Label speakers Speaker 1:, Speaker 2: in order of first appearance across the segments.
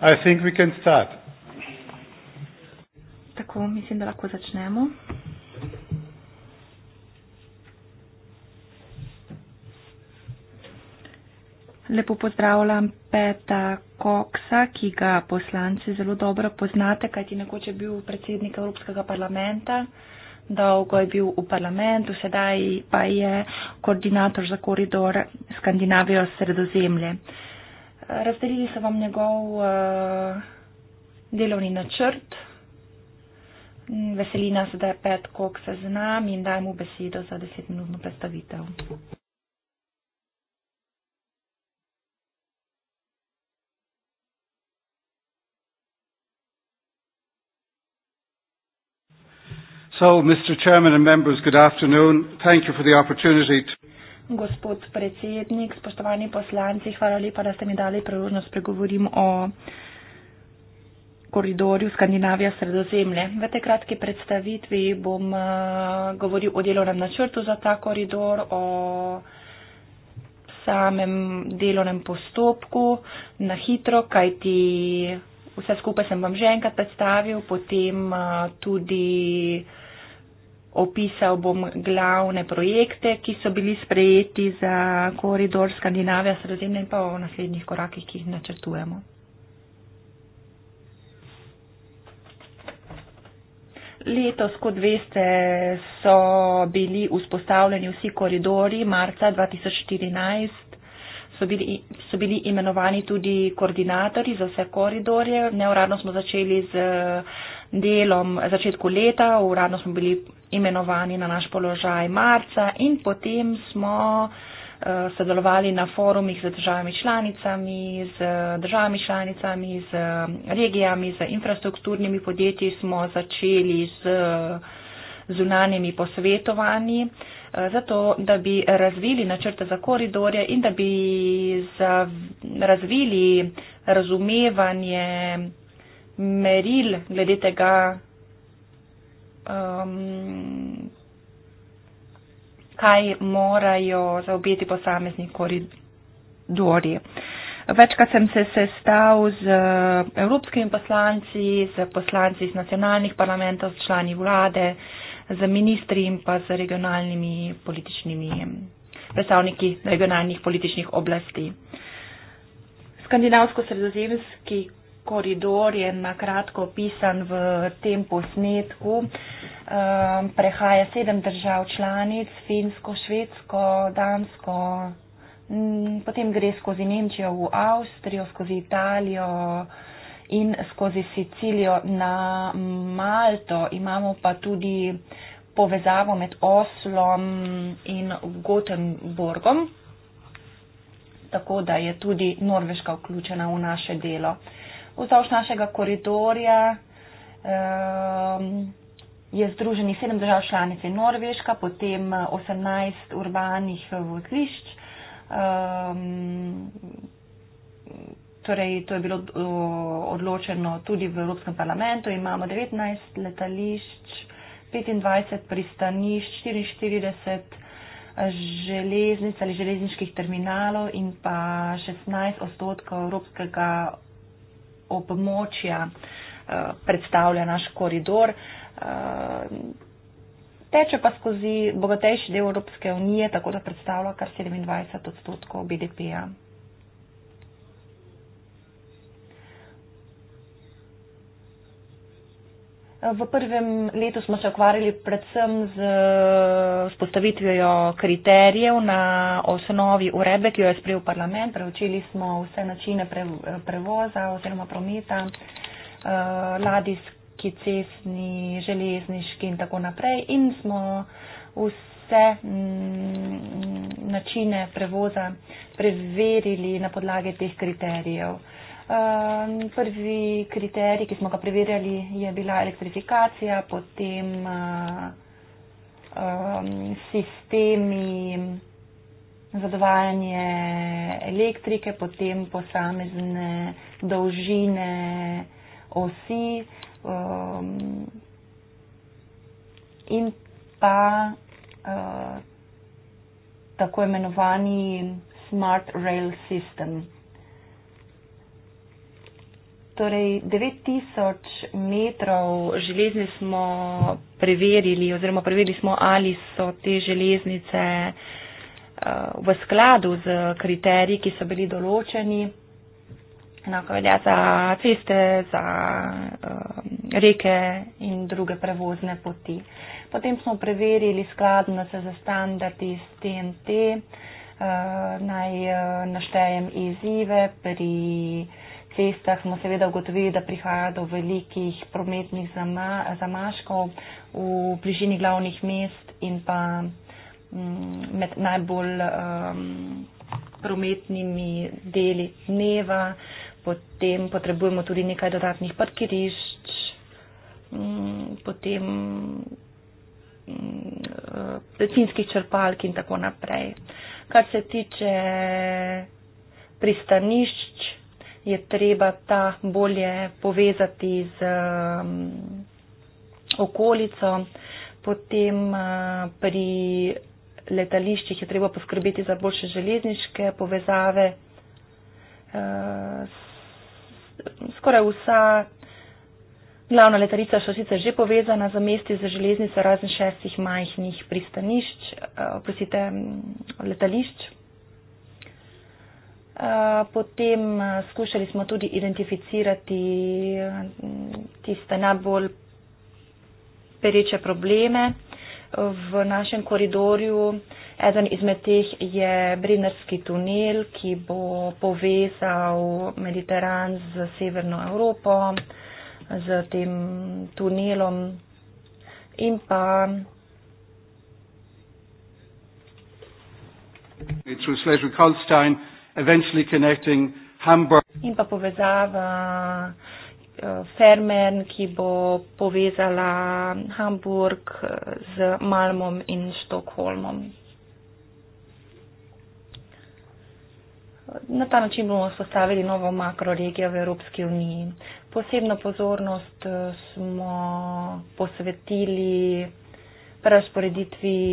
Speaker 1: I think we can start.
Speaker 2: Tako, mislim, da lahko začnemo. Lepo pozdravljam Peta Koksa, ki ga poslanci zelo dobro poznate, kajti nekoč je bil predsednik Evropskega parlamenta, dolgo je bil v parlamentu, sedaj pa je koordinator za koridor Skandinavijo-Sredozemlje. Uh, Razdelili so vam njegov eh, delovni načrt. Veseli nas, da je pet, koliko se znam in daj mu besedo za desetminutno predstavitev.
Speaker 1: So, Mr. Chairman and members, good afternoon. Thank you for the opportunity to.
Speaker 2: Gospod predsednik, spoštovani poslanci, hvala lepa, da ste mi dali priložnost pregovorim o koridorju Skandinavija-Sredozemlje. V tej kratki predstavitvi bom eh, govoril o delovnem načrtu za ta koridor, o samem delovnem postopku na hitro, kajti vse skupaj sem vam že enkrat predstavil, potem eh, tudi opisal bom glavne projekte, ki so bili sprejeti za koridor Skandinavija, sredozemlje in pa o naslednjih korakih, ki jih načrtujemo. Letos, kot veste, so bili vzpostavljeni vsi koridori. Marca 2014 so bili, so bili imenovani tudi koordinatori za vse koridorje. Neuradno smo začeli z delom začetku leta, uradno smo bili imenovani na naš položaj marca in potem smo eh, sodelovali na forumih z državami članicami, z eh, državami članicami, z eh, regijami, z infrastrukturnimi podjetji smo začeli z zunanjimi posvetovanji, zato da bi razvili načrte za koridorje in da bi razvili razumevanje meril glede tega, um, kaj morajo zaobjeti posamezni koridori. Večkrat sem se sestal z evropskimi poslanci, z poslanci iz nacionalnih parlamentov, z člani vlade, z ministri in pa z regionalnimi političnimi predstavniki regionalnih političnih oblasti. Skandinavsko-sredozemski koridor je na kratko opisan v tem posnetku. Ehm, prehaja sedem držav članic, Finsko, Švedsko, Dansko, mm, potem gre skozi Nemčijo v Avstrijo, skozi Italijo in skozi Sicilijo na Malto. Imamo pa tudi povezavo med Oslom in Gotenborgom, tako da je tudi Norveška vključena v naše delo vzdolž našega koridorja ehm, je združeni sedem držav članic in Norveška, potem 18 eh, urbanih eh, vozlišč. Ehm, torej, to je bilo odločeno tudi v Evropskem parlamentu. Imamo 19 letališč, 25 pristanišč, 44 eh, železnic ali železniških terminalov in pa 16 odstotkov evropskega območja eh, predstavlja naš koridor. Eh, teče pa skozi bogatejši del Evropske unije, tako da predstavlja kar 27 odstotkov BDP-ja. V prvem letu smo se ukvarjali predvsem z spostavitvijo kriterijev na osnovi urebe, ki jo je sprejel parlament. Preučili smo vse načine prevoza oziroma prometa, eh, ladijski, cestni, železniški in tako naprej. In smo vse mm, načine prevoza preverili na podlagi teh kriterijev. Um, prvi kriterij, ki smo ga preverjali, je bila elektrifikacija, potem uh, um, sistemi zadovajanje elektrike, potem posamezne dolžine osi um, in pa uh, tako imenovani smart rail system. Torej, 9000 metrov železni smo preverili oziroma preverili smo, ali so te železnice eh, v skladu z kriteriji, ki so bili določeni. Enako velja za ceste, za eh, reke in druge prevozne poti. Potem smo preverili skladno se za standardi s TNT. Eh, naj naštejem izzive pri cestah smo seveda ugotovili, da prihaja do velikih prometnih zamaškov v bližini glavnih mest in pa mm, med najbolj um, prometnimi deli dneva. Potem potrebujemo tudi nekaj dodatnih parkirišč, mm, potem plecinskih mm, črpalk in tako naprej. Kar se tiče pristanišč, je treba ta bolje povezati z um, okolico, potem uh, pri letališčih je treba poskrbeti za boljše železniške povezave. Uh, skoraj vsa glavna letalica so sicer že povezana za mesti za železnice, razen šestih majhnih pristanišč, uh, prosite, um, letališč. Eh, potem eh, skušali smo tudi identificirati eh, tiste najbolj pereče probleme v našem koridorju. Eden izmed teh je Brinerski tunel, ki bo povezal Mediteran z Severno Evropo, z tem tunelom in pa.
Speaker 1: It's with Slesvig-Holstein, eventually connecting Hamburg.
Speaker 2: In pa povezava eh, Fermen, ki bo povezala Hamburg eh, z Malmom in Štokholmom. Na ta način bomo vzpostavili novo makroregijo v Evropski uniji. Posebno pozornost eh, smo posvetili prerasporeditvi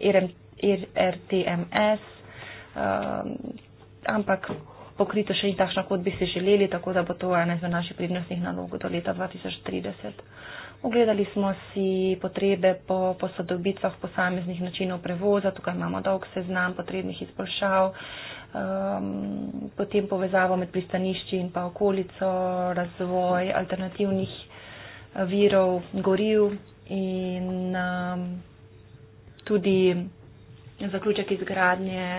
Speaker 2: IRTMS, ampak pokrito še ni takšno, kot bi si želeli, tako da bo to ena izmed naših prednostnih nalog do leta 2030. Ogledali smo si potrebe po posodobitvah posameznih načinov prevoza, tukaj imamo dolg seznam potrebnih izboljšav, um, potem povezavo med pristanišči in pa okolico, razvoj alternativnih eh, virov goril in um, tudi zaključek izgradnje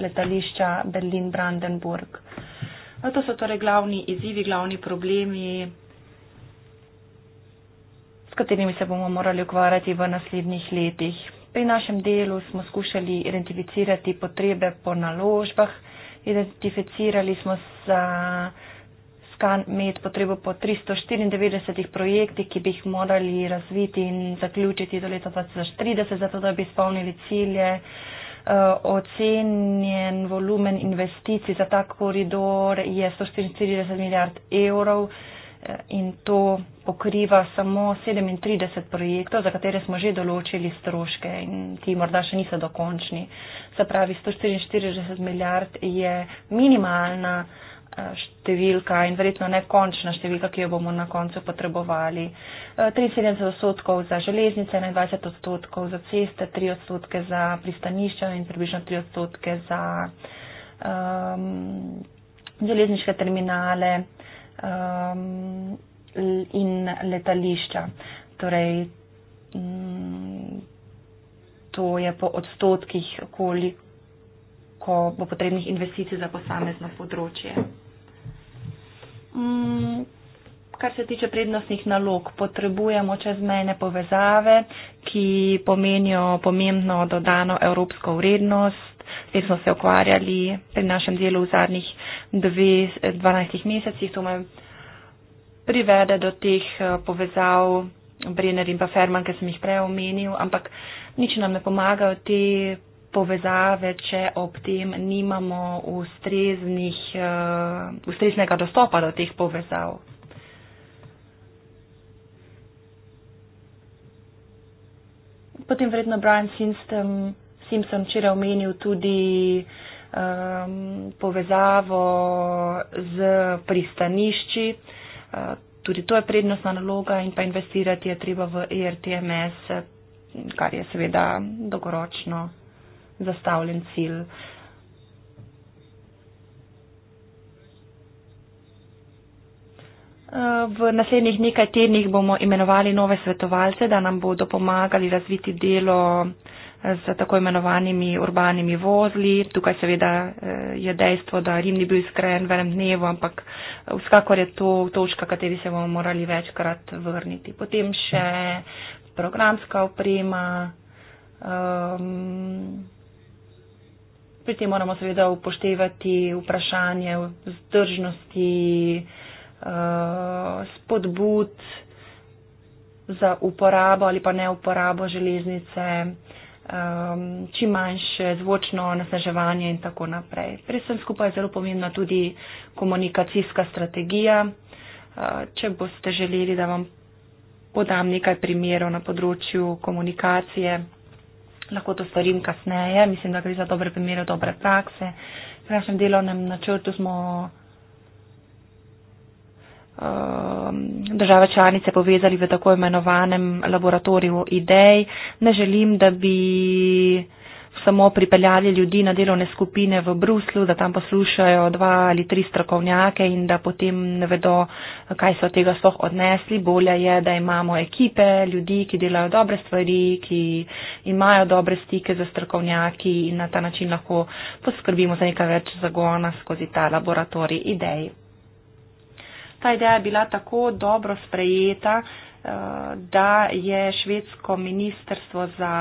Speaker 2: letališča Berlin-Brandenburg. No, to so torej glavni izzivi, glavni problemi, s katerimi se bomo morali ukvarjati v naslednjih letih. Pri našem delu smo skušali identificirati potrebe po naložbah, identificirali smo za skan med potrebo po 394 projektih, ki bi jih morali razviti in zaključiti do leta 2030, zato da bi izpolnili cilje. Eh, ocenjen volumen investicij za ta koridor je 144 milijard evrov eh, in to pokriva samo 37 projektov, za katere smo že določili stroške in ti morda še niso dokončni. Se pravi, 144 milijard je minimalna. Eh, številka in verjetno ne končna številka, ki jo bomo na koncu potrebovali. 73 eh, odstotkov za železnice, 21 odstotkov za ceste, 3 odstotke za pristanišča in približno 3 odstotke za um, železniške terminale um, in letališča. Torej, um, to je po odstotkih, koliko koliko bo potrebnih investicij za posamezno področje.
Speaker 1: Mm,
Speaker 2: kar se tiče prednostnih nalog, potrebujemo čezmejne povezave, ki pomenijo pomembno dodano evropsko vrednost. S tem smo se ukvarjali pri našem delu v zadnjih 12 mesecih. To me privede do teh eh, povezav Brenner in pa Ferman, ki sem jih prej omenil, ampak nič nam ne pomagajo te povezave, če ob tem nimamo ustreznih, eh, ustreznega dostopa do teh povezav. Potem vredno Brian Simpson, Simpson včeraj omenil tudi um, povezavo z pristanišči. Uh, tudi to je prednostna naloga in pa investirati je treba v ERTMS, kar je seveda dolgoročno zastavljen cilj. V naslednjih nekaj tednih bomo imenovali nove svetovalce, da nam bodo pomagali razviti delo z tako imenovanimi urbanimi vozli. Tukaj seveda eh, je dejstvo, da Rim ni bil iskren v enem dnevu, ampak vsekakor je to točka, kateri se bomo morali večkrat vrniti. Potem še programska oprema. Um, pri tem moramo seveda upoštevati vprašanje vzdržnosti, eh, spodbud za uporabo ali pa ne uporabo železnice, eh, čim manjše zvočno nasnaževanje in tako naprej. Pri vsem skupaj je zelo pomembna tudi komunikacijska strategija. Eh, če boste želeli, da vam podam nekaj primerov na področju komunikacije lahko to storim kasneje. Mislim, da gre za dobre primere, dobre prakse. V našem delovnem načrtu smo um, države članice povezali v tako imenovanem laboratoriju idej. Ne želim, da bi samo pripeljali ljudi na delovne skupine v Bruslu, da tam poslušajo dva ali tri strokovnjake in da potem ne vedo, kaj so od tega sploh odnesli. Bolje je, da imamo ekipe ljudi, ki delajo dobre stvari, ki imajo dobre stike za strokovnjaki in na ta način lahko poskrbimo za nekaj več zagona skozi ta laboratorij idej. Ta ideja je bila tako dobro sprejeta, eh, da je švedsko ministrstvo za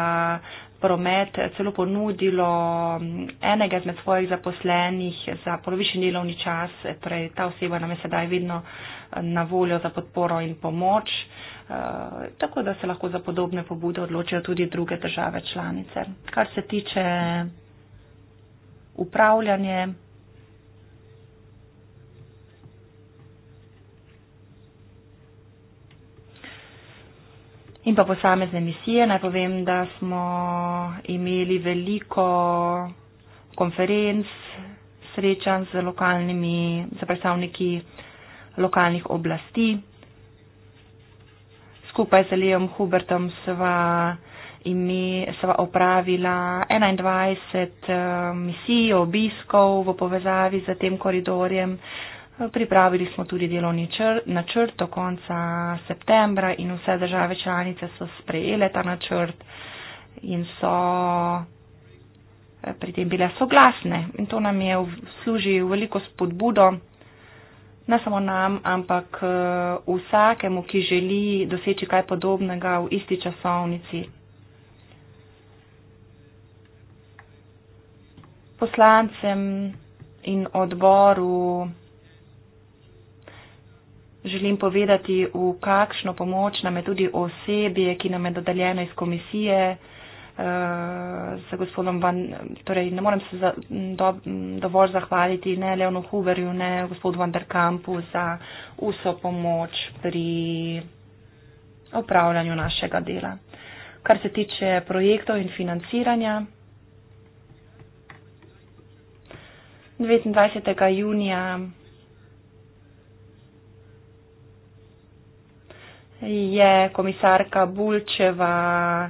Speaker 2: promet celo ponudilo mm, enega izmed svojih zaposlenih za polovični delovni čas. Torej, ta oseba nam je sedaj vedno eh, na voljo za podporo in pomoč, eh, tako da se lahko za podobne pobude odločijo tudi druge države članice. Kar se tiče upravljanja, in pa posamezne misije. Naj povem, da smo imeli veliko konferenc, srečanj z, lokalnimi, z predstavniki lokalnih oblasti. Skupaj z Leom Hubertom sva, imi, sva opravila 21 eh, misij, obiskov v povezavi z tem koridorjem. Pripravili smo tudi delovni načrt do konca septembra in vse države članice so sprejele ta načrt in so eh, pri tem bile soglasne. In to nam je služilo veliko spodbudo, ne samo nam, ampak eh, vsakemu, ki želi doseči kaj podobnega v isti časovnici. Poslancem in odboru želim povedati, v kakšno pomoč nam je tudi osebje, ki nam je dodeljeno iz komisije. Eh, za gospodom Van, torej ne morem se za, do, dovolj zahvaliti ne Leonu Huberju, ne gospodu Van der Kampu za vso pomoč pri opravljanju našega dela. Kar se tiče projektov in financiranja, 29. junija je komisarka Bulčeva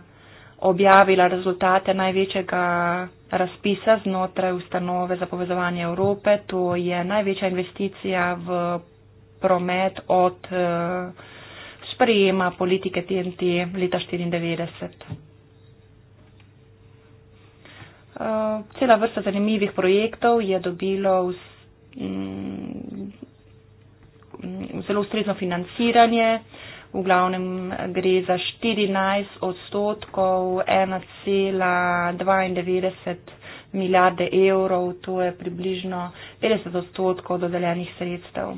Speaker 2: objavila rezultate največjega razpisa znotraj ustanove za povezovanje Evrope. To je največja investicija v promet od uh, sprejema politike TNT leta 1994. Uh, eh, cela vrsta zanimivih projektov je dobilo vz, mm, mm, zelo ustrezno financiranje. Uh, V glavnem gre za 14 odstotkov 1,92 milijarde evrov, to je približno 50 odstotkov dodeljenih sredstev.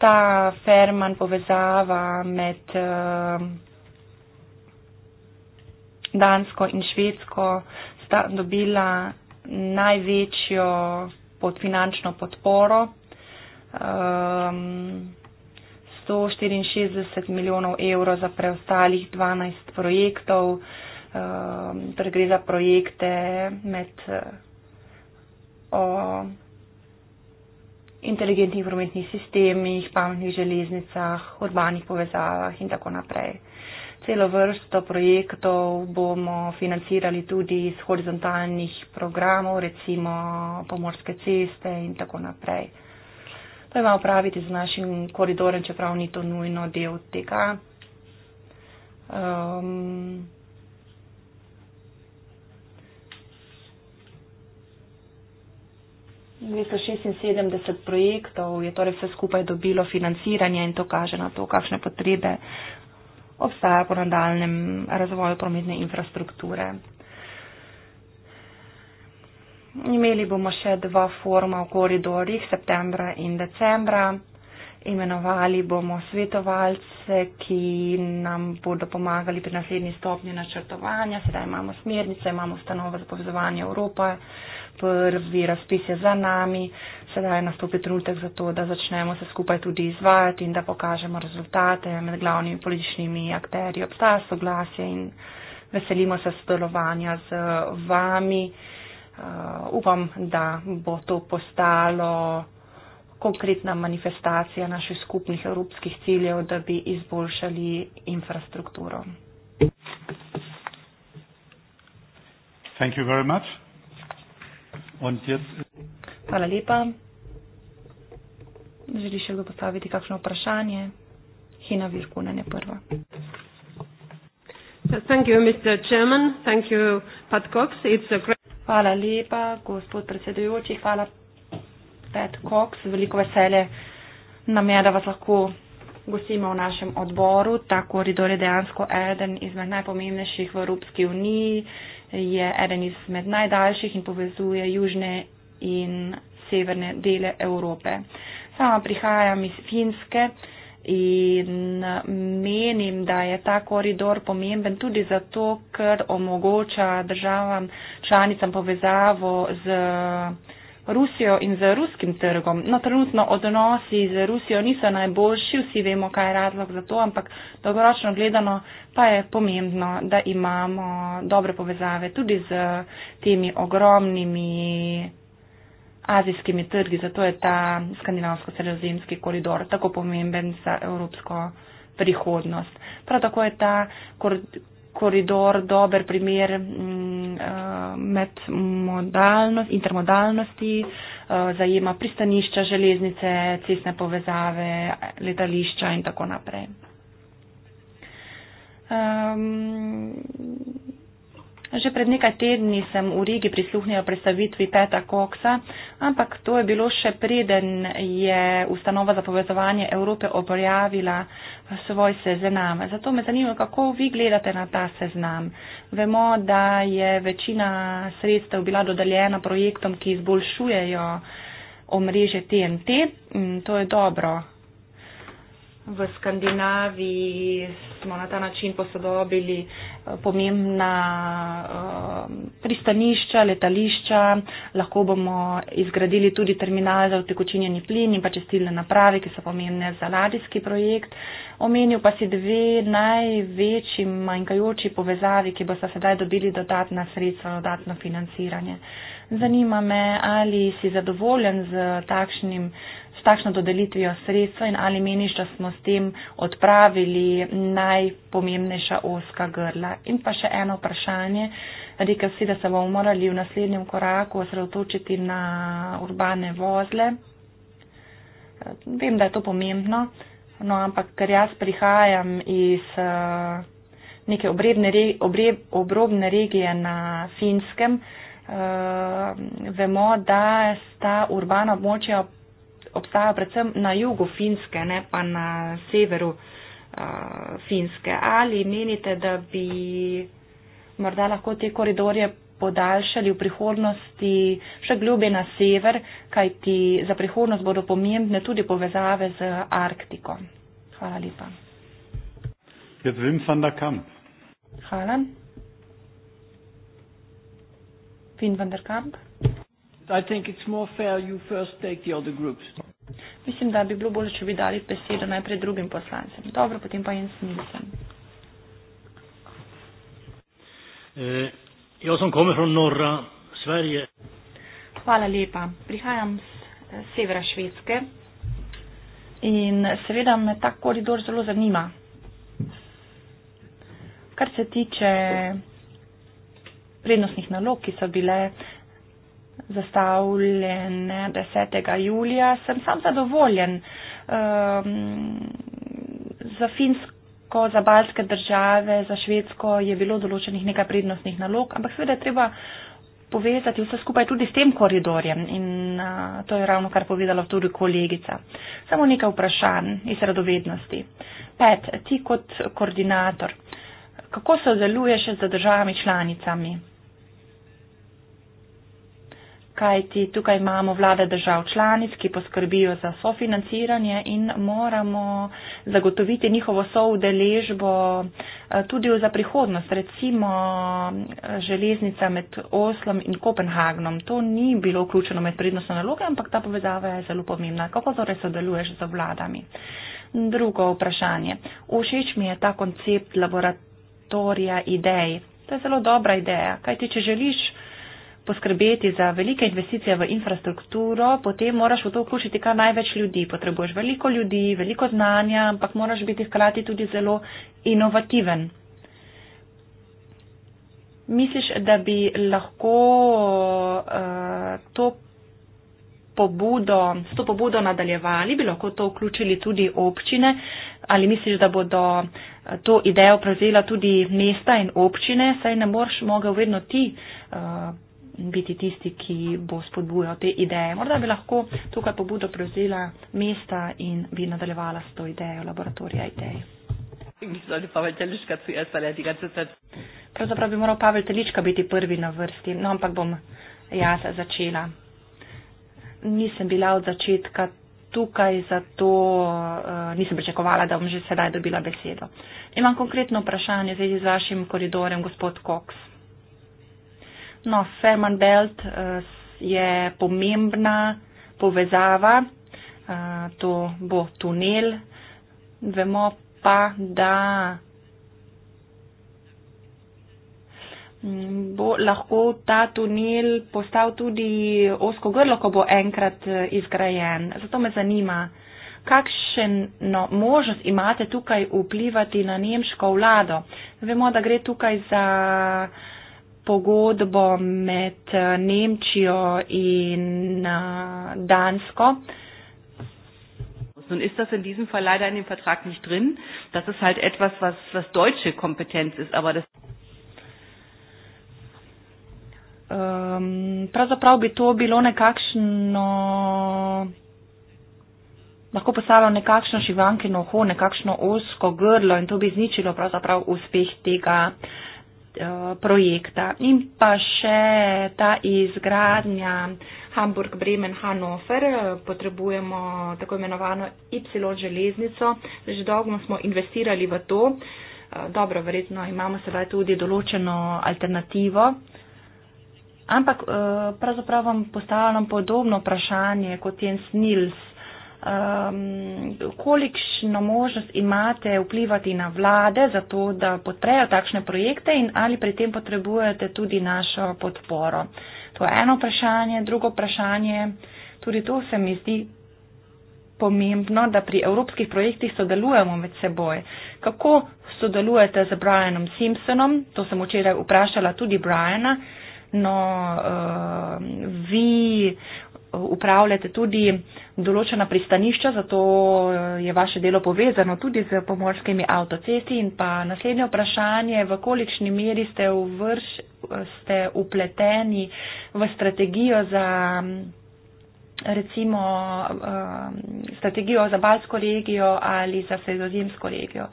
Speaker 2: Ta ferman povezava med eh, Dansko in Švedsko sta dobila največjo podfinančno podporo um, ehm, 164 milijonov evrov za preostalih 12 projektov. Um, torej gre za projekte med uh, o inteligentnih prometnih sistemih, pametnih železnicah, urbanih povezavah in tako naprej. Celo vrsto projektov bomo financirali tudi iz horizontalnih programov, recimo pomorske ceste in tako naprej da ima opraviti z našim koridorem, čeprav ni to nujno del tega. Um, V 276 projektov je torej vse skupaj dobilo financiranje in to kaže na to, kakšne potrebe obstaja po nadaljem razvoju prometne infrastrukture. Imeli bomo še dva foruma v koridorih, septembra in decembra. Imenovali bomo svetovalce, ki nam bodo pomagali pri naslednji stopnji načrtovanja. Sedaj imamo smernice, imamo ustanovo za povezovanje Evrope, prvi razpis je za nami. Sedaj je nastopil trenutek za to, da začnemo se skupaj tudi izvajati in da pokažemo rezultate. Med glavnimi političnimi akterji obstaja soglasje in veselimo se sodelovanja z vami uh, upam, da bo to postalo konkretna manifestacija naših skupnih evropskih ciljev, da bi izboljšali infrastrukturo.
Speaker 1: Thank you very much.
Speaker 2: Hvala lepa. Želi še kdo postaviti kakšno vprašanje? Hina Virkunen je prva. Thank you, Mr. Chairman. Thank you, Pat Cox. It's a great Hvala lepa, gospod predsedujoči. Hvala, Pet Koks. Veliko vesele nam je, da vas lahko gostimo v našem odboru. Ta koridor je dejansko eden izmed najpomembnejših v Evropski uniji, je eden izmed najdaljših in povezuje južne in severne dele Evrope. Sama prihajam iz Finske. In eh, menim, da je ta koridor pomemben tudi zato, ker omogoča državam članicam povezavo z Rusijo in z ruskim trgom. No, trenutno odnosi z Rusijo niso najboljši, vsi vemo, kaj je razlog za to, ampak dolgoročno gledano pa je pomembno, da imamo dobre povezave tudi z temi ogromnimi azijskimi trgi, zato je ta skandinavsko-sredozemski koridor tako pomemben za evropsko prihodnost. Prav tako je ta koridor dober primer mm, eh, medmodalnosti, intermodalnosti, eh, zajema pristanišča, železnice, cestne povezave, letališča in tako naprej. Um, Že pred nekaj tedni sem v Rigi prisluhnila predstavitvi Peta Koksa, ampak to je bilo še preden je ustanova za povezovanje Evrope objavila svoj seznam. Zato me zanima, kako vi gledate na ta seznam. Vemo, da je večina sredstev bila dodeljena projektom, ki izboljšujejo omrežje TNT. Mm, to je dobro. V Skandinaviji smo na ta način posodobili eh, pomembna eh, pristanišča, letališča, lahko bomo izgradili tudi terminal za utekočinjeni plin in pa čestilne naprave, ki so pomembne za ladijski projekt. Omenil pa si dve največji manjkajoči povezavi, ki boste sedaj dobili dodatna sredstva, dodatno financiranje. Zanima me, ali si zadovoljen z takšnim takšno dodelitvijo sredstva in ali meniš, da smo s tem odpravili najpomembnejša oska grla. In pa še eno vprašanje, reka si, da se bomo morali v naslednjem koraku osredotočiti na urbane vozle. Vem, da je to pomembno, no, ampak ker jaz prihajam iz eh, neke obrobne, obre, obrobne regije na finskem, uh, vemo, da sta urbana območja obstajajo predvsem na jugu Finske, ne pa na severu uh, Finske. Ali menite, da bi morda lahko te koridorje podaljšali v prihodnosti še globje na sever, kajti za prihodnost bodo pomembne tudi povezave z Arktiko? Hvala lepa.
Speaker 1: Jaz vem, van der Kamp.
Speaker 2: Hvala. Finn van der Kamp. I think it's more fair you first take the other groups. Mislim, da bi bilo bolje, če bi dali besedo najprej drugim poslancem. Dobro, potem pa jaz nisem.
Speaker 1: Eh, jaz sem komil from Norra, Sverige.
Speaker 2: Hvala lepa. Prihajam z eh, severa Švedske in seveda me ta koridor zelo zanima. Kar se tiče prednostnih nalog, ki so bile eh, zastavljene 10. julija, sem sam zadovoljen um, za Finsko. Ko za balske države, za švedsko je bilo določenih nekaj prednostnih nalog, ampak seveda je treba povezati vse skupaj tudi s tem koridorjem in a, uh, to je ravno kar povedala tudi kolegica. Samo nekaj vprašanj iz radovednosti. Pet, ti kot koordinator, kako se odeluješ z državami članicami? kajti tukaj imamo vlade držav članic, ki poskrbijo za sofinanciranje in moramo zagotoviti njihovo soudeležbo eh, tudi za prihodnost, recimo eh, železnica med Oslom in Kopenhagnom. To ni bilo vključeno med prednostno naloge, ampak ta povezava je zelo pomembna. Kako torej sodeluješ z vladami? Drugo vprašanje. Všeč mi je ta koncept laboratorija idej. To je zelo dobra ideja, kajti če želiš poskrbeti za velike investicije v infrastrukturo, potem moraš v to vključiti kar največ ljudi. Potrebuješ veliko ljudi, veliko znanja, ampak moraš biti hkrati tudi zelo inovativen. Misliš, da bi lahko uh, to pobudo, s to pobudo nadaljevali, bi lahko to vključili tudi občine ali misliš, da bodo eh, to idejo prevzela tudi mesta in občine, saj ne moreš mogel vedno ti uh, biti tisti, ki bo spodbujal te ideje. Morda bi lahko tukaj pobudo prevzela mesta in bi nadaljevala s to idejo laboratorija idej. Pravzaprav bi moral Pavel Telička biti prvi na vrsti, no ampak bom jaz začela. Nisem bila od začetka tukaj, zato uh, nisem pričakovala, da bom že sedaj dobila besedo. Imam konkretno vprašanje v zvezi z vašim koridorem, gospod Koks. Absolutno, Ferman Belt uh, je pomembna povezava, uh, to bo tunel. Vemo pa, da mm, bo lahko ta tunel postal tudi osko grlo, ko bo enkrat eh, izgrajen. Zato me zanima, kakšno možnost imate tukaj vplivati na nemško vlado. Vemo, da gre tukaj za pogodbo med eh, Nemčijo in eh, Dansko. Nun ist das in diesem Fall
Speaker 3: leider in dem Vertrag nicht drin. Das ist halt etwas, was, was deutsche Kompetenz ist, aber das.
Speaker 2: Um, pravzaprav bi to bilo nekakšno, lahko postalo nekakšno živankino ho, nekakšno osko grlo in to bi zničilo pravzaprav uspeh tega uh, Eh, projekta. In pa še ta izgradnja Hamburg, Bremen, Hannover, potrebujemo tako imenovano Y železnico, že dolgo smo investirali v to. Eh, dobro, verjetno imamo sedaj tudi določeno alternativo. Ampak eh, pravzaprav vam postavljam podobno vprašanje kot Jens Nils um, kolikšno možnost imate vplivati na vlade za to, da potrejo takšne projekte in ali pri tem potrebujete tudi našo podporo. To je eno vprašanje. Drugo vprašanje, tudi to se mi zdi pomembno, da pri evropskih projektih sodelujemo med seboj. Kako sodelujete z Brianom Simpsonom? To sem včeraj vprašala tudi Briana. No, uh, vi upravljate tudi določena pristanišča, zato eh, je vaše delo povezano tudi z pomorskimi avtocesti. In pa naslednje vprašanje, v kolikšni meri ste, vrš, ste upleteni v strategijo za recimo uh, strategijo za Balsko regijo ali za Sredozemsko regijo.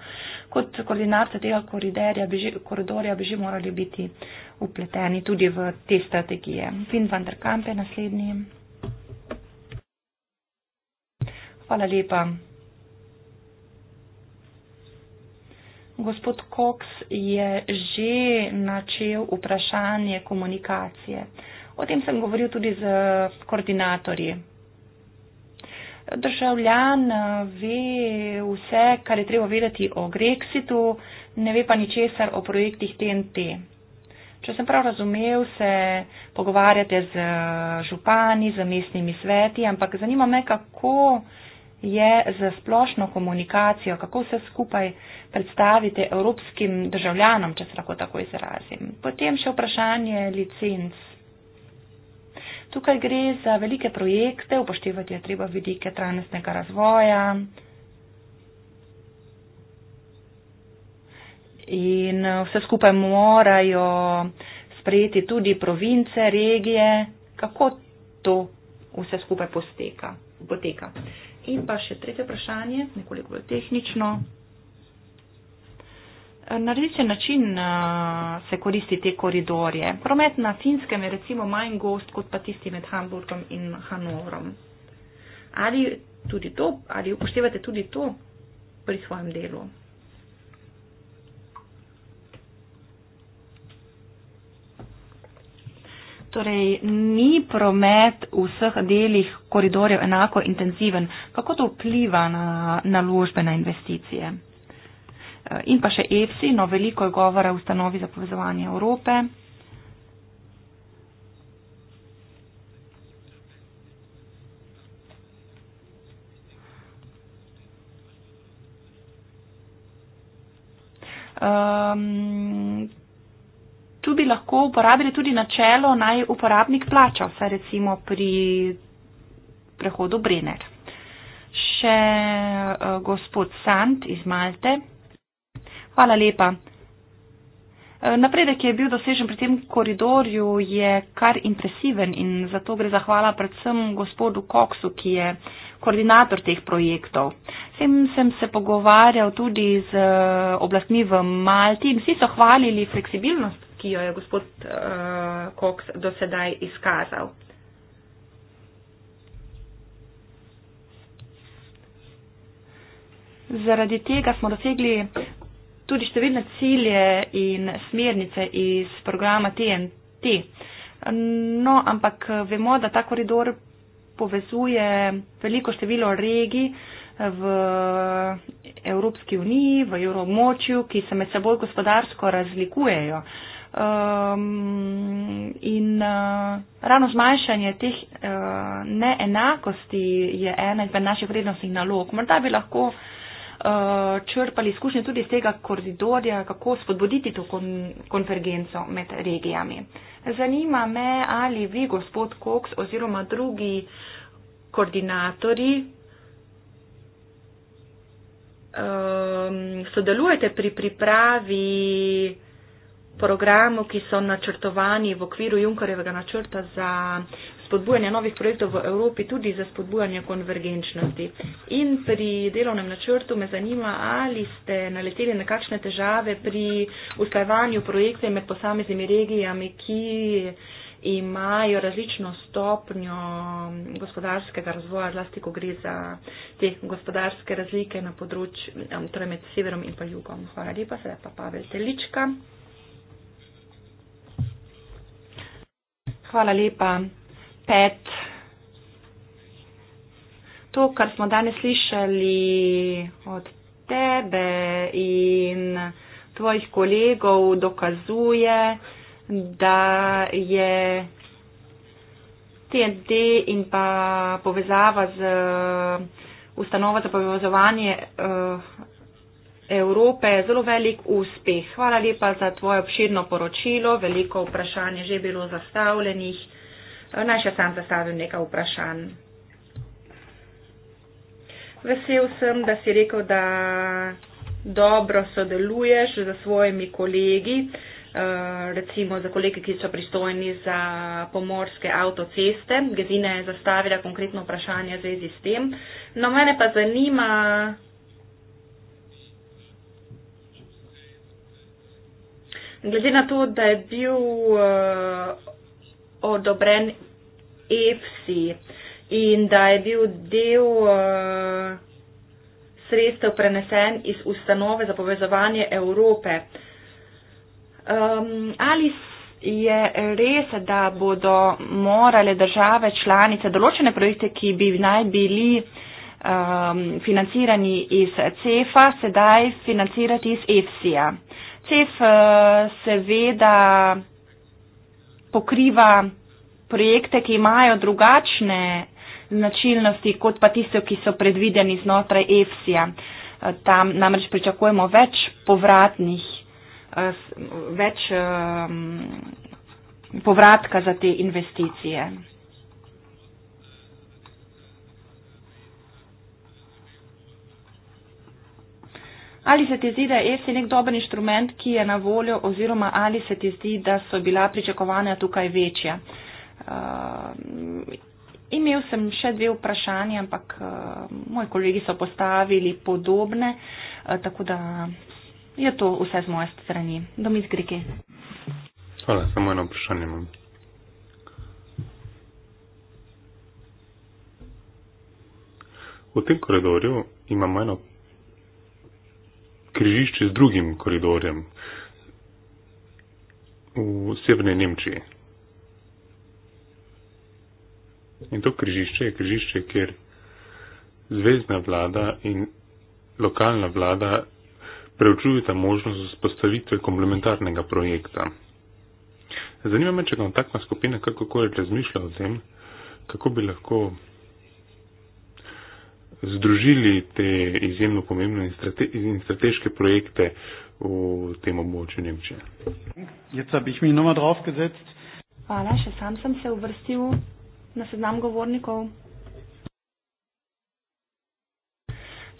Speaker 2: Kot koordinator tega bi že, koridorja bi že morali biti upleteni tudi v te strategije. Finn van der Kampe naslednji. Hvala lepa. Gospod Cox je že načel vprašanje komunikacije. O tem sem govoril tudi z koordinatorji. Državljan eh, ve vse, kar je treba vedeti o Grexitu, ne ve pa ničesar o projektih TNT. Če sem prav razumel, se pogovarjate z eh, župani, z mestnimi sveti, ampak zanima me, kako je za splošno komunikacijo, kako vse skupaj predstavite evropskim državljanom, če se lahko tako izrazim. Potem še vprašanje licenc. Tukaj gre za velike projekte, upoštevati je treba vidike trajnostnega razvoja. In vse skupaj morajo sprejeti tudi province, regije, kako to vse skupaj posteka, poteka. In pa še tretje vprašanje, nekoliko bolj tehnično. Eh, na različen način uh, se koristi te koridorje. Promet na Finskem je recimo manj gost kot pa tisti med Hamburgom in Hanovrom. Ali, tudi to, ali upoštevate tudi to pri svojem delu? Torej, ni promet v vseh delih koridorjev enako intenziven. Kako to vpliva na naložbe, na investicije? Eh, in pa še EPSI, no veliko je govora o ustanovi za povezovanje Evrope. Um, tu bi lahko uporabili tudi načelo naj uporabnik plača, vse recimo pri prehodu Brenner. Še uh, gospod Sant iz Malte. Hvala lepa. Eh, napredek, ki je bil dosežen pri tem koridorju, je kar impresiven in zato gre zahvala predvsem gospodu Koksu, ki je koordinator teh projektov. Sem, sem se pogovarjal tudi z eh, oblastmi v Malti in vsi so hvalili fleksibilnost ki jo je gospod uh, eh, Koks dosedaj izkazal. Zaradi tega smo dosegli tudi številne cilje in smernice iz programa TNT. No, ampak eh, vemo, da ta koridor povezuje veliko število regij eh, v Evropski uniji, v evromočju, ki se med seboj gospodarsko razlikujejo. Uh, um, in uh, ravno zmanjšanje teh uh, neenakosti je ena izmed naših vrednostnih nalog. Morda bi lahko uh, črpali izkušnje tudi iz tega koridorja, kako spodbuditi to kon konvergenco med regijami. Zanima me, ali vi, gospod Koks oziroma drugi koordinatori, um, sodelujete pri pripravi programov, ki so načrtovani v okviru Junkarjevega načrta za spodbujanje novih projektov v Evropi, tudi za spodbujanje konvergenčnosti. In pri delovnem načrtu me zanima, ali ste naleteli na kakšne težave pri usklajevanju projekcije med posameznimi regijami, ki imajo različno stopnjo gospodarskega razvoja, zlasti ko gre za te gospodarske razlike na področju, torej med severom in pa jugom. Hvala lepa, sedaj pa Pavel Telička. Hvala lepa. Pet. To, kar smo danes slišali od tebe in tvojih kolegov, dokazuje, da je TND in pa povezava z ustanova za povezovanje. Uh, Evrope zelo velik uspeh. Hvala lepa za tvoje obširno poročilo, veliko vprašanj je že bilo zastavljenih. Naj še sam zastavim nekaj vprašanj. Vesel sem, da si rekel, da dobro sodeluješ z svojimi kolegi, eh, recimo za kolege, ki so pristojni za pomorske avtoceste. Gezina je zastavila konkretno vprašanje v zvezi s tem. No, mene pa zanima, Glede na to, da je bil uh, odobren EFSI in da je bil del uh, sredstev prenesen iz ustanove za povezovanje Evrope, um, ali je res, da bodo morale države članice določene projekte, ki bi naj bili um, financirani iz CEFA, sedaj financirati iz EFSI-a? CEF eh, seveda pokriva projekte, ki imajo drugačne značilnosti, kot pa tiste, ki so predvideni znotraj EFSI-ja. Eh, tam namreč pričakujemo več povratnih, eh, več ehm, povratka za te investicije. Ali se ti zdi, da je EFSI nek dober inštrument, ki je na voljo, oziroma ali se ti zdi, da so bila pričakovanja tukaj večja? Uh, imel sem še dve vprašanja, ampak uh, moji kolegi so postavili podobne, uh, tako da je to vse z moje strani. Domiz Grike.
Speaker 4: Hvala, samo eno vprašanje imam. V tem koridorju imamo eno križišče z drugim koridorjem v severni Nemčiji. In to križišče je križišče, kjer zvezdna vlada in lokalna vlada preučujeta možnost vzpostavitve komplementarnega projekta. Zanima me, če kontaktna skupina kakokoli razmišlja o tem, kako bi lahko združili te izjemno pomembne in, strate, in strateške projekte v tem območju Nemčije.
Speaker 2: Hvala, še sam sem se uvrstil na seznam govornikov.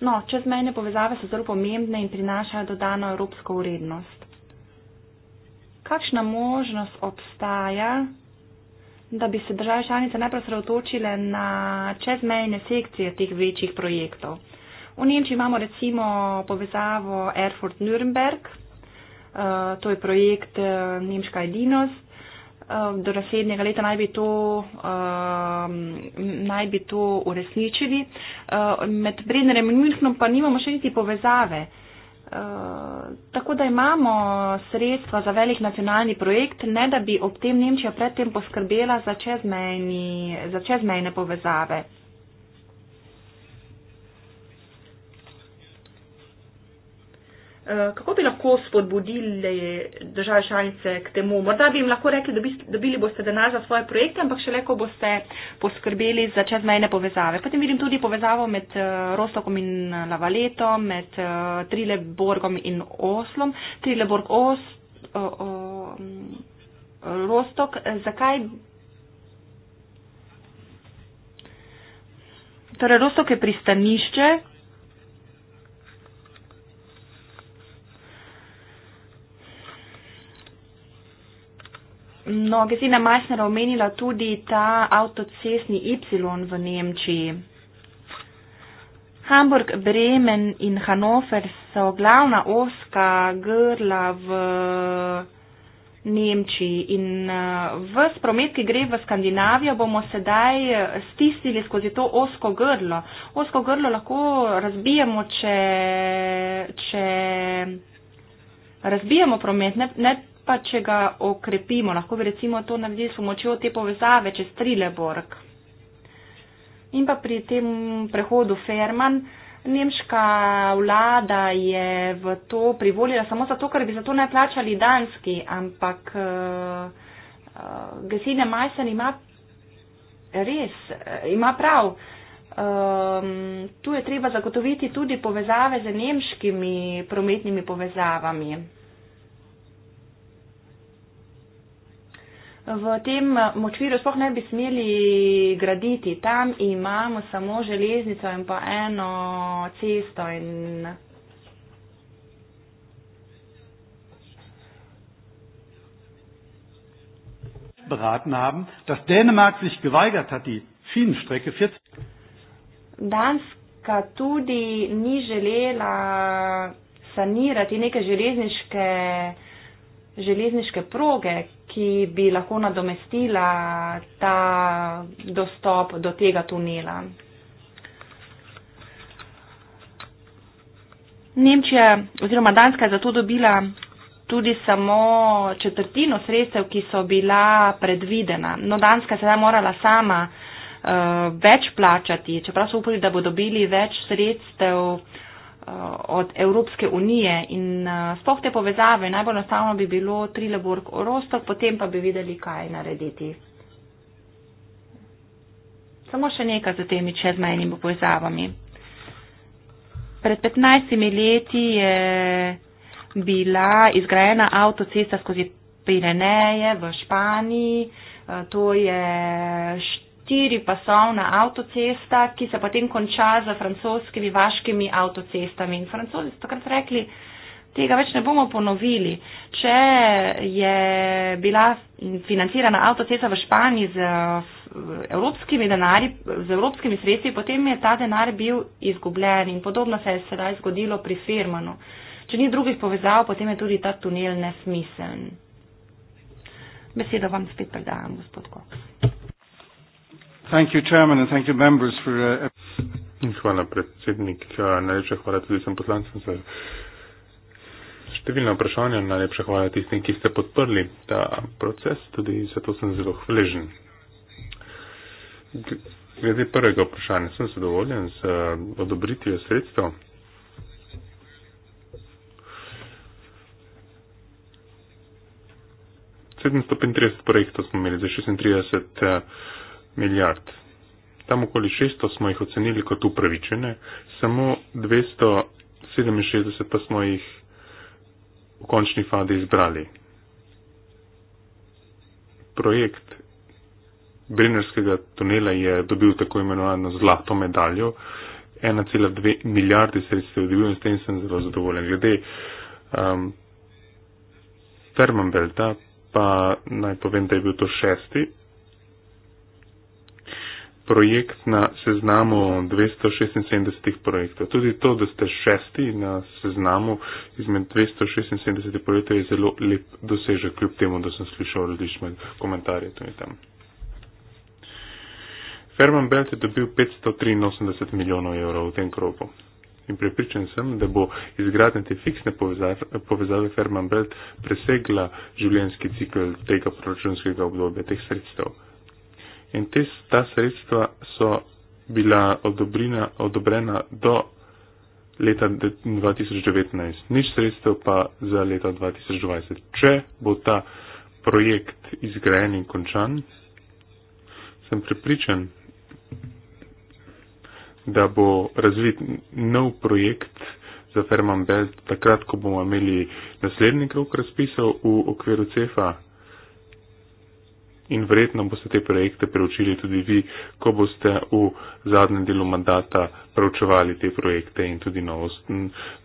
Speaker 2: No, čezmejne povezave so zelo pomembne in prinašajo dodano evropsko urednost. Kakšna možnost obstaja, da bi se države članice najprej sredotočile na čezmejne sekcije teh večjih projektov. V Nemčiji imamo recimo povezavo Erfurt-Nürnberg, eh, to je projekt eh, Nemška edinost. Eh, do naslednjega leta naj bi to, um, naj bi to uresničili. Uh, med Brennerem in Münchnom pa nimamo še niti povezave. Uh, tako da imamo sredstva za velik nacionalni projekt, ne da bi ob tem Nemčija predtem poskrbela za čezmejne povezave. Eh, kako bi lahko spodbudili države članice k temu? Morda bi jim lahko rekli, da bi, dobili boste denar za svoje projekte, ampak šele, ko boste poskrbeli za čezmejne povezave. Potem vidim tudi povezavo med eh, Rostokom in eh, Lavaletom, med Trileborgom in Oslom. Trileborg, mm, Rostok, zakaj? Torej, Rostok je pristanišče, No, Gesina Meissner omenila tudi ta avtocesni Y v Nemčiji. Hamburg, Bremen in Hannover so glavna oska grla v Nemčiji in eh, v promet, ki gre v Skandinavijo, bomo sedaj eh, stisnili skozi to osko grlo. Osko grlo lahko razbijemo, če, če razbijemo promet, ne, ne pa če ga okrepimo, lahko bi recimo to naredili s pomočjo te povezave čez Trileborg. In pa pri tem prehodu Ferman, nemška vlada je v to privolila samo zato, ker bi za to ne plačali danski, ampak uh, Gesine Majsen ima res, eh, ima prav. Um, tu je treba zagotoviti tudi povezave z nemškimi prometnimi povezavami. v tem eh, močviru sploh ne bi smeli graditi. Tam imamo samo železnico in pa eno cesto. In...
Speaker 1: Beraten haben, dass Dänemark sich geweigert hat, die Finnstrecke 40.
Speaker 2: Danska tudi ni želela sanirati neke železniške, železniške proge, ki bi lahko nadomestila ta dostop do tega tunela. Nemčija oziroma Danska je zato dobila tudi samo četrtino sredstev, ki so bila predvidena. No, Danska je sedaj morala sama uh, več plačati, čeprav so upali, da bo dobili več sredstev uh, Eh, od Evropske unije in eh, spoh te povezave najbolj enostavno bi bilo Trileborg Rostov, potem pa bi videli, kaj narediti. Samo še nekaj za temi čezmejnimi povezavami. Pred 15 leti je bila izgrajena avtocesta skozi Pireneje v Španiji, eh, to je štiripasovna avtocesta, ki se potem konča z francoskimi vaškimi avtocestami. In francozi so takrat rekli, tega več ne bomo ponovili. Če je bila financirana avtocesta v Španiji z evropskimi denarji, z evropskimi sredstvi, potem je ta denar bil izgubljen in podobno se je sedaj zgodilo pri firmanu. Če ni drugih povezav, potem je tudi ta tunel nesmiseln. Besedo vam spet predajam, gospod Koks.
Speaker 4: Uh, hvala, predsednik. Ja, najlepša hvala tudi vsem poslancem za številna vprašanja. Najlepša hvala tistim, ki ste podprli ta proces. Tudi zato sem zelo hvaležen. Glede prvega vprašanja, sem zadovoljen z uh, odobritvijo sredstev. Sedemsto petintrideset projektov smo imeli za šestintrideset. Uh, milijard. Tam okoli 600 smo jih ocenili kot upravičene, samo 267 pa smo jih v končni fadi izbrali. Projekt Brinerskega tunela je dobil tako imenovano zlato medaljo, 1,2 milijardi sredstev je dobil in s tem sem zelo zadovoljen. Glede um, Fermanbelta pa naj povem, da je bil to šesti projekt na seznamu 276 projektov. Tudi to, da ste šesti na seznamu izmed 276 projektov, je zelo lep dosežek, kljub temu, da sem slišal različne komentarje tudi tam. Ferman Belt je dobil 583 milijonov evrov v tem krogu. In pripričan sem, da bo izgradnja te fiksne povezave, povezave Ferman Belt presegla življenjski cikl tega proračunskega obdobja, teh sredstev in te, ta sredstva so bila odobrena do leta 2019, nič sredstev pa za leto 2020. Če bo ta projekt izgrajen in končan, sem prepričan, da bo razvit nov projekt za Ferman Belt, takrat, ko bomo imeli naslednji krok razpisal v okviru CEFA in verjetno boste te projekte preučili tudi vi, ko boste v zadnjem delu mandata preučevali te projekte in tudi novo,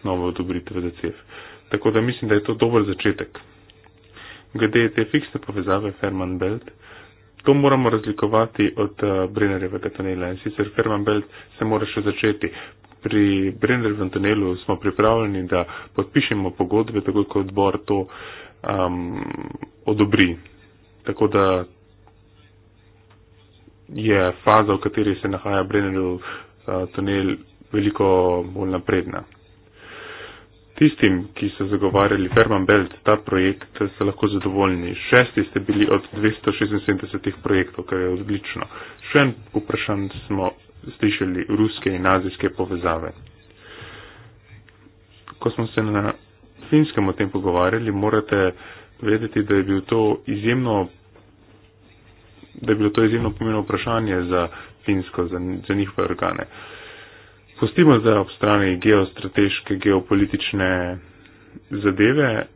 Speaker 4: novo odobritev DCF. Tako da mislim, da je to dober začetek. Glede te fiksne povezave Ferman Belt, to moramo razlikovati od eh, Brennerjevega tunela in sicer Ferman Belt se mora še začeti. Pri Brennerjevem tunelu smo pripravljeni, da podpišemo pogodbe, tako kot odbor to um, odobri tako da je faza, v kateri se nahaja Brennerjev eh, tunel, veliko bolj napredna. Tistim, ki so zagovarjali Ferman Belt, ta projekt, so lahko zadovoljni. Šesti ste bili od 276 projektov, kar je odlično. Še en vprašan smo slišali ruske in azijske povezave. Ko smo se na finskem o tem pogovarjali, morate vedeti, da je bil to izjemno da je bilo to izjemno pomembno vprašanje za Finsko, za, za njihove organe. Pustimo zdaj ob strani geostrateške, geopolitične zadeve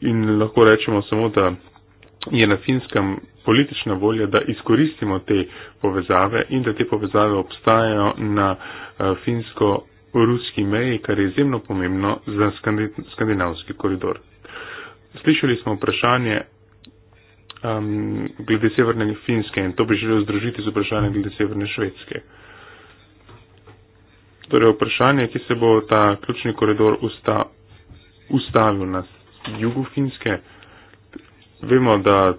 Speaker 4: in lahko rečemo samo, da je na Finskem politična volja, da izkoristimo te povezave in da te povezave obstajajo na eh, finsko-ruski meji, kar je izjemno pomembno za skandinavski koridor. Slišali smo vprašanje, um, glede severne Finske in to bi želel združiti z vprašanjem glede severne Švedske. Torej vprašanje, ki se bo ta ključni koridor usta, ustavil na jugu Finske, vemo, da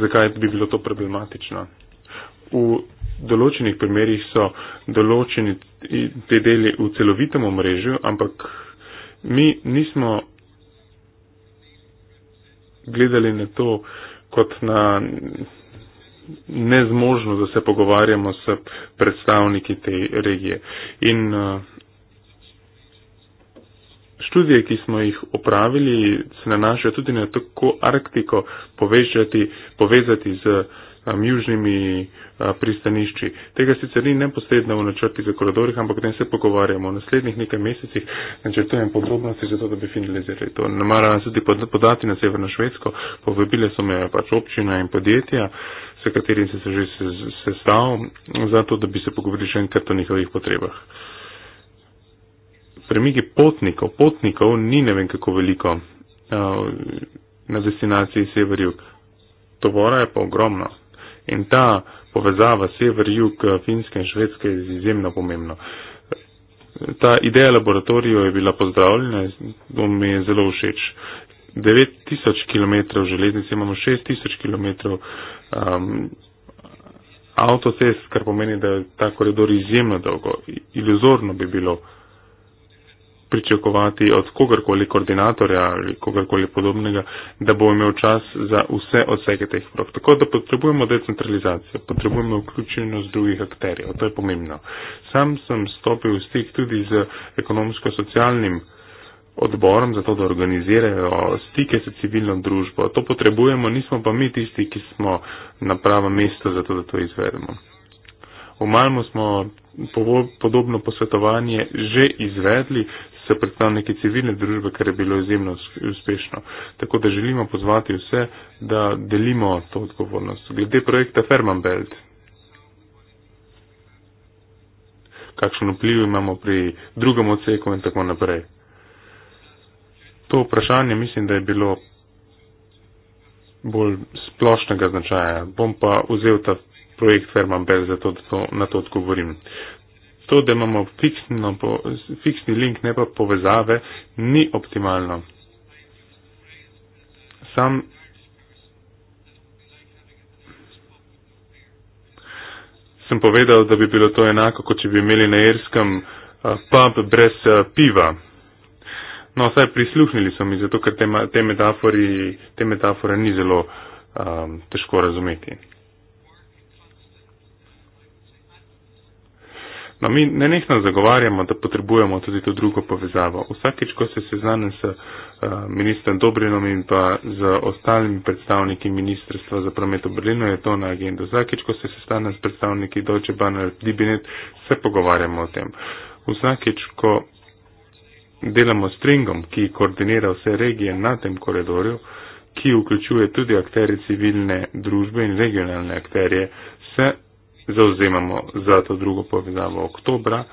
Speaker 4: zakaj bi bilo to problematično. V določenih primerjih so določeni te deli v celovitem omrežju, ampak mi nismo gledali na to kot na nezmožno, da se pogovarjamo s predstavniki te regije. In uh, študije, ki smo jih opravili, se nanašajo tudi na tako Arktiko povezati, povezati z um, južnimi uh, pristanišči. Tega sicer ni neposredno v načrti za koridorih, ampak ne se pogovarjamo. V naslednjih nekaj mesecih načrtujem podrobnosti za to, da bi finalizirali to. Namara se tudi podati na Severno Švedsko, povabile so me pač občina in podjetja, s katerim se že sestal, za to, da bi se pogovorili še enkrat o njihovih potrebah. Premigi potnikov, potnikov ni ne vem kako veliko uh, na destinaciji sever-jug. Tovora je pa ogromno. In ta povezava sever-jug Finske in Švedske je izjemno pomembna. Ta ideja laboratorijo je bila pozdravljena, to mi je zelo všeč. 9000 km železnice, imamo 6000 km um, avtocest, kar pomeni, da je ta koridor izjemno dolgo. Iluzorno bi bilo uh, pričakovati od kogarkoli koordinatorja ali kogarkoli podobnega, da bo imel čas za vse odsege teh prog. Tako da potrebujemo decentralizacijo, potrebujemo vključenost drugih akterjev, to je pomembno. Sam sem stopil v stik tudi z ekonomsko-socialnim odborom za to, da organizirajo stike s civilno družbo. To potrebujemo, nismo pa mi tisti, ki smo na pravo mesto za to, da to izvedemo. V Malmu smo podobno posvetovanje že izvedli, s predstavniki civilne družbe, kar je bilo izjemno uspešno. Tako da želimo pozvati vse, da delimo to odgovornost. Glede projekta Fermanbelt. Kakšen vpliv imamo pri drugem odseku in tako naprej. To vprašanje mislim, da je bilo bolj splošnega značaja. Bom pa vzel ta projekt Fermanbelt, zato da to, na to odgovorim to, da imamo fiksno, fiksni link, ne pa povezave, ni optimalno. Sam sem povedal, da bi bilo to enako, kot če bi imeli na Irskem pub brez piva. No, saj prisluhnili so mi, zato ker te, te, metafori, te metafore ni zelo um, težko razumeti. No, mi nenehno zagovarjamo, da potrebujemo tudi to drugo povezavo. Vsakič, ko se seznanem s eh, ministrem Dobrinom in pa z ostalimi predstavniki Ministrstva za promet v Berlinu, je to na agendu. Vsakič, ko se seznanem s predstavniki Deutsche Bahn ali Dibinet, se pogovarjamo o tem. Vsakič, ko delamo stringom, ki koordinira vse regije na tem koridorju, ki vključuje tudi akteri civilne družbe in regionalne akterije, se zauzemamo za to drugo povezavo oktobra,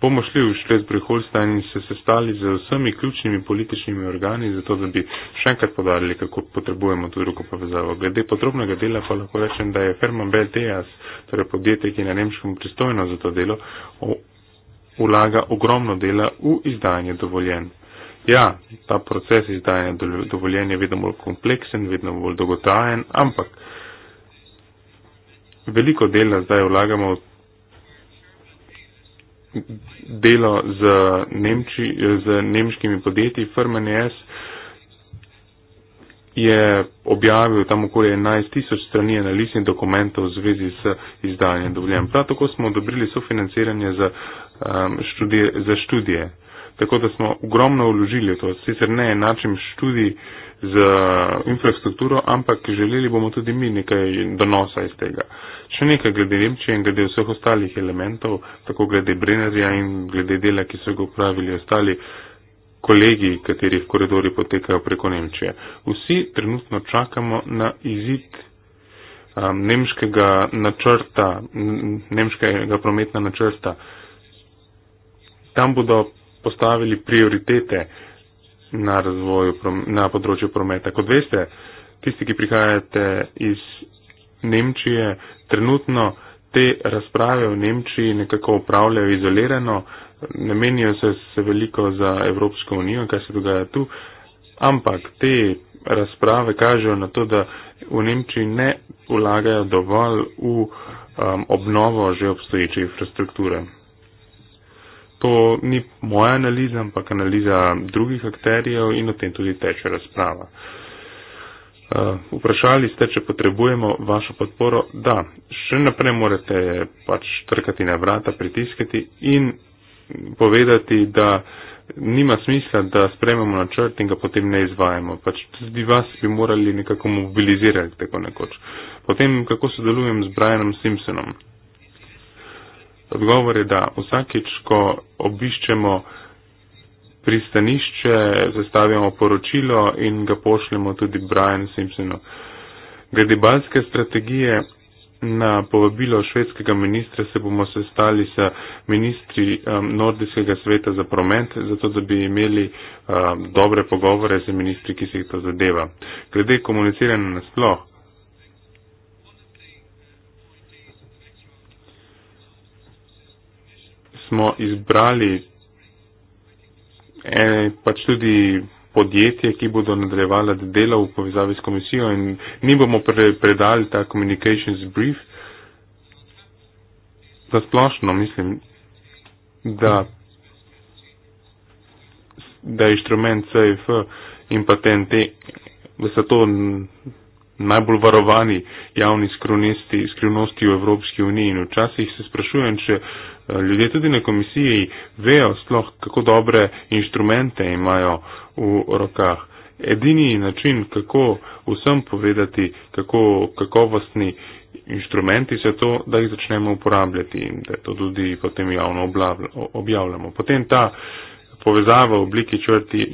Speaker 4: bomo šli v Šlesbrih-Holstein in se sestali z vsemi ključnimi političnimi organi, zato da bi še enkrat podarili, kako potrebujemo to drugo povezavo. Glede podrobnega dela pa lahko rečem, da je Ferman Belteas, torej podjetje, ki je na nemškem pristojno za to delo, ulaga ogromno dela v izdajanje dovoljen. Ja, ta proces izdajanja dovoljenja je vedno bolj kompleksen, vedno bolj dogotajen, ampak veliko dela zdaj vlagamo v delo z, Nemči, z nemškimi podjetji. Firmen S je objavil tam okoli 11 tisoč strani analiznih dokumentov v zvezi s izdajanjem dovoljenja. Prav tako smo odobrili sofinanciranje za, um, študije, za študije tako da smo ogromno vložili, to sicer ne enačim študij z eh, infrastrukturo, ampak želeli bomo tudi mi nekaj donosa iz tega. Še nekaj glede Nemčije in glede vseh ostalih elementov, tako glede Brennerja in glede dela, ki so ga upravili ostali kolegi, katerih koridori potekajo preko Nemčije. Vsi trenutno čakamo na izid um, nemškega načrta, nemškega prometna načrta. Tam bodo postavili prioritete na, razvoju, na področju prometa. Kot veste, tisti, ki prihajate iz Nemčije, trenutno te razprave v Nemčiji nekako upravljajo izolirano, ne menijo se, se veliko za Evropsko unijo, kaj se dogaja tu, ampak te razprave kažejo na to, da v Nemčiji ne vlagajo dovolj v um, obnovo že obstoječe infrastrukture to ni moja analiza, ampak analiza drugih akterjev in o tem tudi teče razprava. Uh, vprašali ste, če potrebujemo vašo podporo. Da, še naprej morate pač trkati na vrata, pritiskati in povedati, da nima smisla, da sprememo načrt in ga potem ne izvajamo. Pač tudi vas bi morali nekako mobilizirati tako nekoč. Potem, kako sodelujem z Brianom Simpsonom? Odgovor je, da vsakeč, ko obiščemo pristanišče, zastavljamo poročilo in ga pošljemo tudi Brian Simpsonu. Glede balske strategije na povabilo švedskega ministra se bomo sestali s ministri um, Nordijskega sveta za promet, zato da bi imeli um, dobre pogovore z ministri, ki se jih to zadeva. Glede komuniciranja nasploh, smo izbrali en, eh, pač tudi podjetje, ki bodo nadaljevala delo v povezavi s komisijo in mi bomo pre, predali ta communications brief. Za splošno mislim, da, da je inštrument CFF in pa TNT, da so to najbolj varovani javni skrivnosti, skrivnosti v Evropski uniji in včasih se sprašujem, če eh, ljudje tudi na komisiji vejo sploh, kako dobre inštrumente imajo v rokah. Edini način, kako vsem povedati, kako kakovostni inštrumenti so to, da jih začnemo uporabljati in da to tudi potem javno objavljamo. Potem ta povezava v obliki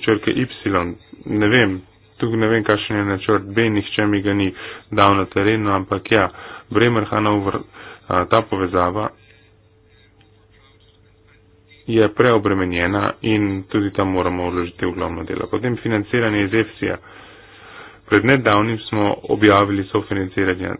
Speaker 4: črke Y, ne vem, tukaj ne vem, kakšen je načrt B, nihče mi ga ni dal na terenu, ampak ja, Bremer Hanover, ta povezava je preobremenjena in tudi tam moramo vložiti v glavno delo. Potem financiranje iz EFSI-ja. Pred nedavnim smo objavili sofinanciranje.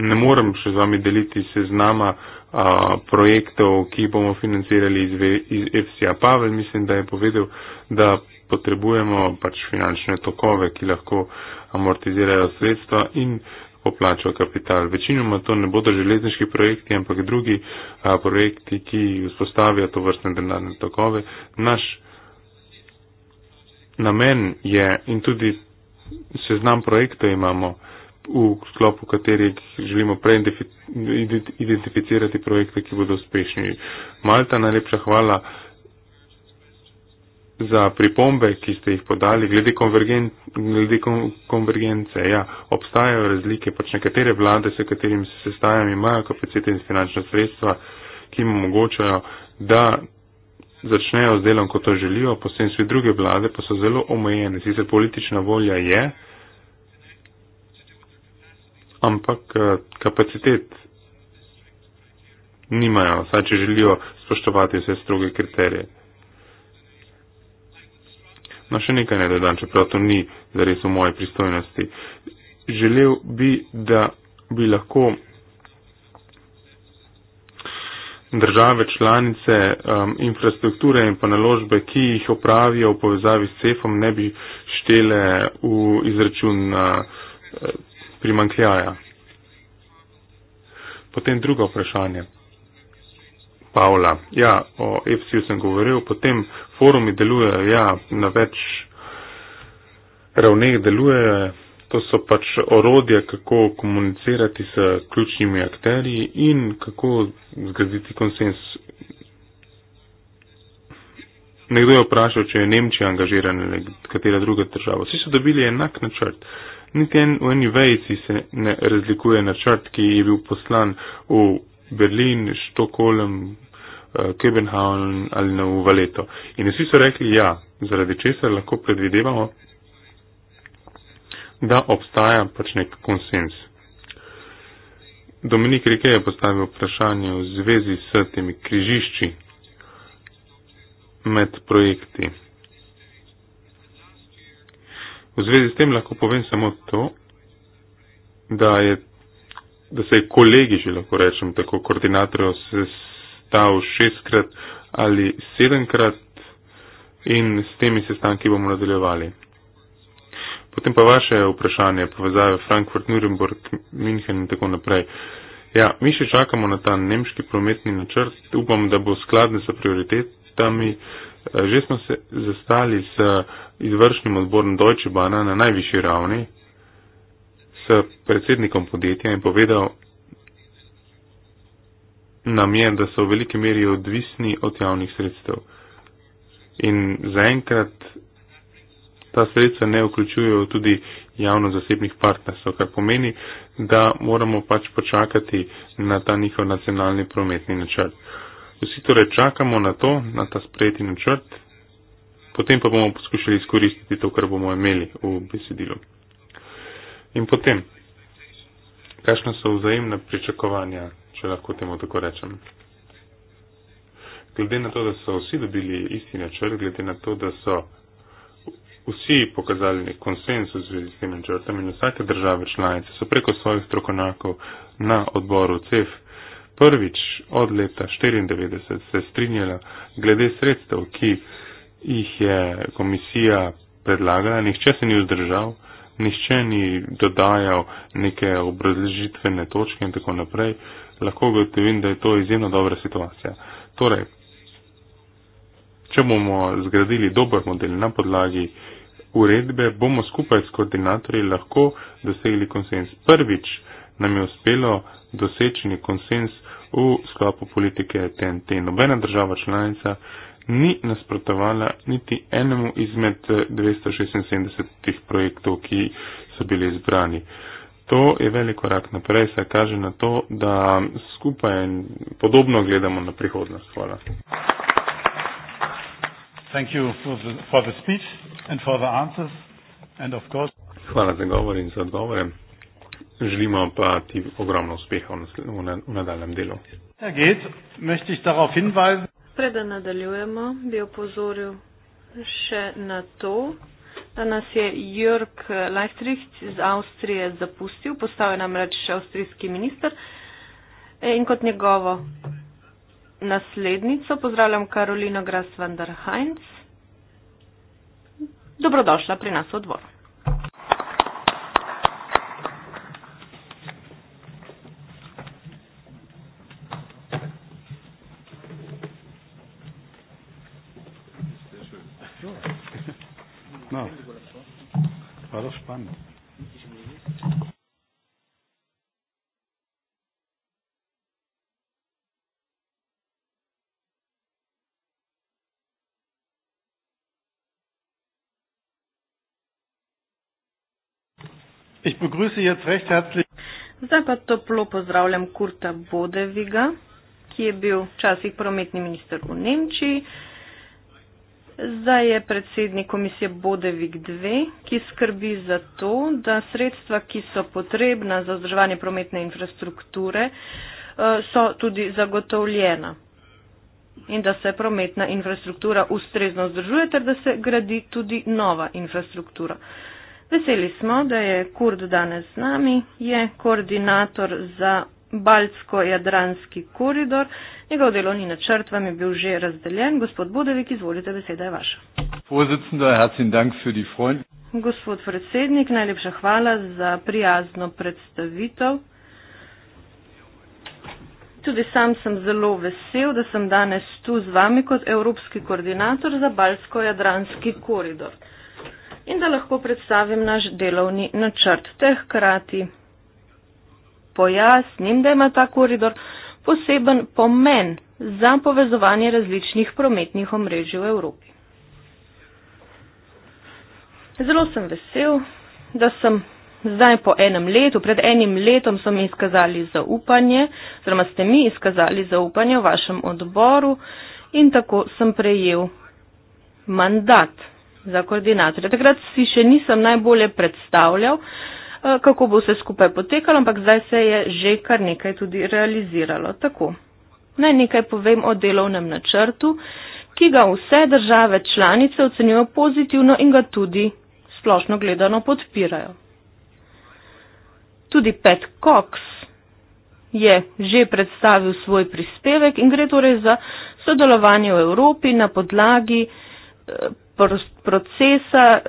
Speaker 4: Ne morem še z vami deliti seznama a, projektov, ki bomo financirali iz, iz EFSI-ja. Pavel mislim, da je povedal, da potrebujemo pač finančne tokove, ki lahko amortizirajo sredstva in poplačajo kapital. Večinoma to ne bodo železniški projekti, ampak drugi a, projekti, ki vzpostavijo to vrstne denarne tokove. Naš namen je in tudi seznam projektov imamo, v sklopu katerih želimo prej identificirati projekte, ki bodo uspešni. Malta, najlepša hvala za pripombe, ki ste jih podali glede, konvergen, glede kon, konvergence. Ja, obstajajo razlike, pač nekatere vlade, s katerimi se sestajam, imajo kapacitete in finančne sredstva, ki jim omogočajo, da začnejo z delom, kot to želijo, posebej vsi druge vlade, pa so zelo omejene. Sicer politična volja je, ampak eh, kapacitet nimajo, saj če želijo spoštovati vse stroge kriterije. No, še nekaj ne dodam, čeprav to ni zares v moje pristojnosti. Želel bi, da bi lahko države članice um, infrastrukture in pa naložbe, ki jih opravijo v povezavi s CEF-om, ne bi štele v izračun uh, primankljaja. Potem drugo vprašanje. Pavla. Ja, o FCU sem govoril, potem forumi delujejo, ja, na več ravneh delujejo. To so pač orodje, kako komunicirati s ključnimi akterji in kako zgraditi konsens. Nekdo je vprašal, če je Nemčija angažirana ali katera druga država. Vsi so dobili enak načrt. Niti en, v eni vejci se ne razlikuje načrt, ki je bil poslan v Berlin, Štokolem, Eh, Köbenhavn ali na Uvaleto. In vsi so rekli, ja, zaradi česar lahko predvidevamo, da obstaja pač nek konsens. Dominik Rike je postavil vprašanje v zvezi s temi križišči med projekti. V zvezi s tem lahko povem samo to, da, je, da se je kolegi, že lahko rečem tako, koordinatorjev sestav šestkrat ali sedemkrat in s temi sestanki bomo nadaljevali. Potem pa vaše vprašanje, povezave Frankfurt, Nuremberg, München in tako naprej. Ja, mi še čakamo na ta nemški prometni načrt, upam, da bo skladen s prioritetami. Eh, že smo se zastali s izvršnim odborom Deutsche Bahn na najvišji ravni, s predsednikom podjetja in povedal, nam je, da so v veliki meri odvisni od javnih sredstev. In zaenkrat ta sredstva ne vključujejo tudi javno-zasebnih partnerstv, kar pomeni, da moramo pač počakati na ta njihov nacionalni prometni načrt. Vsi torej čakamo na to, na ta sprejeti načrt, potem pa bomo poskušali izkoristiti to, kar bomo imeli v besedilu. In potem, kakšna so vzajemna pričakovanja če lahko temu tako rečem. Glede na to, da so vsi dobili isti načrt, glede na to, da so vsi pokazali nek konsens v zvezi s tem načrtom in vsake države članice so preko svojih strokovnjakov na odboru CEF prvič od leta 1994 se strinjala glede sredstev, ki jih je komisija predlagala, nihče se ni vzdržal, nihče ni dodajal neke obrazložitvene točke in tako naprej lahko gotovim, da je to izjemno dobra situacija. Torej, če bomo zgradili dober model na podlagi uredbe, bomo skupaj s koordinatorji lahko dosegli konsens. Prvič nam je uspelo doseči konsens v sklopu politike TNT. Nobena država članica ni nasprotovala niti enemu izmed 276 projektov, ki so bili izbrani. Uh, To je velik korak naprej, saj kaže na to, da skupaj in podobno gledamo na prihodnost. Hvala. Hvala za govor in za odgovore. Želimo pa ti ogromno uspeha v nadaljem delu. Ja,
Speaker 3: Preden nadaljujemo, bi opozoril še na to, da nas je Jörg Leistricht iz Avstrije zapustil, postal je namreč avstrijski minister e, in kot njegovo naslednico pozdravljam Karolino Gras van der Heinz. Dobrodošla pri nas v odboru.
Speaker 1: Ich begrüße jetzt recht herzlich.
Speaker 3: Zdaj pa toplo pozdravljam Kurta Vodeviga, ki je bil včasih prometni minister v Nemčiji. Zdaj je predsednik komisije Bodevik 2, ki skrbi za to, da sredstva, ki so potrebna za vzdrževanje prometne infrastrukture, eh, so tudi zagotovljena in da se prometna infrastruktura ustrezno vzdržuje ter da se gradi tudi nova infrastruktura. Veseli smo, da je Kurd danes z nami, je koordinator za Baltsko-Jadranski koridor. Njegov delovni načrt vam je bil že razdeljen. Gospod Budevik, izvolite, beseda je vaša. Gospod predsednik, najlepša hvala za prijazno predstavitev. Tudi sam sem zelo vesel, da sem danes tu z vami kot evropski koordinator za Baltsko-Jadranski koridor in da lahko predstavim naš delovni načrt. Teh krati pojasnim, da ima ta koridor poseben pomen za povezovanje različnih prometnih omrežij v Evropi. Zelo sem vesel, da sem zdaj po enem letu, pred enim letom so mi izkazali zaupanje, oziroma ste mi izkazali zaupanje v vašem odboru in tako sem prejel mandat za koordinatorja. Takrat si še nisem najbolje predstavljal, eh, kako bo vse skupaj potekalo, ampak zdaj se je že kar nekaj tudi realiziralo. Tako. Naj nekaj povem o delovnem načrtu, ki ga vse države članice ocenjujo pozitivno in ga tudi splošno gledano podpirajo. Tudi Pat Cox je že predstavil svoj prispevek in gre torej za sodelovanje v Evropi na podlagi eh, procesa,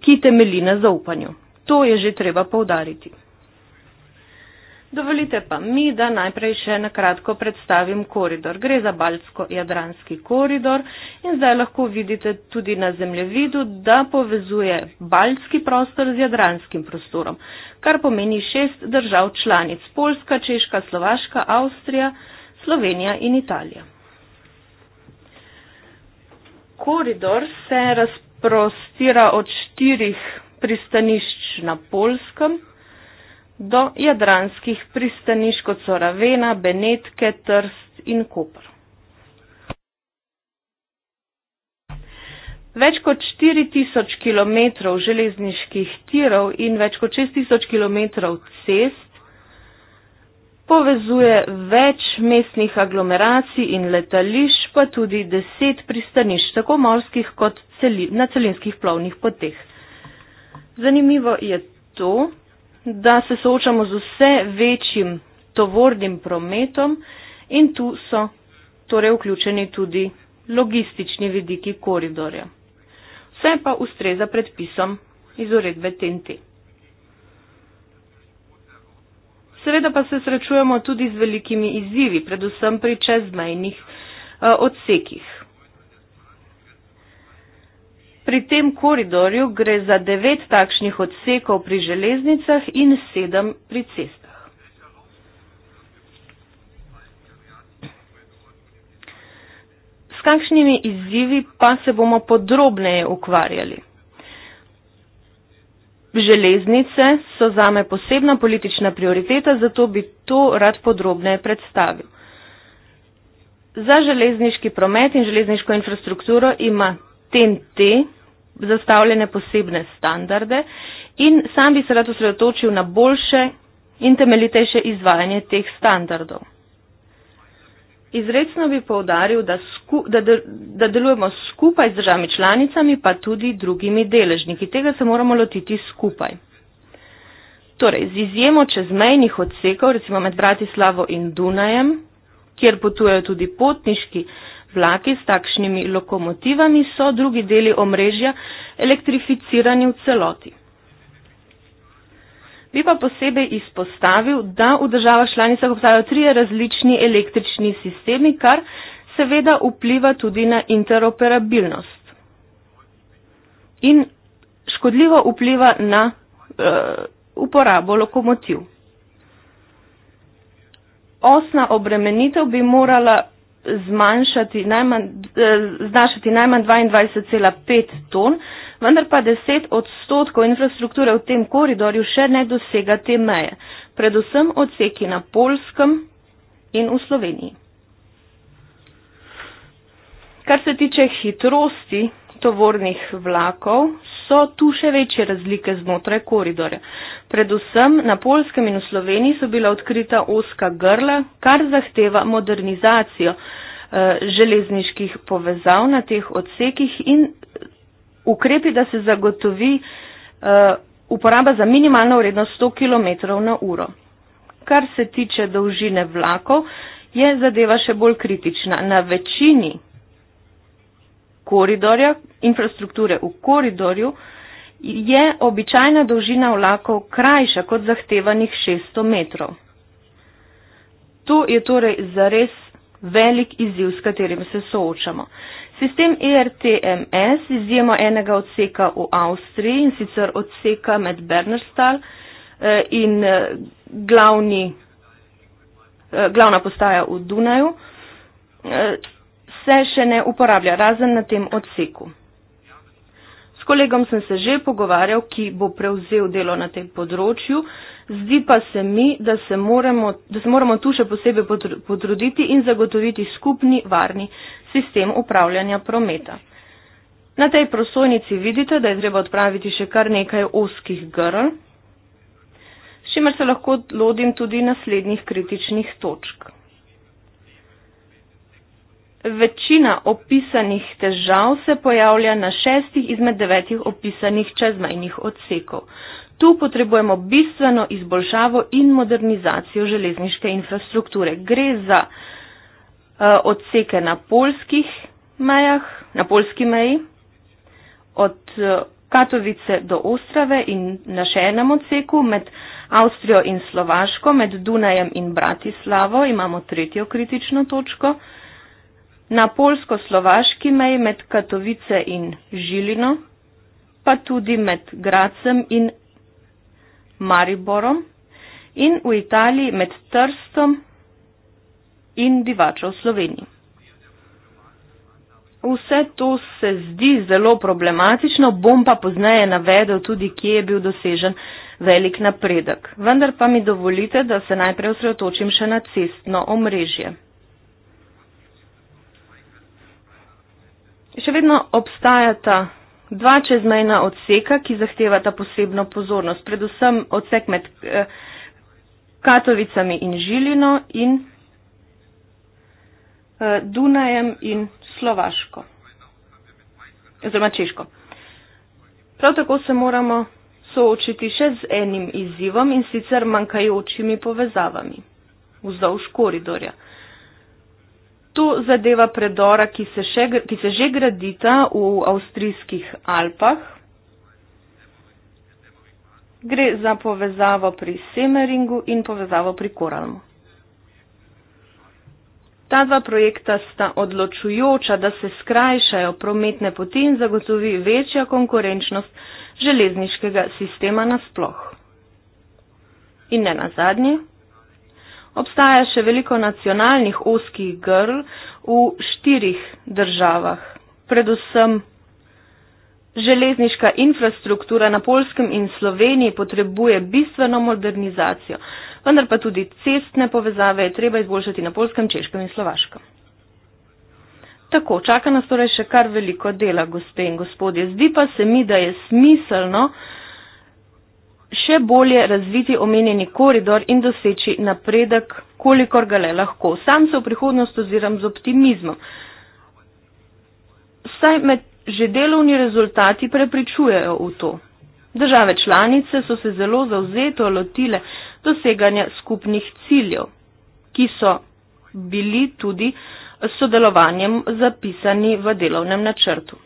Speaker 3: ki temelji na zaupanju. To je že treba povdariti. Dovolite pa mi, da najprej še na kratko predstavim koridor. Gre za Baltsko-Jadranski koridor in zdaj lahko vidite tudi na zemljevidu, da povezuje Baltski prostor z Jadranskim prostorom, kar pomeni šest držav članic Polska, Češka, Slovaška, Avstrija, Slovenija in Italija koridor se razprostira od štirih pristanišč na Polskem do jadranskih pristanišč kot so Ravena, Benetke, Trst in Koper. Več kot 4000 km železniških tirov in več kot 6000 km cest povezuje več mestnih aglomeracij in letališč, pa tudi deset pristanišč, tako morskih kot celi, na celinskih plovnih poteh. Zanimivo je to, da se soočamo z vse večjim tovornim prometom in tu so torej vključeni tudi logistični vidiki koridorja. Vse pa ustreza predpisom iz uredbe TNT. Seveda pa se srečujemo tudi z velikimi izzivi, predvsem pri čezmejnih eh, odsekih. Pri tem koridorju gre za devet takšnih odsekov pri železnicah in sedem pri cestah. S kakšnimi izzivi pa se bomo podrobneje ukvarjali? Železnice so zame posebna politična prioriteta, zato bi to rad podrobneje predstavil. Za železniški promet in železniško infrastrukturo ima TNT zastavljene posebne standarde in sam bi se rad osredotočil na boljše in temeljitejše izvajanje teh standardov. Izredno bi povdaril, da, sku, da, da delujemo skupaj z državami članicami, pa tudi drugimi deležniki. Tega se moramo lotiti skupaj. Torej, z izjemo čezmejnih odsekov, recimo med Bratislavo in Dunajem, kjer potujejo tudi potniški vlaki s takšnimi lokomotivami, so drugi deli omrežja elektrificirani v celoti. Bi pa posebej izpostavil, da v državah članicah obstajajo tri različni električni sistemi, kar seveda vpliva tudi na interoperabilnost in škodljivo vpliva na uh, uporabo lokomotiv. Osna obremenitev bi morala zmanjšati najmanj, eh, znašati najmanj 22,5 ton, vendar pa 10 odstotkov infrastrukture v tem koridorju še ne dosega te meje, predvsem odseki na Polskem in v Sloveniji. Kar se tiče hitrosti tovornih vlakov, so tu še večje razlike znotraj koridorja. Predvsem na Polskem in v Sloveniji so bila odkrita oska grla, kar zahteva modernizacijo eh, železniških povezav na teh odsekih in ukrepi, da se zagotovi uh, uporaba za minimalno vrednost 100 km na uro. Kar se tiče dolžine vlakov, je zadeva še bolj kritična. Na večini koridorja, infrastrukture v koridorju, je običajna dolžina vlakov krajša kot zahtevanih 600 metrov. To je torej zares velik izziv, s katerim se soočamo. Sistem ERTMS izjema enega odseka v Avstriji in sicer odseka med Bernerstal eh, in eh, glavni, eh, glavna postaja v Dunaju, se še ne uporablja razen na tem odseku kolegom sem se že pogovarjal, ki bo prevzel delo na tem področju. Zdi pa se mi, da se moramo, da se moramo tu še posebej potruditi in zagotoviti skupni varni sistem upravljanja prometa. Na tej prosojnici vidite, da je treba odpraviti še kar nekaj oskih grl, s čimer se lahko lodim tudi naslednjih kritičnih točk. Večina opisanih težav se pojavlja na šestih izmed devetih opisanih čezmejnih odsekov. Tu potrebujemo bistveno izboljšavo in modernizacijo železniške infrastrukture. Gre za uh, odseke na polskih mejah, na polski meji, od uh, eh, Katovice do Ostrave in na še enem odseku med Avstrijo in Slovaško, med Dunajem in Bratislavo imamo tretjo kritično točko na polsko-slovaški meji med Katovice in Žilino, pa tudi med Gracem in Mariborom in v Italiji med Trstom in Divačo v Sloveniji. Vse to se zdi zelo problematično, bom pa pozneje navedel tudi, kje je bil dosežen velik napredek. Vendar pa mi dovolite, da se najprej osredotočim še na cestno omrežje. še vedno obstajata dva čezmejna odseka, ki zahtevata posebno pozornost, predvsem odsek med eh, Katovicami in Žilino in eh, Dunajem in Slovaško. Oziroma Češko. Prav tako se moramo soočiti še z enim izzivom in sicer manjkajočimi povezavami vzdolž koridorja. Tu zadeva predora, ki se, še, ki se že gradita v avstrijskih Alpah. Gre za povezavo pri Semeringu in povezavo pri Koralmu. Ta dva projekta sta odločujoča, da se skrajšajo prometne poti in zagotovi večja konkurenčnost železniškega sistema nasploh. In ne na zadnje obstaja še veliko nacionalnih oskih grl v štirih državah. Predvsem železniška infrastruktura na Polskem in Sloveniji potrebuje bistveno modernizacijo, vendar pa tudi cestne povezave je treba izboljšati na Polskem, Češkem in Slovaškem. Tako, čaka nas torej še kar veliko dela, gospe in gospodje. Zdi pa se mi, da je smiselno, še bolje razviti omenjeni koridor in doseči napredek, kolikor ga le lahko. Sam se v prihodnost oziram z optimizmom. Saj me že delovni rezultati prepričujejo v to. Države članice so se zelo zauzeto lotile doseganja skupnih ciljev, ki so bili tudi sodelovanjem zapisani v delovnem načrtu.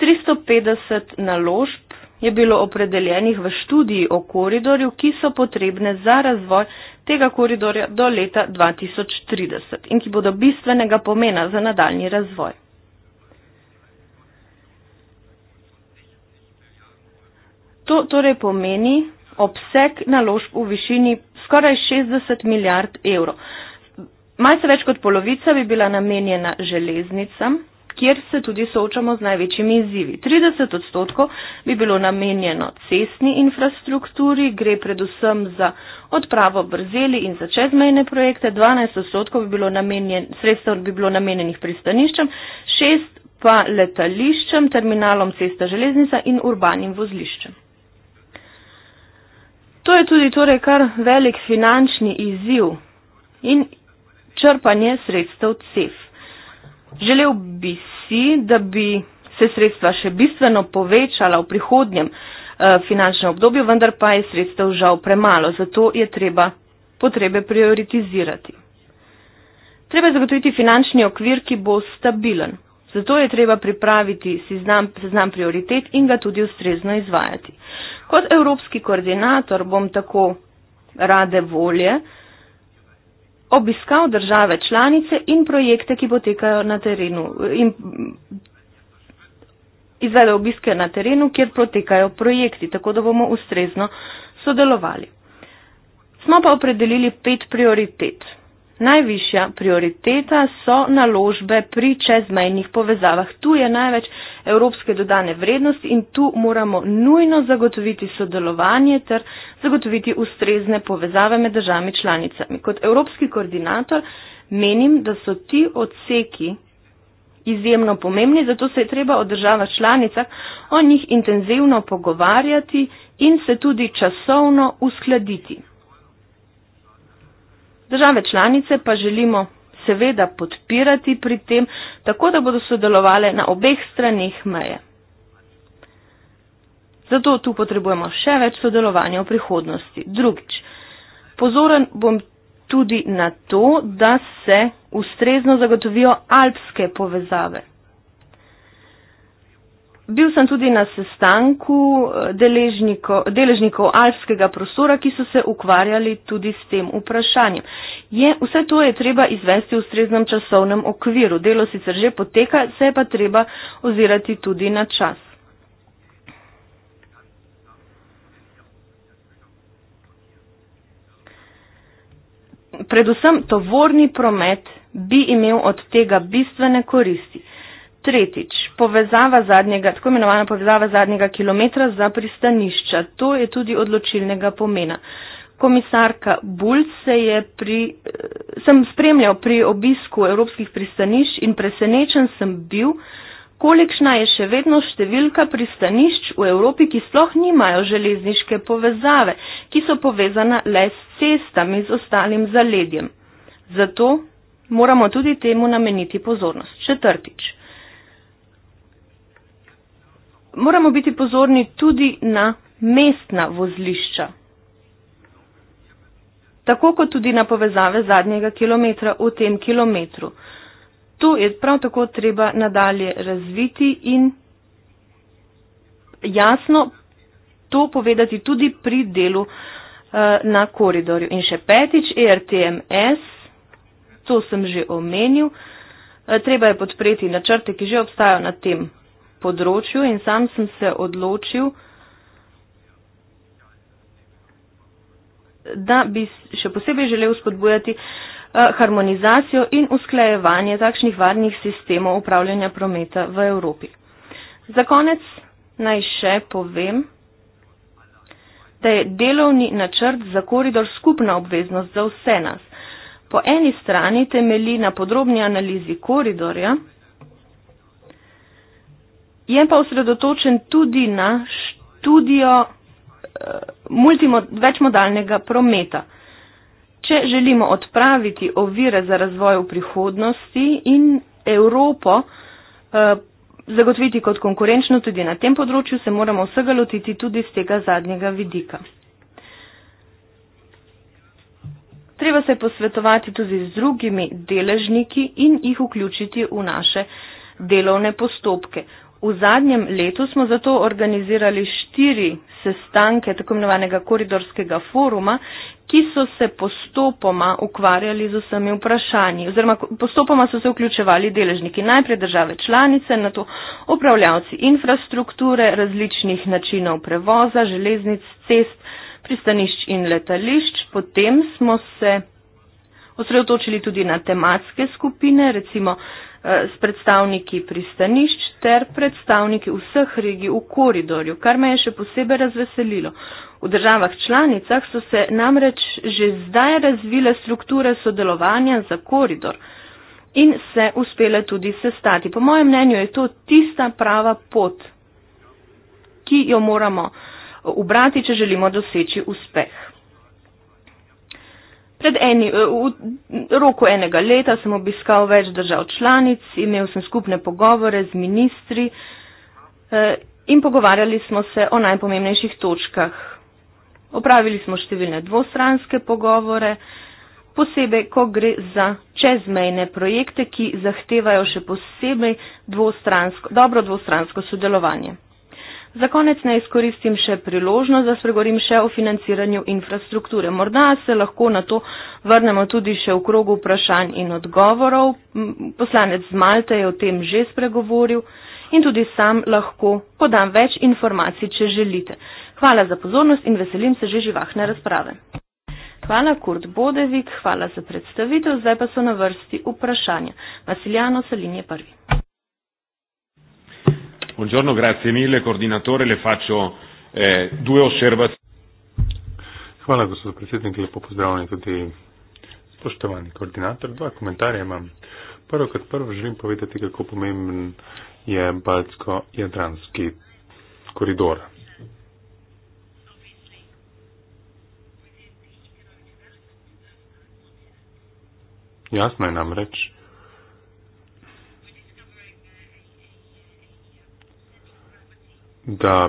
Speaker 3: 350 naložb je bilo opredeljenih v študiji o koridorju, ki so potrebne za razvoj tega koridorja do leta 2030 in ki bodo bistvenega pomena za nadaljni razvoj. To torej pomeni obseg naložb v višini skoraj 60 milijard evrov. Malce več kot polovica bi bila namenjena železnicam, kjer se tudi soočamo z največjimi izzivi. 30 odstotkov bi bilo namenjeno cestni infrastrukturi, gre predvsem za odpravo brzeli in za čezmejne projekte, 12 odstotkov bi bilo namenjen, sredstev bi bilo namenjenih pristaniščem, 6 pa letališčem, terminalom cesta železnica in urbanim vozliščem. To je tudi torej kar velik finančni izziv in črpanje sredstev CEF. Želel bi si, da bi se sredstva še bistveno povečala v prihodnjem eh, finančnem obdobju, vendar pa je sredstev žal premalo, zato je treba potrebe prioritizirati. Treba je zagotoviti finančni okvir, ki bo stabilen. Zato je treba pripraviti seznam, seznam prioritet in ga tudi ustrezno izvajati. Kot evropski koordinator bom tako rade volje, obiskal države članice in projekte, ki potekajo na terenu in izvedel obiske na terenu, kjer potekajo projekti, tako da bomo ustrezno sodelovali. Smo pa opredelili pet prioritet najvišja prioriteta so naložbe pri čezmejnih povezavah. Tu je največ evropske dodane vrednosti in tu moramo nujno zagotoviti sodelovanje ter zagotoviti ustrezne povezave med državami članicami. Kot evropski koordinator menim, da so ti odseki izjemno pomembni, zato se je treba o država članicah o njih intenzivno pogovarjati in se tudi časovno uskladiti. Države članice pa želimo seveda podpirati pri tem, tako da bodo sodelovali na obeh stranih meje. Zato tu potrebujemo še več sodelovanja v prihodnosti. Drugič, pozoren bom tudi na to, da se ustrezno zagotovijo alpske povezave. Bil sem tudi na sestanku eh, deležnikov, deležnikov alpskega prostora, ki so se ukvarjali tudi s tem vprašanjem. Je, vse to je treba izvesti v streznem časovnem okviru. Delo sicer že poteka, se je pa treba ozirati tudi na čas. Predvsem tovorni promet bi imel od tega bistvene koristi. Tretjič, povezava zadnjega, tako imenovana povezava zadnjega kilometra za pristanišča. To je tudi odločilnega pomena. Komisarka Bulc se je pri, eh, sem spremljal pri obisku evropskih pristanišč in presenečen sem bil, kolikšna je še vedno številka pristanišč v Evropi, ki sploh nimajo železniške povezave, ki so povezana le s cestami, z ostalim zaledjem. Zato moramo tudi temu nameniti pozornost. Četrtič moramo biti pozorni tudi na mestna vozlišča. Tako kot tudi na povezave zadnjega kilometra v tem kilometru. To je prav tako treba nadalje razviti in jasno to povedati tudi pri delu uh, na koridorju. In še petič, ERTMS, to sem že omenil, uh, treba je podpreti načrte, ki že obstajajo na tem področju in sam sem se odločil, da bi še posebej želel spodbujati eh, harmonizacijo in usklajevanje takšnih varnih sistemov upravljanja prometa v Evropi. Za konec naj še povem, da je delovni načrt za koridor skupna obveznost za vse nas. Po eni strani temelji na podrobni analizi koridorja, je pa osredotočen tudi na študijo eh, večmodalnega prometa. Če želimo odpraviti ovire za razvoj v prihodnosti in Evropo eh, zagotoviti kot konkurenčno tudi na tem področju, se moramo vsega lotiti tudi z tega zadnjega vidika. Treba se posvetovati tudi z drugimi deležniki in jih vključiti v naše delovne postopke. V zadnjem letu smo zato organizirali štiri sestanke tako imenovanega koridorskega foruma, ki so se postopoma ukvarjali z vsemi vprašanji oziroma postopoma so se vključevali deležniki najprej države članice, na to upravljavci infrastrukture, različnih načinov prevoza, železnic, cest, pristanišč in letališč. Potem smo se osredotočili tudi na tematske skupine, recimo Eh, s predstavniki pristanišč ter predstavniki vseh regij v koridorju, kar me je še posebej razveselilo. V državah članicah so se namreč že zdaj razvile strukture sodelovanja za koridor in se uspele tudi sestati. Po mojem mnenju je to tista prava pot, ki jo moramo ubrati, če želimo doseči uspeh. Pred eni, eh, v roku enega leta sem obiskal več držav članic, imel sem skupne pogovore z ministri eh, in pogovarjali smo se o najpomembnejših točkah. Opravili smo številne dvostranske pogovore, posebej, ko gre za čezmejne projekte, ki zahtevajo še posebej dvostransko, dobro dvostransko sodelovanje. Za konec naj izkoristim še priložnost, da spregovorim še o financiranju infrastrukture. Morda se lahko na to vrnemo tudi še v krogu vprašanj in odgovorov. Poslanec z Malte je o tem že spregovoril in tudi sam lahko podam več informacij, če želite. Hvala za pozornost in veselim se že živahne razprave. Hvala Kurt Bodevik, hvala za predstavitev, zdaj pa so na vrsti vprašanja. Vasiljano Salin je
Speaker 4: prvi. Buongiorno, grazie mille coordinatore, le faccio eh, due osservazioni. Hvala, gospod predsednik, lepo pozdravljeni tudi spoštovani koordinator. Dva komentarja imam. Prvo, kot prvo želim povedati, kako pomemben je Baltsko-Jadranski koridor. Jasno je namreč, da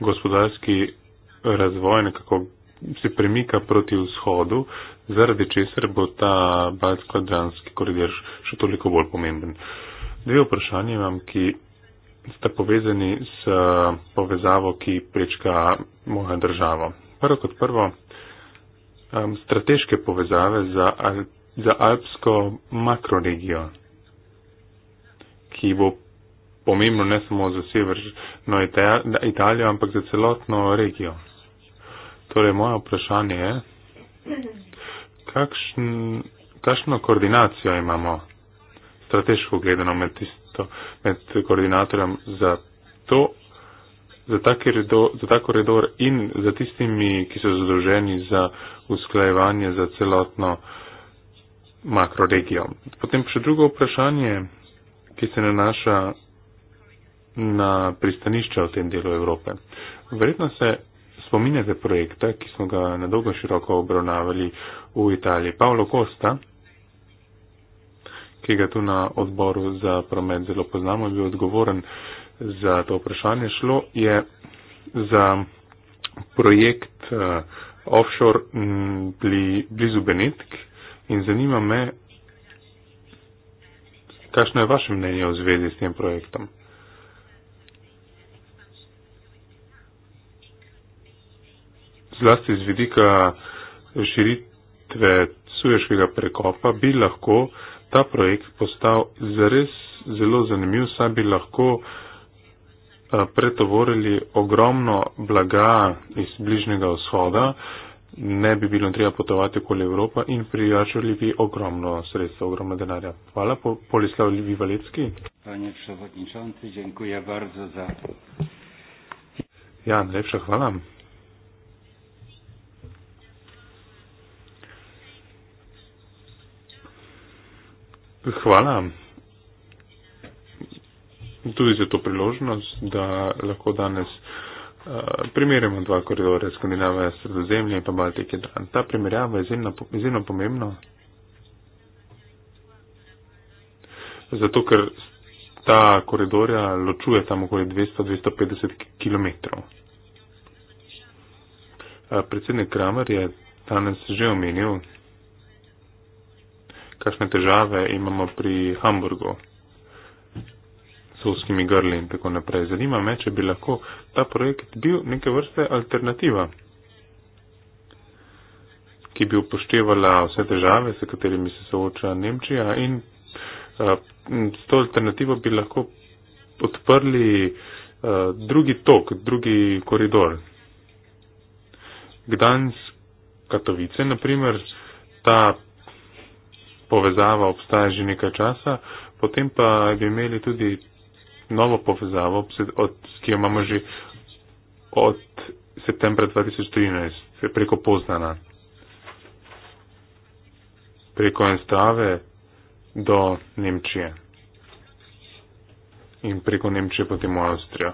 Speaker 4: gospodarski razvoj nekako se premika proti vzhodu, zaradi česar bo ta Balsko-Adranski koridor še toliko bolj pomemben. Dve vprašanje imam, ki sta povezani s povezavo, ki prečka mojo državo. Prvo kot prvo, um, strateške povezave za, Al za alpsko makroregijo, ki bo pomembno ne samo za severno Italijo, ampak za celotno regijo. Torej, moje vprašanje je, kakšn, kakšno koordinacijo imamo strateško gledano med, tisto, med koordinatorjem za, to, za, redor, za ta koridor in za tistimi, ki so zadolženi za usklajevanje za celotno makroregijo. Potem še drugo vprašanje, ki se nanaša na pristanišča v tem delu Evrope. Verjetno se spominjate projekta, ki smo ga nedolgo široko obravnavali v Italiji, Paolo Costa, ki ga tu na odboru za promet zelo poznamo, je bil odgovoren za to vprašanje. Šlo je za projekt uh, offshore bli, blizu Benetk in zanima me, kakšno je vaše mnenje v zvezi s tem projektom. zlasti z vidika širitve Suješkega prekopa, bi lahko ta projekt postal zares zelo zanimiv, saj bi lahko pretovorili ogromno blaga iz bližnjega vzhoda, ne bi bilo treba potovati okoli Evropa in prijačali bi ogromno sredstva, ogromno denarja. Hvala, Polislav Vivalecki. Ja, najlepša hvala. Hvala. Tudi za to priložnost, da lahko danes eh, primerjamo dva koridore Skandinavije, Sredozemlje in pa Baltike. Ta primerjava je izjemno, izjemno pomembna. Zato, ker ta koridorja ločuje tam okoli 200-250 km. Predsednik Kramer je danes že omenil, kakšne težave imamo pri Hamburgu s uskimi grli in tako naprej. Zanima me, če bi lahko ta projekt bil neke vrste alternativa, ki bi upoštevala vse težave, s katerimi se sooča Nemčija in a, s to alternativo bi lahko odprli a, drugi tok, drugi koridor. Gdansk Katovice, naprimer, ta povezava obstaja že nekaj časa, potem pa bi imeli tudi novo povezavo, od, ki jo imamo že od septembra 2013, preko poznana. Preko Enstave do Nemčije. In preko Nemčije potem v Avstrijo.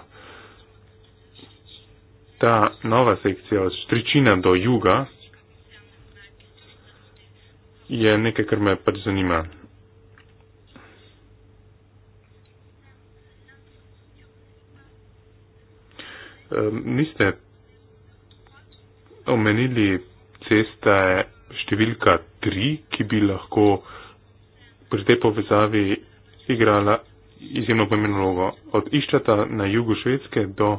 Speaker 4: Ta nova sekcija od Štričina do Juga, je nekaj, kar me pač zanima. Um, niste omenili cesta številka 3, ki bi lahko pri tej povezavi igrala izjemno pomembno vlogo. Od Iščata na jugu Švedske do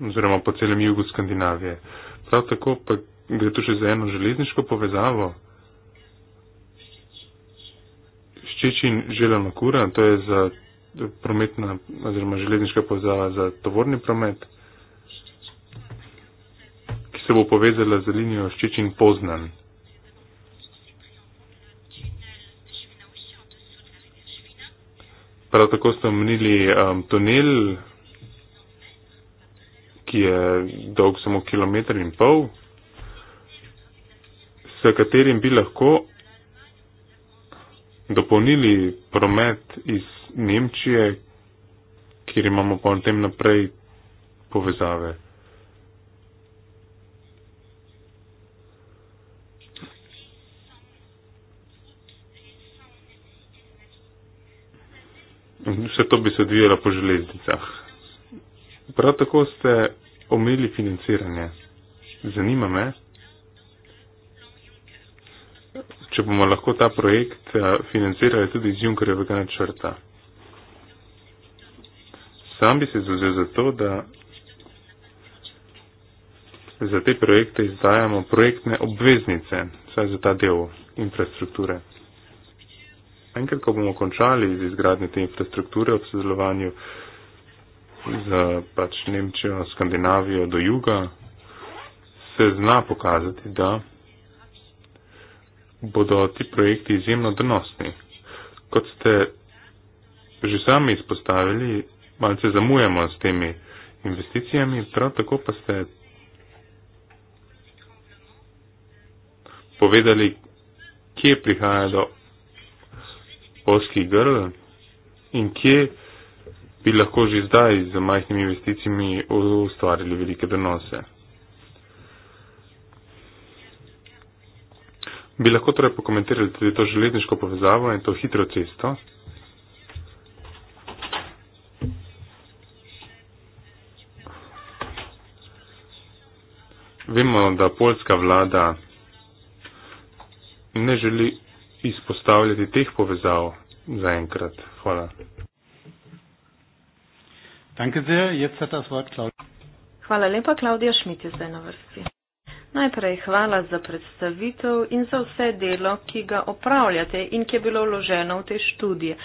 Speaker 4: oziroma po celem jugu Skandinavije. Um, prav tako pa gre tu še za eno železniško povezavo. Ščičin želena kura, to je za prometna oziroma železniška povezava za tovorni promet, ki se bo povezala z linijo Ščičin Poznan. Prav tako ste omenili um, tunel ki je dolg samo kilometr in pol, s katerim bi lahko dopolnili promet iz Nemčije, kjer imamo pa v tem naprej povezave. Vse to bi se odvijalo po železnicah. Prav tako ste omili financiranje. Zanima me, če bomo lahko ta projekt eh, financirali tudi iz Junkerjevega načrta. Sam bi se zauzel za to, da za te projekte izdajamo projektne obveznice, saj za ta del infrastrukture. Enkrat, ko bomo končali z izgradnjo te infrastrukture ob sodelovanju uh, za pač Nemčijo, Skandinavijo do juga, se zna pokazati, da bodo ti projekti izjemno donosni. Kot ste že sami izpostavili, malce zamujamo s temi investicijami, prav tako pa ste povedali, kje prihaja do oskih grl in kje bi lahko že zdaj z majhnimi investicijami ustvarili velike donose. Bi lahko torej pokomentirali tudi to železniško povezavo in to hitro cesto? Vemo, da polska vlada ne želi izpostavljati teh povezav zaenkrat. Hvala.
Speaker 1: Danke sehr. Jetzt hat das Wort Claudia. Hvala
Speaker 3: lepa, Klaudija Šmit je zdaj na vrsti. Najprej hvala za predstavitev in za vse delo, ki ga opravljate in ki je bilo vloženo v te študije.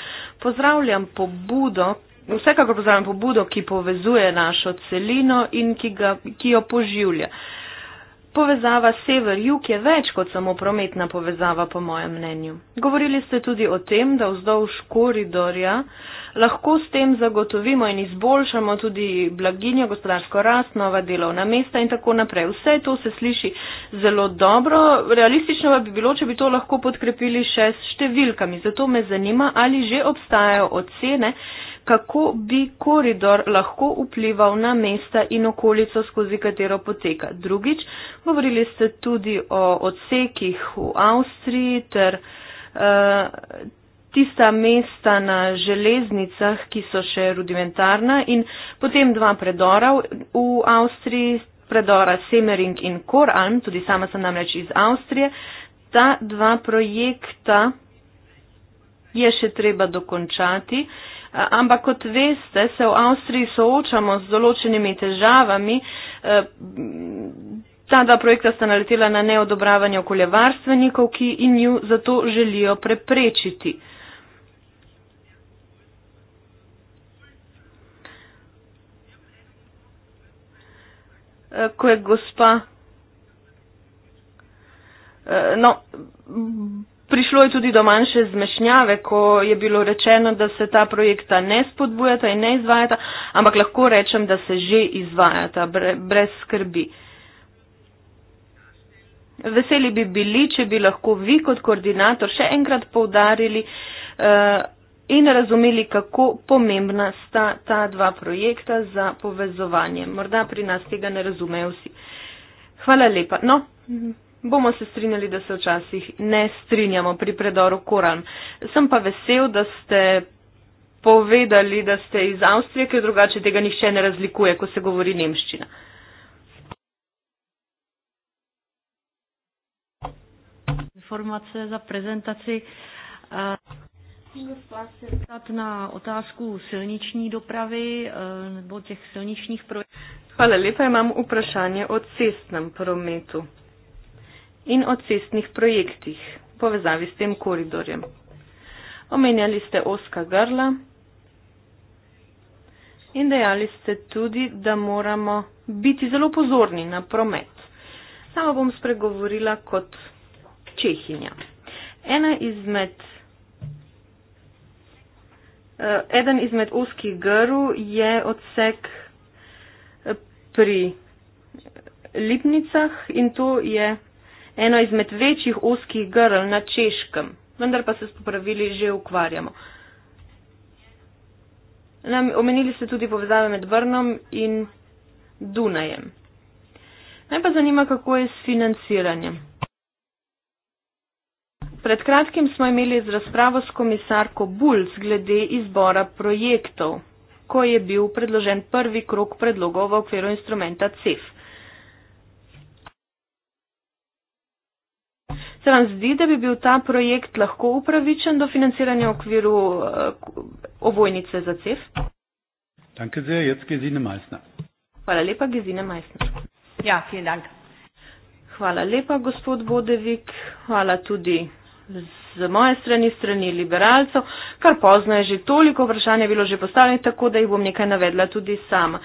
Speaker 3: Pozdravljam pobudo, vsekakor pozdravljam pobudo, ki povezuje našo celino in ki, ga, ki jo poživlja. Uh, Povezava sever-jug je več kot samo prometna povezava, po mojem mnenju. Govorili ste tudi o tem, da vzdolž koridorja lahko s tem zagotovimo in izboljšamo tudi blaginjo, gospodarsko rast, nova delovna mesta in tako naprej. Vse to se sliši zelo dobro. Realistično bi bilo, če bi to lahko podkrepili še s številkami. Zato me zanima, ali že obstajajo ocene kako bi koridor lahko vplival na mesta in okolico, skozi katero poteka. Drugič, govorili ste tudi o odsekih v Avstriji ter uh, tista mesta na železnicah, ki so še rudimentarna in potem dva predora v Avstriji, predora Semering in Koralm, tudi sama sem namreč iz Avstrije. Ta dva projekta je še treba dokončati. Eh, ampak kot veste, se v Avstriji soočamo z določenimi težavami. Eh, ta dva projekta sta naletela na neodobravanje okoljevarstvenikov, ki in ju zato želijo preprečiti. Eh, ko je gospa. No, Prišlo je tudi do manjše zmešnjave, ko je bilo rečeno, da se ta projekta ne spodbujata in ne izvajata, ampak lahko rečem, da se že izvajata brez skrbi. Veseli bi bili, če bi lahko vi kot koordinator še enkrat povdarili eh, in razumeli, kako pomembna sta ta dva projekta za povezovanje. Morda pri nas tega ne razumejo vsi. Hvala lepa. No. Mhm. Bomo se strinjali, da se včasih ne strinjamo pri predoru Koran. Sem pa vesel, da ste povedali, da ste iz Avstrije, ker drugače tega nihče ne razlikuje, ko se govori nemščina. Informacije za prezentaci. Gospa se ptát na otázku silniční dopravy eh, nebo těch silničních projektů. Hvala lepa, imam vprašanje o cestnem prometu in o cestnih projektih v povezavi s tem koridorjem. Omenjali ste oska grla in dejali ste tudi, da moramo biti zelo pozorni na promet. Sama bom spregovorila kot Čehinja. Ena izmed. Eh, eden izmed oskih grl je odsek eh, pri Lipnicah in to je eno izmed večjih uskih grl na češkem, vendar pa se s popravili že ukvarjamo. Nam, omenili ste tudi povezave med Brnom in Dunajem. Naj pa zanima, kako je s financiranjem. Pred kratkim smo imeli z razpravo s komisarko Bulc glede izbora projektov, ko je bil predložen prvi krok predlogov v okviru instrumenta CEF. Se vam zdi, da bi bil ta projekt lahko upravičen do financiranja v okviru uh, ovojnice za CEF?
Speaker 1: Danke sehr, jetzt Gesine Meissner.
Speaker 3: Hvala lepa, Gesine Meissner. Ja, vielen Dank. Hvala lepa, gospod Bodevik. Hvala tudi z moje strani, strani liberalcev, kar pozno je že toliko vprašanje bilo že postavljeno, tako da jih bom nekaj navedla tudi sama.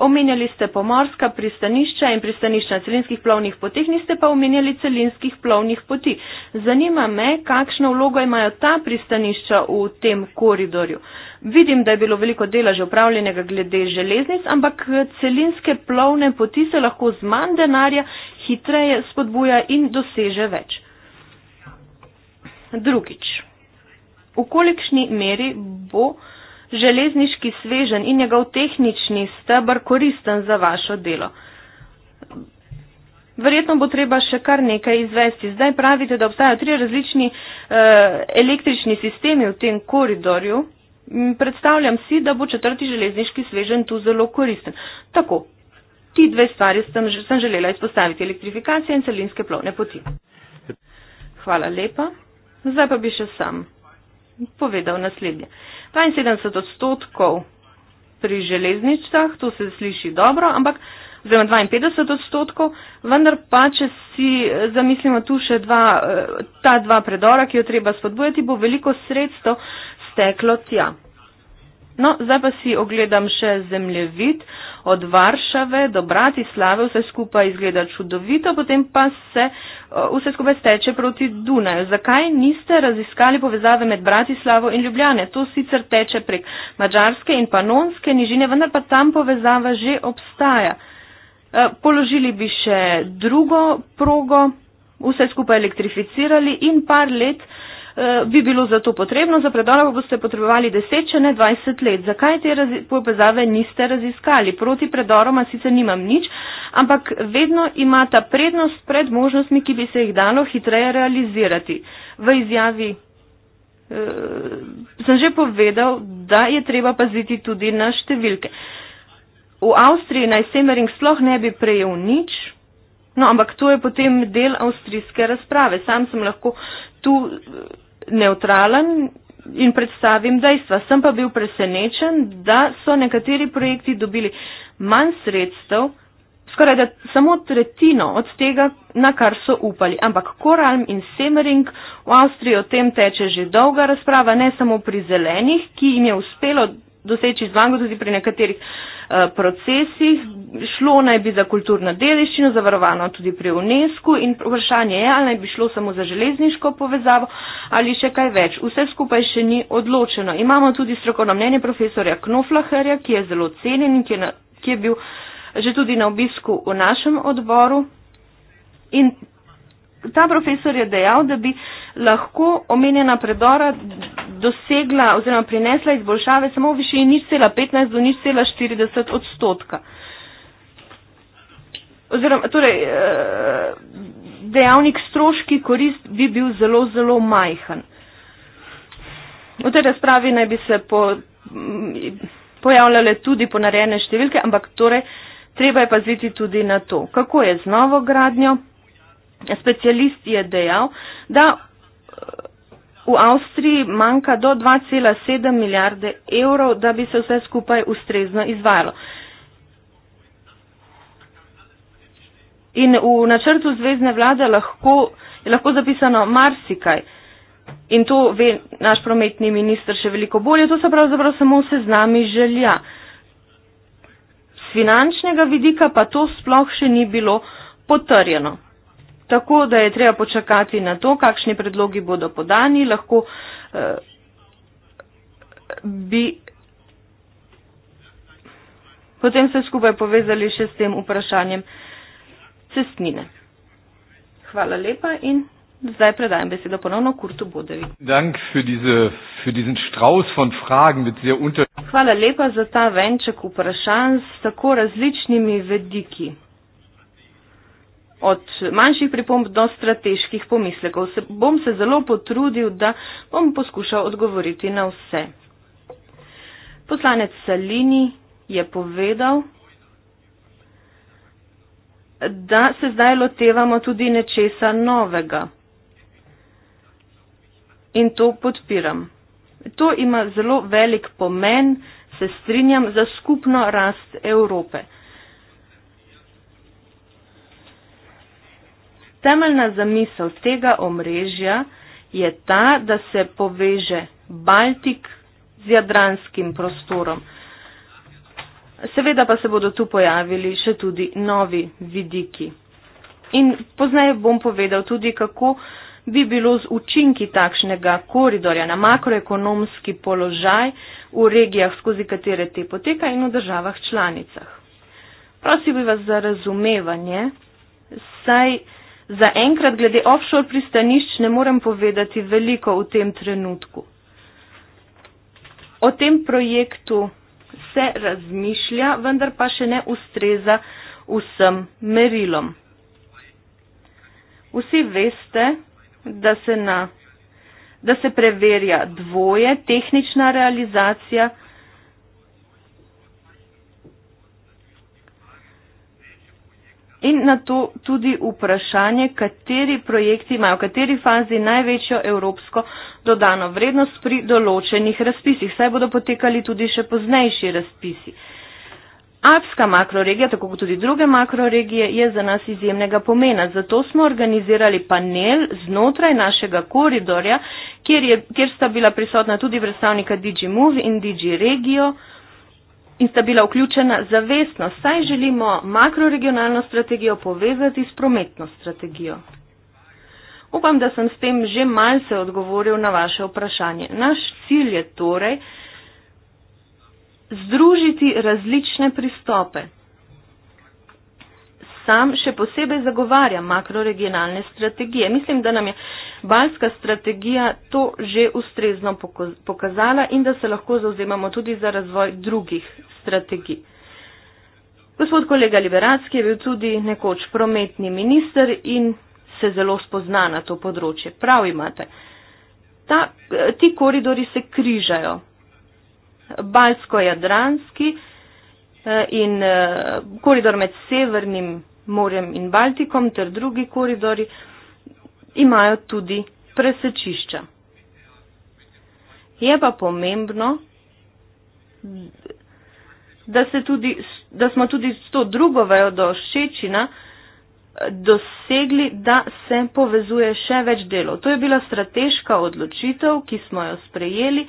Speaker 3: Omenjali ste pomorska pristanišča in pristanišča celinskih plovnih potih, niste pa omenjali celinskih plovnih poti. Zanima me, kakšno vlogo imajo ta pristanišča v tem koridorju. Vidim, da je bilo veliko dela že upravljenega glede železnic, ampak celinske plovne poti se lahko z manj denarja hitreje spodbuja in doseže več. Drugič, v kolikšni meri bo železniški svežen in njegov tehnični stebr koristen za vašo delo? Verjetno bo treba še kar nekaj izvesti. Zdaj pravite, da obstajajo tri različni e, električni sistemi v tem koridorju. Mm, predstavljam si, da bo četrti železniški svežen tu zelo koristen. Tako, ti dve stvari sem, sem želela izpostaviti. Elektrifikacija in celinske plovne poti. Hvala lepa. Zdaj pa bi še sam povedal naslednje. 72 odstotkov pri železničtah, to se sliši dobro, ampak oziroma 52 odstotkov, vendar pa, če si eh, zamislimo tu še dva, eh, ta dva predora, ki jo treba spodbujati, bo veliko sredstev steklo tja. No, zdaj pa si ogledam še zemljevid od Varšave do Bratislave, vse skupaj izgleda čudovito, potem pa se vse skupaj steče proti Dunaju. Zakaj niste raziskali povezave med Bratislavo in Ljubljane? To sicer teče prek Mačarske in Panonske nižine, vendar pa tam povezava že obstaja. E, položili bi še drugo progo, vse skupaj elektrificirali in par let. Eh, bi bilo za to potrebno, za predolavo boste potrebovali 10, če ne 20 let. Zakaj te povezave niste raziskali? Proti predoroma sicer nimam nič, ampak vedno imata prednost pred možnostmi, ki bi se jih dalo hitreje realizirati. V izjavi e, sem že povedal, da je treba paziti tudi na številke. V Avstriji naj Semering sploh ne bi prejel nič, no ampak to je potem del avstrijske razprave. Sam sem lahko tu eh, neutralen in predstavim dejstva. Sem pa bil presenečen, da so nekateri projekti dobili manj sredstev, skoraj da samo tretjino od tega, na kar so upali. Ampak Koralm in Semering v Avstriji o tem teče že dolga razprava, ne samo pri zelenih, ki jim je uspelo doseči zmago tudi pri nekaterih Eh, procesih. Šlo naj bi za kulturno dediščino, zavarovano tudi pri UNESCO in vprašanje je, ali naj bi šlo samo za železniško povezavo ali še kaj več. Vse skupaj še ni odločeno. Imamo tudi strokovno mnenje profesorja Knoflaherja, ki je zelo cenjen in ki je, na, ki je bil že tudi na obisku v našem odboru. In ta profesor je dejal, da bi lahko omenjena predora dosegla oziroma prinesla izboljšave samo v višini 0,15 do 0,40 odstotka. Oziroma, torej, eh, dejavnik stroški korist bi bil zelo, zelo majhen. V tej razpravi naj bi se po, mm, pojavljale tudi ponarejene številke, ampak torej, treba je paziti tudi na to, kako je z novo gradnjo, Specialist je dejal, da eh, v Avstriji manjka do 2,7 milijarde evrov, da bi se vse skupaj ustrezno izvajalo. In v načrtu zvezdne vlade lahko, je lahko zapisano marsikaj. In to ve naš prometni minister še veliko bolje. To so pravzaprav samo se z nami želja. Z finančnega vidika pa to sploh še ni bilo potrjeno. Tako da je treba počakati na to, kakšni predlogi bodo podani. Lahko eh, bi potem se skupaj povezali še s tem vprašanjem cestnine. Hvala lepa in zdaj predajam besedo ponovno Kurtu Bodevi. Hvala lepa za ta venček vprašanj s tako različnimi vediki od manjših pripomb do strateških pomislekov. Se, bom se zelo potrudil, da bom poskušal odgovoriti na vse. Poslanec Salini je povedal, da se zdaj lotevamo tudi nečesa novega. In to podpiram. To ima zelo velik pomen, se strinjam, za skupno rast Evrope. Temeljna zamisel tega omrežja je ta, da se poveže Baltik z jadranskim prostorom. Seveda pa se bodo tu pojavili še tudi novi vidiki. In poznaj bom povedal tudi, kako bi bilo z učinki takšnega koridorja na makroekonomski položaj v regijah, skozi katere te poteka in v državah članicah. Prosim bi vas za razumevanje, saj. Zaenkrat glede offshore pristanišč ne morem povedati veliko v tem trenutku. O tem projektu se razmišlja, vendar pa še ne ustreza vsem merilom. Vsi veste, da se, na, da se preverja dvoje, tehnična realizacija, in na to tudi vprašanje, kateri projekti imajo, v kateri fazi največjo evropsko dodano vrednost pri določenih razpisih. Saj bodo potekali tudi še poznejši razpisi. Alpska makroregija, tako kot tudi druge makroregije, je za nas izjemnega pomena. Zato smo organizirali panel znotraj našega koridorja, kjer, je, kjer sta bila prisotna tudi predstavnika DigiMove in DigiRegio in sta bila vključena zavestno, saj želimo makroregionalno strategijo povezati s prometno strategijo. Upam, da sem s tem že malce odgovoril na vaše vprašanje. Naš cilj je torej združiti različne pristope. Sam še posebej zagovarjam makroregionalne strategije. Mislim, da nam je balska strategija to že ustrezno pokazala in da se lahko zauzemamo tudi za razvoj drugih strategij. Gospod kolega Liberacki je bil tudi nekoč prometni minister in se zelo spozna na to področje. Prav imate. Ta, ti koridori se križajo. Balsko-jadranski eh, in eh, koridor med Severnim morjem in Baltikom ter drugi koridori imajo tudi presečišča. Je pa pomembno, da, tudi, da smo tudi s to drugo vejo do ščečina eh, dosegli, da se povezuje še več delov. To je bila strateška odločitev, ki smo jo sprejeli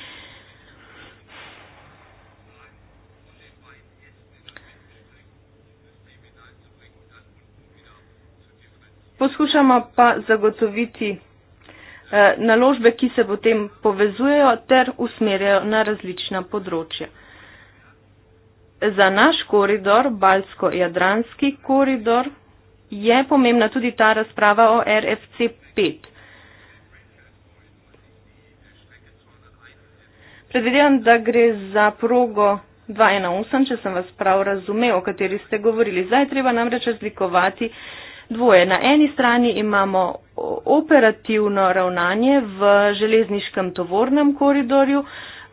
Speaker 3: poskušamo pa zagotoviti eh, naložbe, ki se potem povezujejo ter usmerjajo na različna področja. Za naš koridor, Balsko-Jadranski koridor, je pomembna tudi ta razprava o RFC 5. Predvidevam, da gre za progo 218, če sem vas prav razumel, o kateri ste govorili. Zdaj treba namreč razlikovati eh, dvoje. Na eni strani imamo operativno ravnanje v železniškem tovornem koridorju,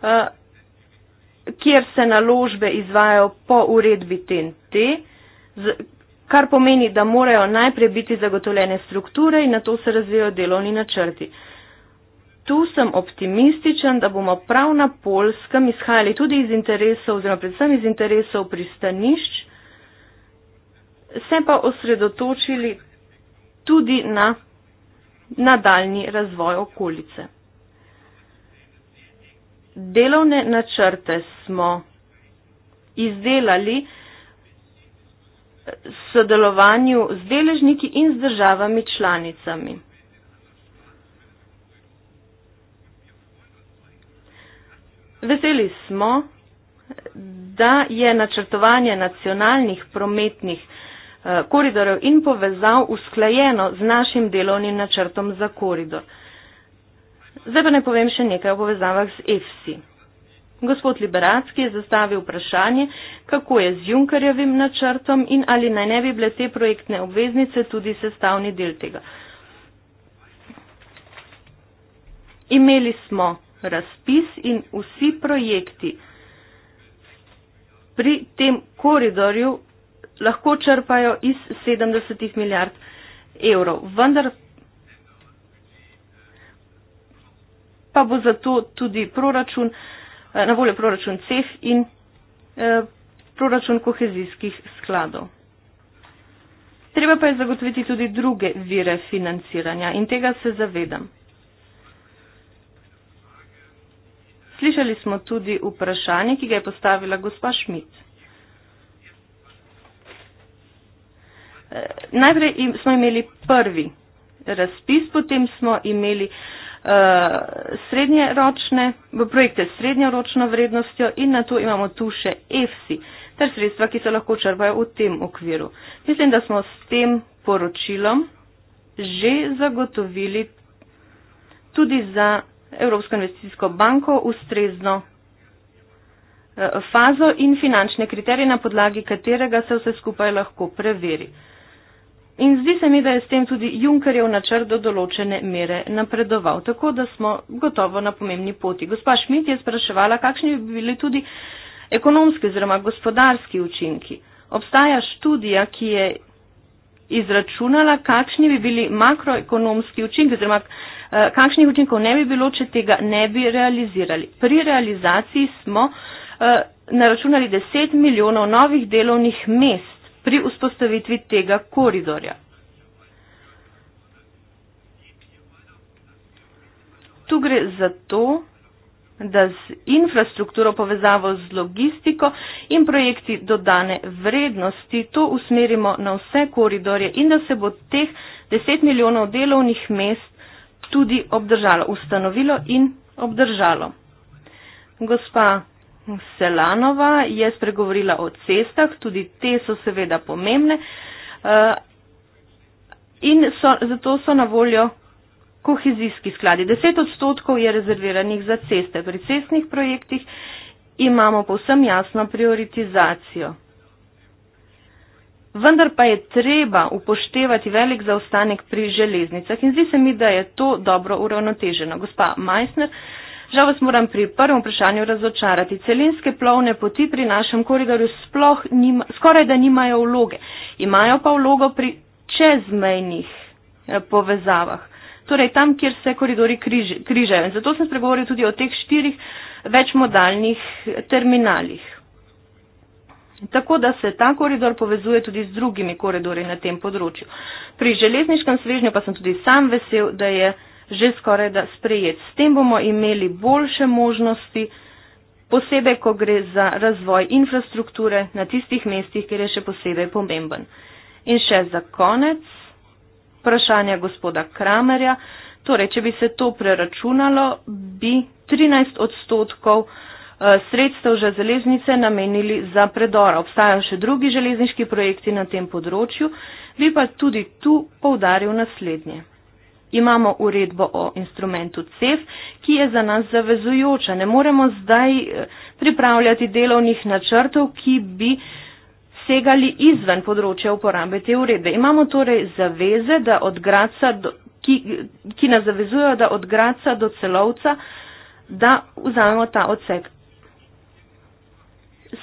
Speaker 3: eh, kjer se naložbe izvajo po uredbi TNT, kar pomeni, da morajo najprej biti zagotovljene strukture in na to se razvijajo delovni načrti. Tu sem optimističen, da bomo prav na polskem izhajali tudi iz interesov oziroma predvsem iz interesov pristanišč se pa osredotočili tudi na nadaljni razvoj okolice. Delovne načrte smo izdelali v sodelovanju z deležniki in z državami članicami. Veseli smo, da je načrtovanje nacionalnih prometnih Eh, koridorjev in povezav usklajeno z našim delovnim načrtom za koridor. Zdaj pa ne povem še nekaj o povezavah z EFSI. Gospod Liberacki je zastavil vprašanje, kako je z Junkarjevim načrtom in ali naj ne bi bile te projektne obveznice tudi sestavni del tega. Imeli smo razpis in vsi projekti pri tem koridorju lahko črpajo iz 70 milijard evrov. Vendar pa bo zato tudi proračun, eh, na voljo proračun CEH in eh, proračun kohezijskih skladov. Treba pa je zagotoviti tudi druge vire financiranja in tega se zavedam. Slišali smo tudi vprašanje, ki ga je postavila gospa Šmit. Eh, najprej smo imeli prvi razpis, potem smo imeli uh, srednjeročne, projekte s srednjeročno vrednostjo in na to imamo tu še EFSI, ter sredstva, ki se lahko črpajo v tem okviru. Mislim, da smo s tem poročilom že zagotovili tudi za Evropsko investicijsko banko ustrezno eh, fazo in finančne kriterije, na podlagi katerega se vse skupaj lahko preveri. In zdi se mi, da je s tem tudi Junkerjev načrt do določene mere napredoval, tako da smo gotovo na pomembni poti. Gospa Šmit je spraševala, kakšni bi bili tudi ekonomski oziroma gospodarski učinki. Obstaja študija, ki je izračunala, kakšni bi bili makroekonomski učinki oziroma eh, kakšnih učinkov ne bi bilo, če tega ne bi realizirali. Pri realizaciji smo eh, naračunali 10 milijonov novih delovnih mest pri vzpostavitvi tega koridorja. Tu gre za to, da z infrastrukturo povezavo z logistiko in projekti dodane vrednosti to usmerimo na vse koridorje in da se bo teh 10 milijonov delovnih mest tudi obdržalo, ustanovilo in obdržalo. Gospa Selanova je spregovorila o cestah, tudi te so seveda pomembne eh, in so, zato so na voljo kohezijski skladi. 10 odstotkov je rezerviranih za ceste. Pri cestnih projektih imamo povsem jasno prioritizacijo. Vendar pa je treba upoštevati velik zaostanek pri železnicah in zdi se mi, da je to dobro uravnoteženo. Gospa Meissner, Žal vas moram pri prvem vprašanju razočarati. Celinske plovne poti pri našem koridorju sploh nima, skoraj da nimajo vloge. Imajo pa vlogo pri čezmejnih eh, povezavah. Torej tam, kjer se koridori križe, križajo. In zato sem spregovoril tudi o teh štirih večmodalnih eh, terminalih. Tako da se ta koridor povezuje tudi z drugimi koridori na tem področju. Pri železniškem svežnju pa sem tudi sam vesel, da je že skoraj da sprejet. S tem bomo imeli boljše možnosti, posebej, ko gre za razvoj infrastrukture na tistih mestih, kjer je še posebej pomemben. In še za konec vprašanja gospoda Kramerja. Torej, če bi se to preračunalo, bi 13 odstotkov eh, sredstev že železnice namenili za predora. Obstajajo še drugi železniški projekti na tem področju, bi pa tudi tu poudaril naslednje imamo uredbo o instrumentu CEF, ki je za nas zavezujoča. Ne moremo zdaj eh, pripravljati delovnih načrtov, ki bi segali izven področja uporabe te uredbe. Imamo torej zaveze, do, ki, ki nas zavezujejo, da od Graca do celovca, da vzamemo ta odsek.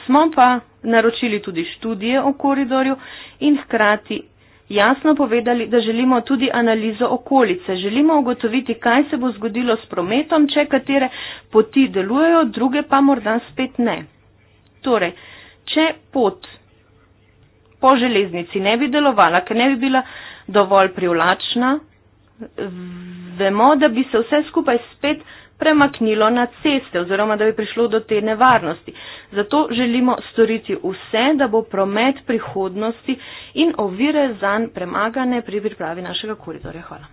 Speaker 3: Smo pa naročili tudi študije o koridorju in hkrati jasno povedali, da želimo tudi analizo okolice. Želimo ugotoviti, kaj se bo zgodilo s prometom, če katere poti delujejo, druge pa morda spet ne. Torej, če pot po železnici ne bi delovala, ker ne bi bila dovolj privlačna, vemo, da bi se vse skupaj spet premaknilo na ceste oziroma da bi prišlo do te nevarnosti. Zato želimo storiti vse, da bo promet prihodnosti in ovire zanj premagane pri pripravi našega koridorja. Hvala.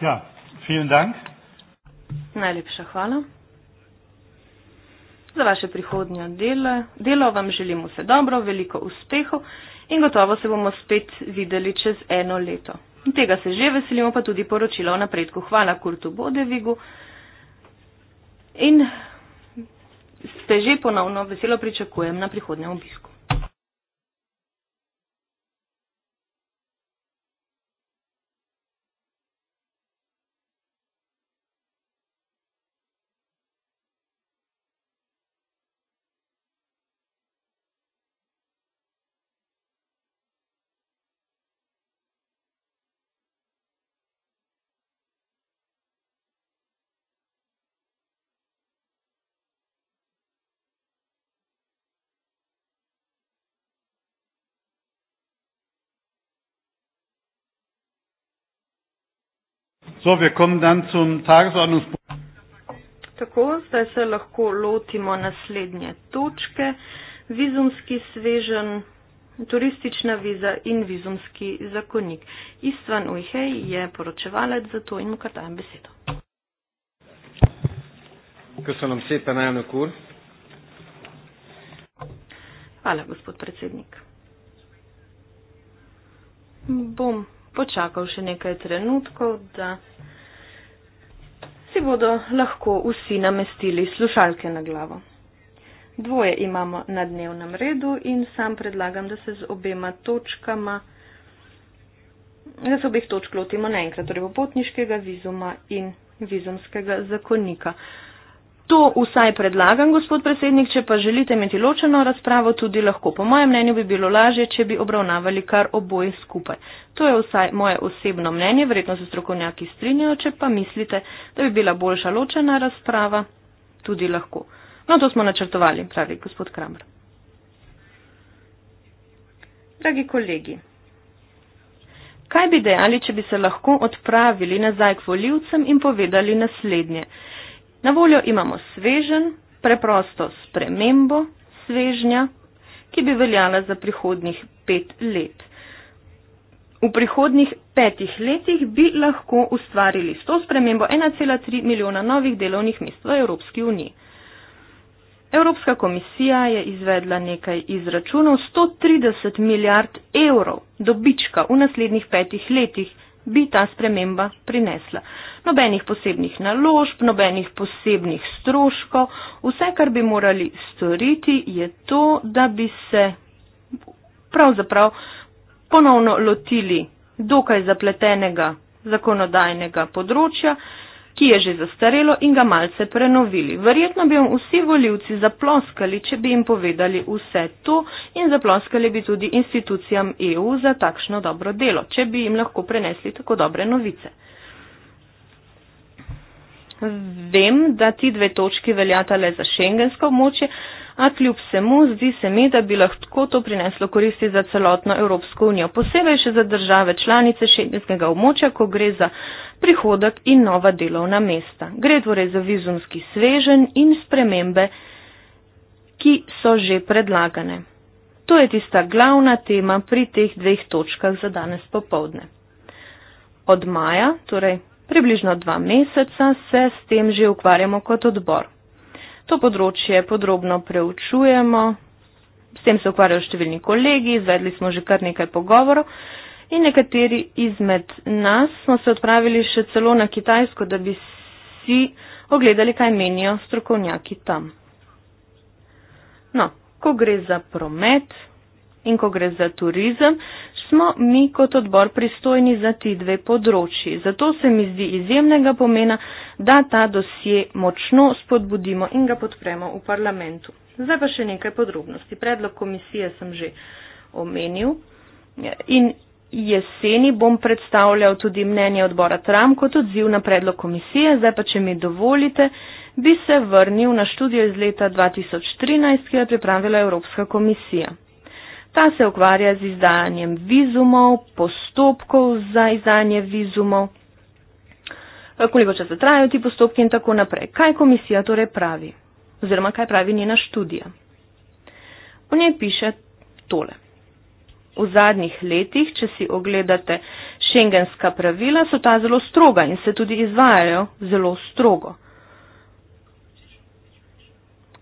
Speaker 1: Ja, vielen Dank.
Speaker 3: Najlepša hvala. Za vaše prihodnje delo. delo vam želim vse dobro, veliko uspehov in gotovo se bomo spet videli čez eno leto. Tega se že veselimo, pa tudi poročilo o napredku. Hvala Kurtu Bodevigu. In ste že ponovno veselo pričakujem na prihodnjem obisku.
Speaker 1: So, wir kommen dann zum Tagesordnungspunkt.
Speaker 3: Tako, zdaj se lahko lotimo naslednje točke. Vizumski svežen, turistična viza in vizumski zakonik. Istvan Ujhej je poročevalec za to in mu kar dajem besedo.
Speaker 1: Köszönöm szépen, elnök úr.
Speaker 3: Hvala, gospod predsednik. Bom počakal še nekaj trenutkov, da bodo lahko vsi namestili slušalke na glavo. Dvoje imamo na dnevnem redu in sam predlagam, da se z obema točkama, da se obih točk lotimo naenkrat, torej popotniškega vizuma in vizumskega zakonika. To vsaj predlagam, gospod predsednik, če pa želite imeti ločeno razpravo, tudi lahko. Po mojem mnenju bi bilo lažje, če bi obravnavali kar oboje skupaj. To je vsaj moje osebno mnenje, verjetno se strokovnjaki strinjajo, če pa mislite, da bi bila boljša ločena razprava, tudi lahko. No, to smo načrtovali, pravi gospod Kramer. Dragi kolegi, kaj bi dejali, če bi se lahko odpravili nazaj k voljivcem in povedali naslednje? Na voljo imamo svežen, preprosto spremembo svežnja, ki bi veljala za prihodnih pet let. V prihodnih petih letih bi lahko ustvarili s to spremembo 1,3 milijona novih delovnih mest v Evropski uniji. Evropska komisija je izvedla nekaj izračunov 130 milijard evrov dobička v naslednjih petih letih bi ta sprememba prinesla. Nobenih posebnih naložb, nobenih posebnih stroškov, vse, kar bi morali storiti, je to, da bi se pravzaprav ponovno lotili dokaj zapletenega zakonodajnega področja ki je že zastarelo in ga malce prenovili. Verjetno bi jim vsi voljivci zaploskali, če bi jim povedali vse to in zaploskali bi tudi institucijam EU za takšno dobro delo, če bi jim lahko prenesli tako dobre novice. Vem, da ti dve točki veljata le za šengensko območje, a kljub vsemu zdi se mi, da bi lahko to prineslo koristi za celotno Evropsko unijo, posebej še za države članice šengenskega območja, ko gre za prihodek in nova delovna mesta. Gre torej za vizumski svežen in spremembe, ki so že predlagane. To je tista glavna tema pri teh dveh točkah za danes popovdne. Od maja, torej približno dva meseca, se s tem že ukvarjamo kot odbor. To področje podrobno preučujemo, s tem se ukvarjajo številni kolegi, izvedli smo že kar nekaj pogovorov in nekateri izmed nas smo se odpravili še celo na Kitajsko, da bi si ogledali, kaj menijo strokovnjaki tam. No, ko gre za promet in ko gre za turizem, smo mi kot odbor pristojni za ti dve področji. Zato se mi zdi izjemnega pomena, da ta dosje močno spodbudimo in ga podpremo v parlamentu. Zdaj pa še nekaj podrobnosti. Predlog komisije sem že omenil in jeseni bom predstavljal tudi mnenje odbora Tram kot odziv na predlog komisije. Zdaj pa, če mi dovolite, bi se vrnil na študijo iz leta 2013, ki jo je pripravila Evropska komisija. Ta se ukvarja z izdanjem vizumov, postopkov za izdanje vizumov, eh, koliko časa trajajo ti postopki in tako naprej. Kaj komisija torej pravi? Oziroma, kaj pravi njena študija? V njej piše tole. V zadnjih letih, če si ogledate šengenska pravila, so ta zelo stroga in se tudi izvajajo zelo strogo.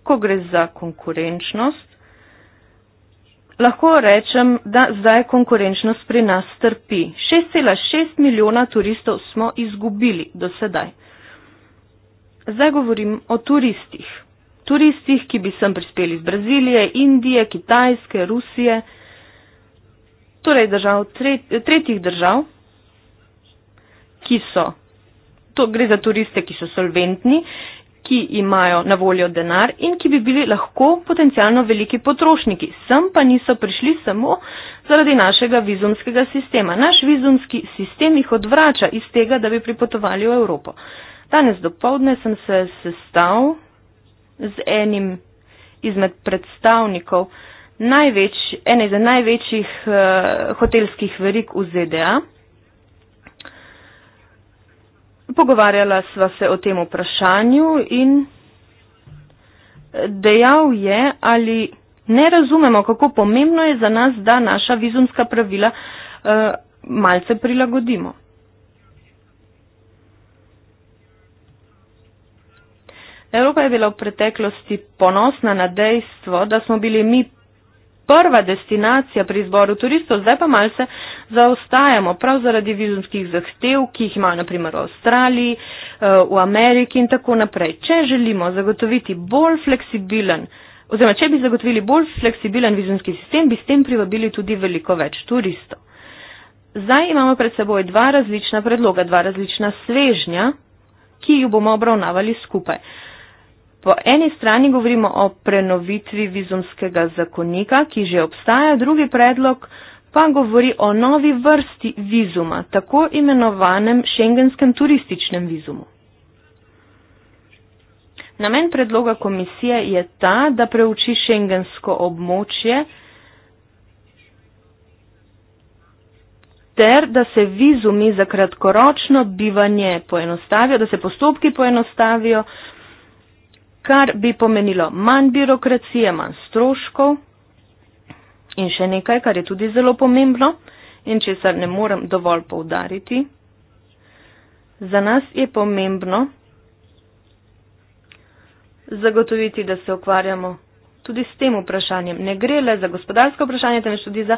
Speaker 3: Ko gre za konkurenčnost, lahko rečem, da zdaj konkurenčnost pri nas trpi. 6,6 milijona turistov smo izgubili do sedaj. Zdaj govorim o turistih. Turistih, ki bi sem prispeli iz Brazilije, Indije, Kitajske, Rusije, torej držav, tre, tretjih držav, ki so, to gre za turiste, ki so solventni ki imajo na voljo denar in ki bi bili lahko potencialno veliki potrošniki. Sem pa niso prišli samo zaradi našega vizumskega sistema. Naš vizumski sistem jih odvrača iz tega, da bi pripotovali v Evropo. Danes dopovdne sem se sestal z enim izmed predstavnikov največ, ene za največjih uh, hotelskih verik v ZDA. Pogovarjala sva se o tem vprašanju in dejal je, ali ne razumemo, kako pomembno je za nas, da naša vizumska pravila eh, malce prilagodimo. Evropa je bila v preteklosti ponosna na dejstvo, da smo bili mi prva destinacija pri izboru turistov, zdaj pa malce zaostajamo, prav zaradi vizumskih zahtev, ki jih ima naprimer v Avstraliji, eh, v Ameriki in tako naprej. Če želimo zagotoviti bolj fleksibilen, oziroma če bi zagotovili bolj fleksibilen vizumski sistem, bi s tem privabili tudi veliko več turistov. Zdaj imamo pred seboj dva različna predloga, dva različna svežnja, ki ju bomo obravnavali skupaj. Po eni strani govorimo o prenovitvi vizumskega zakonika, ki že obstaja, drugi predlog pa govori o novi vrsti vizuma, tako imenovanem šengenskem turističnem vizumu. Namen predloga komisije je ta, da preuči šengensko območje ter da se vizumi za kratkoročno bivanje poenostavijo, da se postopki poenostavijo, kar bi pomenilo manj birokracije, manj stroškov in še nekaj, kar je tudi zelo pomembno in česar ne morem dovolj poudariti. Za nas je pomembno zagotoviti, da se ukvarjamo tudi s tem vprašanjem. Ne gre le za gospodarsko vprašanje, temveč tudi za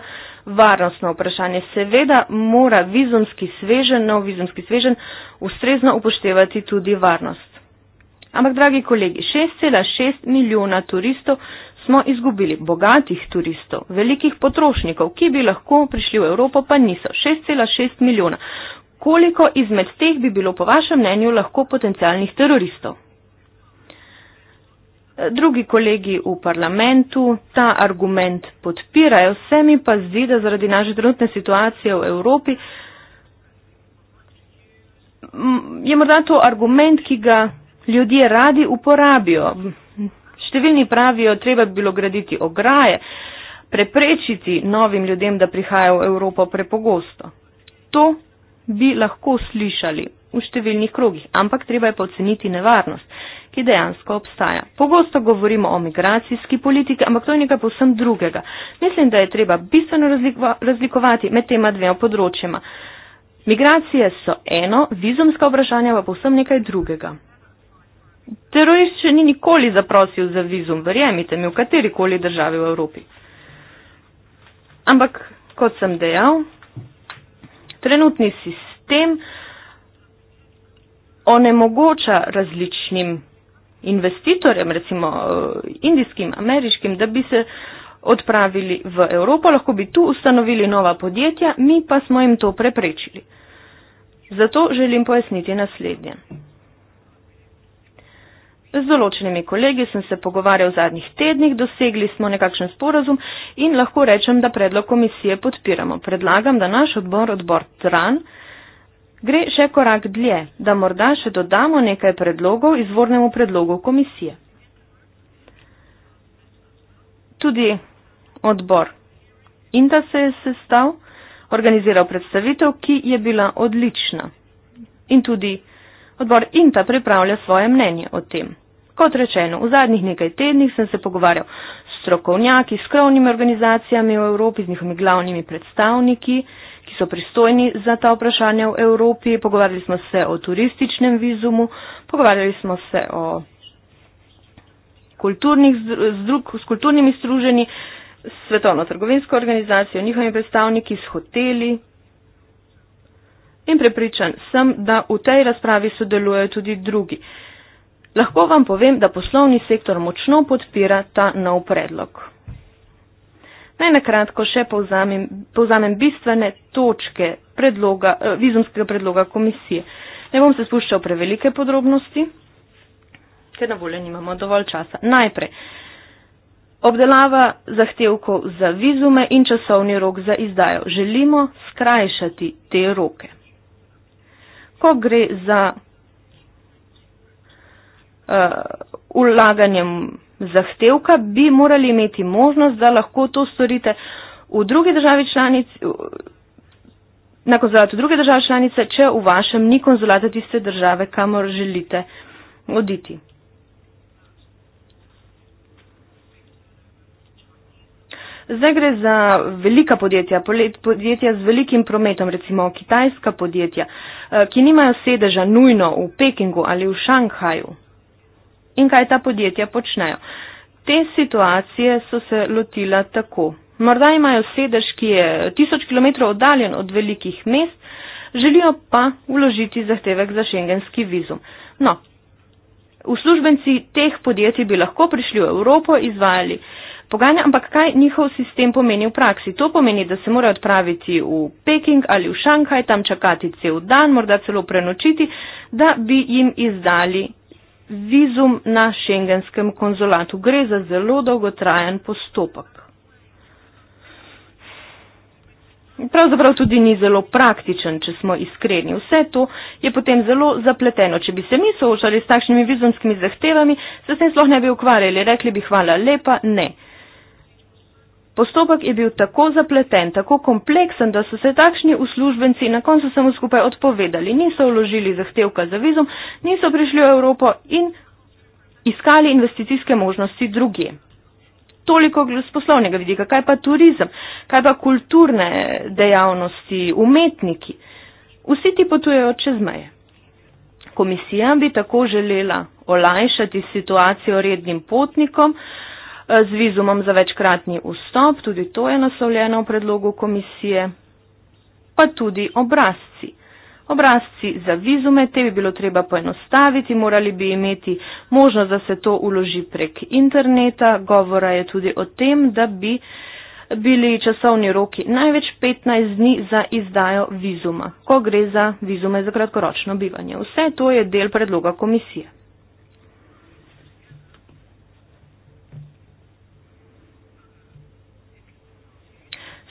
Speaker 3: varnostno vprašanje. Seveda mora vizumski svežen, nov vizumski svežen, ustrezno upoštevati tudi varnost. Ampak, dragi kolegi, 6,6 milijona turistov smo izgubili, bogatih turistov, velikih potrošnikov, ki bi lahko prišli v Evropo, pa niso. 6,6 milijona. Koliko izmed teh bi bilo, po vašem mnenju, lahko potencialnih teroristov? Drugi kolegi v parlamentu ta argument podpirajo, se mi pa zdi, da zaradi naše trenutne situacije v Evropi je morda to argument, ki ga ljudje radi uporabijo. Številni pravijo, treba bi bilo graditi ograje, preprečiti novim ljudem, da prihajajo v Evropo prepogosto. To bi lahko slišali v številnih krogih, ampak treba je poceniti nevarnost, ki dejansko obstaja. Pogosto govorimo o migracijski politiki, ampak to je nekaj povsem drugega. Mislim, da je treba bistveno razliko razlikovati med tema dvema področjema. Migracije so eno, vizumska vprašanja pa povsem nekaj drugega terorist še ni nikoli zaprosil za vizum, verjemite mi, v kateri koli državi v Evropi. Ampak, kot sem dejal, trenutni sistem onemogoča različnim investitorjem, recimo eh, indijskim, ameriškim, da bi se odpravili v Evropo, lahko bi tu ustanovili nova podjetja, mi pa smo jim to preprečili. Zato želim pojasniti naslednje. Z določenimi kolegi sem se pogovarjal v zadnjih tednih, dosegli smo nekakšen sporazum in lahko rečem, da predlog komisije podpiramo. Predlagam, da naš odbor, odbor TRAN, gre še korak dlje, da morda še dodamo nekaj predlogov izvornemu predlogu komisije. Tudi odbor Inda se je sestav, organiziral predstavitev, ki je bila odlična. In tudi odbor Inda pripravlja svoje mnenje o tem. Kot rečeno, v zadnjih nekaj tednih sem se pogovarjal s strokovnjaki, s krovnimi organizacijami v Evropi, z njihovimi glavnimi predstavniki, ki so pristojni za ta vprašanja v Evropi. Pogovarjali smo se o turističnem vizumu, pogovarjali smo se o kulturnih, z, drug, z kulturnimi združeni, s svetovno trgovinsko organizacijo, njihovimi predstavniki, s hoteli. In prepričan sem, da v tej razpravi sodelujejo tudi drugi lahko vam povem, da poslovni sektor močno podpira ta nov predlog. Naj nakratko še povzamem, povzamem bistvene točke predloga, eh, vizumskega predloga komisije. Ne bom se spuščal prevelike podrobnosti, ker na voljo nimamo dovolj časa. Najprej, obdelava zahtevkov za vizume in časovni rok za izdajo. Želimo skrajšati te roke. Ko gre za ulaganjem eh, zahtevka, bi morali imeti možnost, da lahko to storite v drugi državi članici, na konzulatu druge države članice, če v vašem ni konzulata tiste države, kamor želite oditi. Zdaj gre za velika podjetja, podjetja z velikim prometom, recimo kitajska podjetja, eh, ki nimajo sedeža nujno v Pekingu ali v Šanghaju in kaj ta podjetja počnejo. Te situacije so se lotila tako. Morda imajo sedež, ki je tisoč kilometrov oddaljen od velikih mest, želijo pa vložiti zahtevek za šengenski vizum. No, uslužbenci teh podjetij bi lahko prišli v Evropo, izvajali pogajanja, ampak kaj njihov sistem pomeni v praksi? To pomeni, da se morajo odpraviti v Peking ali v Šanghaj, tam čakati cel dan, morda celo prenočiti, da bi jim izdali vizum na šengenskem konzulatu. Gre za zelo dolgotrajen postopek. Pravzaprav tudi ni zelo praktičen, če smo iskreni. Vse to je potem zelo zapleteno. Če bi se mi soočali s takšnimi vizumskimi zahtevami, se s tem sploh ne bi ukvarjali. Rekli bi hvala lepa, ne. Postopek je bil tako zapleten, tako kompleksen, da so se takšni uslužbenci na koncu samo skupaj odpovedali, niso vložili zahtevka za vizum, niso prišli v Evropo in iskali investicijske možnosti druge. Toliko z poslovnega vidika, kaj pa turizem, kaj pa kulturne dejavnosti, umetniki. Vsi ti potujejo čez meje. Komisija bi tako želela olajšati situacijo rednim potnikom, Eh, z vizumom za večkratni vstop, tudi to je naslovljeno v predlogu komisije, pa tudi obrazci. Obrazci za vizume, te bi bilo treba poenostaviti, morali bi imeti možnost, da se to uloži prek interneta. Govora je tudi o tem, da bi bili časovni roki največ 15 dni za izdajo vizuma, ko gre za vizume za kratkoročno bivanje. Vse to je del predloga komisije.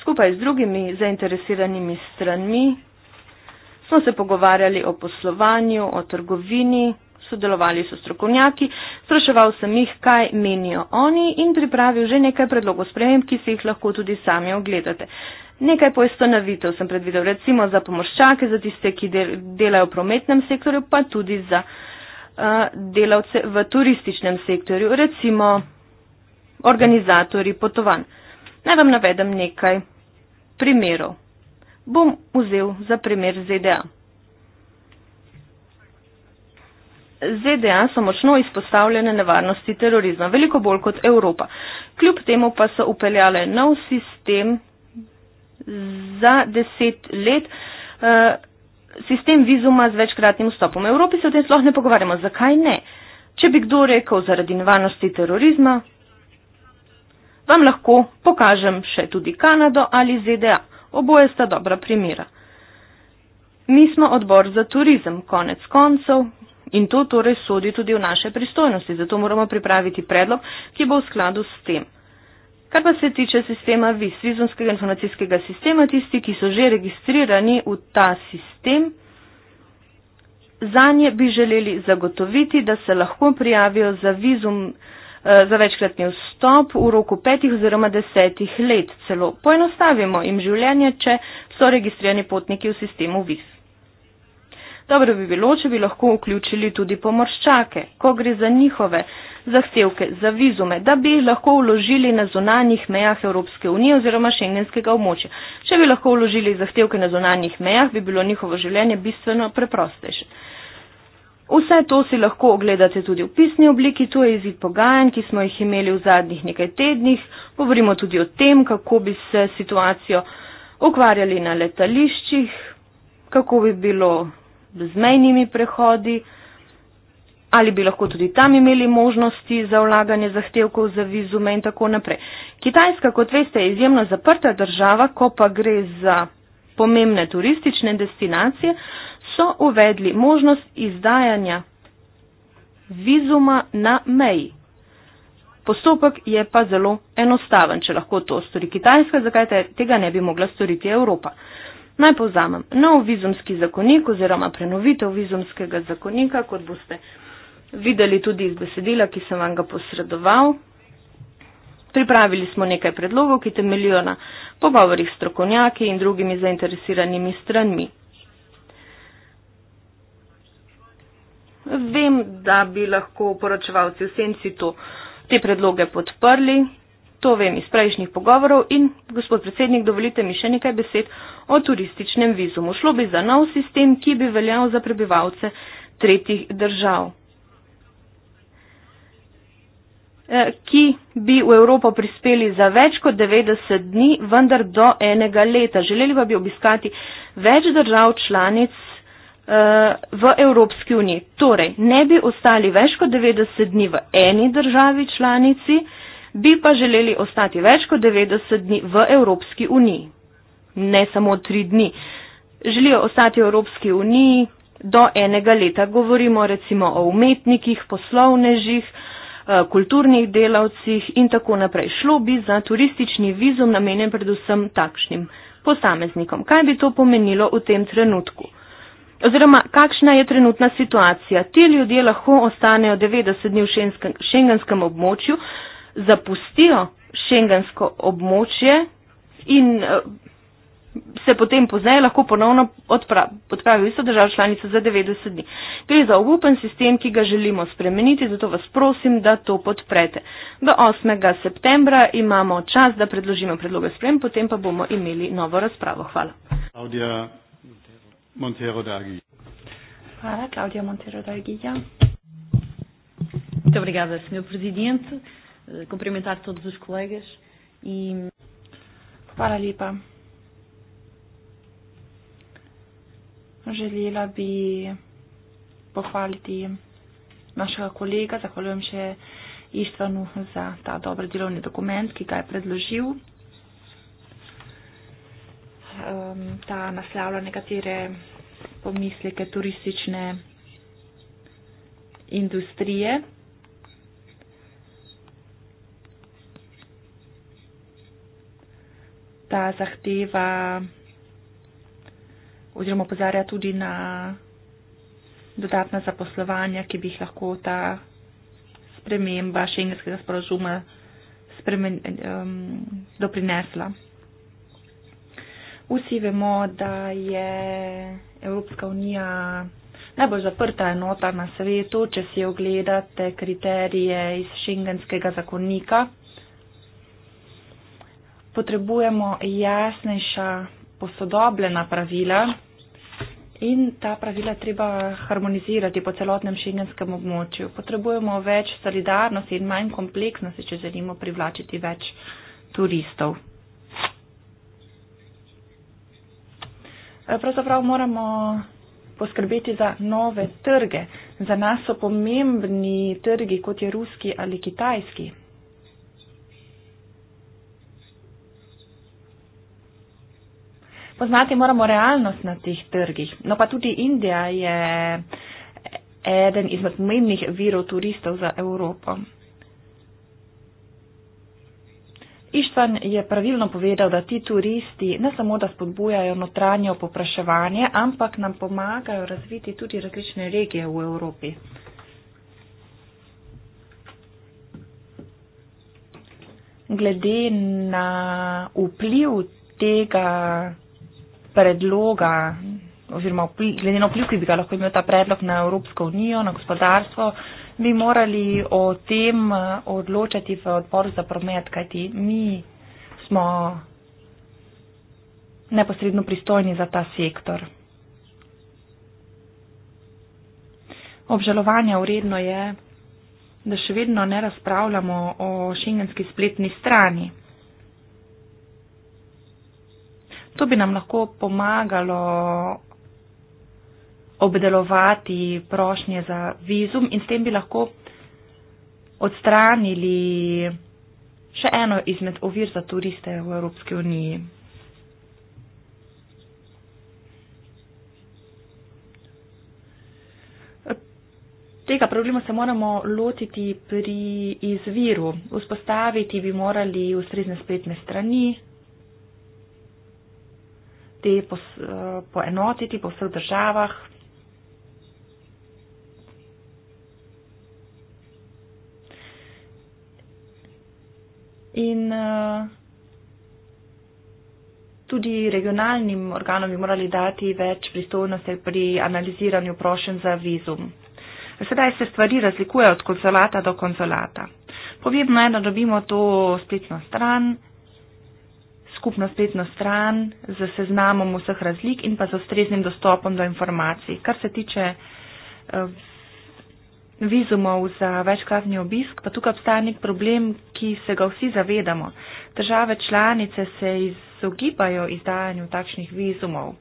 Speaker 3: skupaj z drugimi zainteresiranimi stranmi smo se pogovarjali o poslovanju, o trgovini, sodelovali so strokovnjaki, spraševal sem jih, kaj menijo oni in pripravil že nekaj predlogov sprejem, ki si jih lahko tudi sami ogledate. Nekaj poistonavitev sem predvidel, recimo za pomorščake, za tiste, ki del, delajo v prometnem sektorju, pa tudi za uh, delavce v turističnem sektorju, recimo organizatori potovanj. Naj vam navedem nekaj primerov. Bom vzel za primer ZDA. ZDA so močno izpostavljene nevarnosti terorizma, veliko bolj kot Evropa. Kljub temu pa so upeljale nov sistem za deset let, eh, sistem vizuma z večkratnim vstopom. V Evropi se o tem sploh ne pogovarjamo. Zakaj ne? Če bi kdo rekel zaradi nevarnosti terorizma, vam lahko pokažem še tudi Kanado ali ZDA. Oboje sta dobra primera. Mi smo odbor za turizem, konec koncev, in to torej sodi tudi v naše pristojnosti, zato moramo pripraviti predlog, ki bo v skladu s tem. Kar pa se tiče sistema VIS, vizumskega informacijskega sistema, tisti, ki so že registrirani v ta sistem, za nje bi želeli zagotoviti, da se lahko prijavijo za vizum. Eh, za večkratni vstop v roku petih oziroma desetih let. Celo poenostavimo jim življenje, če so registrirani potniki v sistemu VIS. Dobro bi bilo, če bi lahko vključili tudi pomorščake, ko gre za njihove zahtevke za vizume, da bi jih lahko vložili na zunanjih mejah Evropske unije oziroma šengenskega območja. Če bi lahko vložili zahtevke na zunanjih mejah, bi bilo njihovo življenje bistveno preprostejše. Vse to si lahko ogledate tudi v pisni obliki, to je izid pogajanj, ki smo jih imeli v zadnjih nekaj tednih. Govorimo tudi o tem, kako bi se situacijo ukvarjali na letališčih, kako bi bilo z mejnimi prehodi, ali bi lahko tudi tam imeli možnosti za vlaganje zahtevkov za vizume in tako naprej. Kitajska, kot veste, je izjemno zaprta država, ko pa gre za pomembne turistične destinacije, so uvedli možnost izdajanja vizuma na meji. Postopek je pa zelo enostaven, če lahko to stori Kitajska, zakaj te, tega ne bi mogla storiti Evropa. Naj povzamem, nov vizumski zakonik oziroma prenovitev vizumskega zakonika, kot boste videli tudi iz besedila, ki sem vam ga posredoval. Pripravili smo nekaj predlogov, ki temeljijo na pogovorih s strokovnjaki in drugimi zainteresiranimi stranmi. Vem, da bi lahko poročevalci v senci to, te predloge podprli. To vem iz prejšnjih pogovorov in, gospod predsednik, dovolite mi še nekaj besed o turističnem vizumu. Šlo bi za nov sistem, ki bi veljal za prebivalce tretjih držav, e, ki bi v Evropo prispeli za več kot 90 dni, vendar do enega leta. Želeli pa bi obiskati več držav članic v Evropski uniji. Torej, ne bi ostali več kot 90 dni v eni državi članici, bi pa želeli ostati več kot 90 dni v Evropski uniji. Ne samo tri dni. Želijo ostati v Evropski uniji do enega leta. Govorimo recimo o umetnikih, poslovnežih, eh, kulturnih delavcih in tako naprej. Šlo bi za turistični vizum namenjen predvsem takšnim posameznikom. Kaj bi to pomenilo v tem trenutku? Oziroma, kakšna je trenutna situacija? Ti ljudje lahko ostanejo 90 dni v šengenskem območju, zapustijo šengensko območje in eh, se potem pozneje lahko ponovno odpravijo v isto državo članico za 90 dni. Gre za obupen sistem, ki ga želimo spremeniti, zato vas prosim, da to podprete. Do 8. septembra imamo čas, da predložimo predloge sprem, potem pa bomo imeli novo razpravo. Hvala.
Speaker 1: Audio. Montero da Aguilha.
Speaker 2: Para Cláudia Monteiro da ja. Aguilha. Muito obrigada, Sr. Presidente. Eh, cumprimentar todos os colegas e. Para Lipa. Želela bi pohvaliti našega kolega, zahvaljujem se Ištvanu za ta dobro delovni dokument, ki ga je predložil um, ta naslavlja nekatere pomisleke turistične industrije. Ta zahteva oziroma pozarja tudi na dodatna zaposlovanja, ki bi jih lahko ta sprememba šengenskega sporožuma um, doprinesla. Vsi vemo, da je Evropska unija najbolj zaprta enota na svetu, če si ogledate kriterije iz šengenskega zakonika. Potrebujemo jasnejša posodobljena pravila in ta pravila treba harmonizirati po celotnem šengenskem območju. Potrebujemo več solidarnosti in manj kompleksnosti, če želimo privlačiti več turistov. pravzaprav moramo poskrbeti za nove trge. Za nas so pomembni trgi, kot je ruski ali kitajski. Poznati moramo realnost na teh trgih. No pa tudi Indija je eden izmed pomembnih virov turistov za Evropo. Ištvan je pravilno povedal, da ti turisti ne samo, da spodbujajo notranje popraševanje, ampak nam pomagajo razviti tudi različne regije v Evropi. Glede na vpliv tega predloga, oziroma vpliv, glede na vpliv, ki bi ga lahko imel ta predlog na Evropsko unijo, na gospodarstvo, bi morali o tem eh, odločati v odboru za promet, kajti mi smo neposredno pristojni za ta sektor. Obžalovanja uredno je, da še vedno ne razpravljamo o šengenski spletni strani. To bi nam lahko pomagalo obdelovati prošnje za vizum in s tem bi lahko odstranili še eno izmed ovir za turiste v Evropski uniji. Tega problema se moramo lotiti pri izviru. Vzpostaviti bi morali ustrezne spletne strani, te eh, poenotiti po vseh državah, in eh, tudi regionalnim organom bi morali dati več pristojnosti pri analiziranju prošen za vizum. Sedaj se stvari razlikujejo od konzulata do konzulata. Pomembno je, da dobimo to spletno stran, skupno spletno stran z seznamom vseh razlik in pa z ustreznim dostopom do informacij. Kar se tiče eh, vizumov za večkratni obisk, pa tukaj obstaja nek problem, ki se ga vsi zavedamo. Države članice se izogibajo izdajanju takšnih vizumov.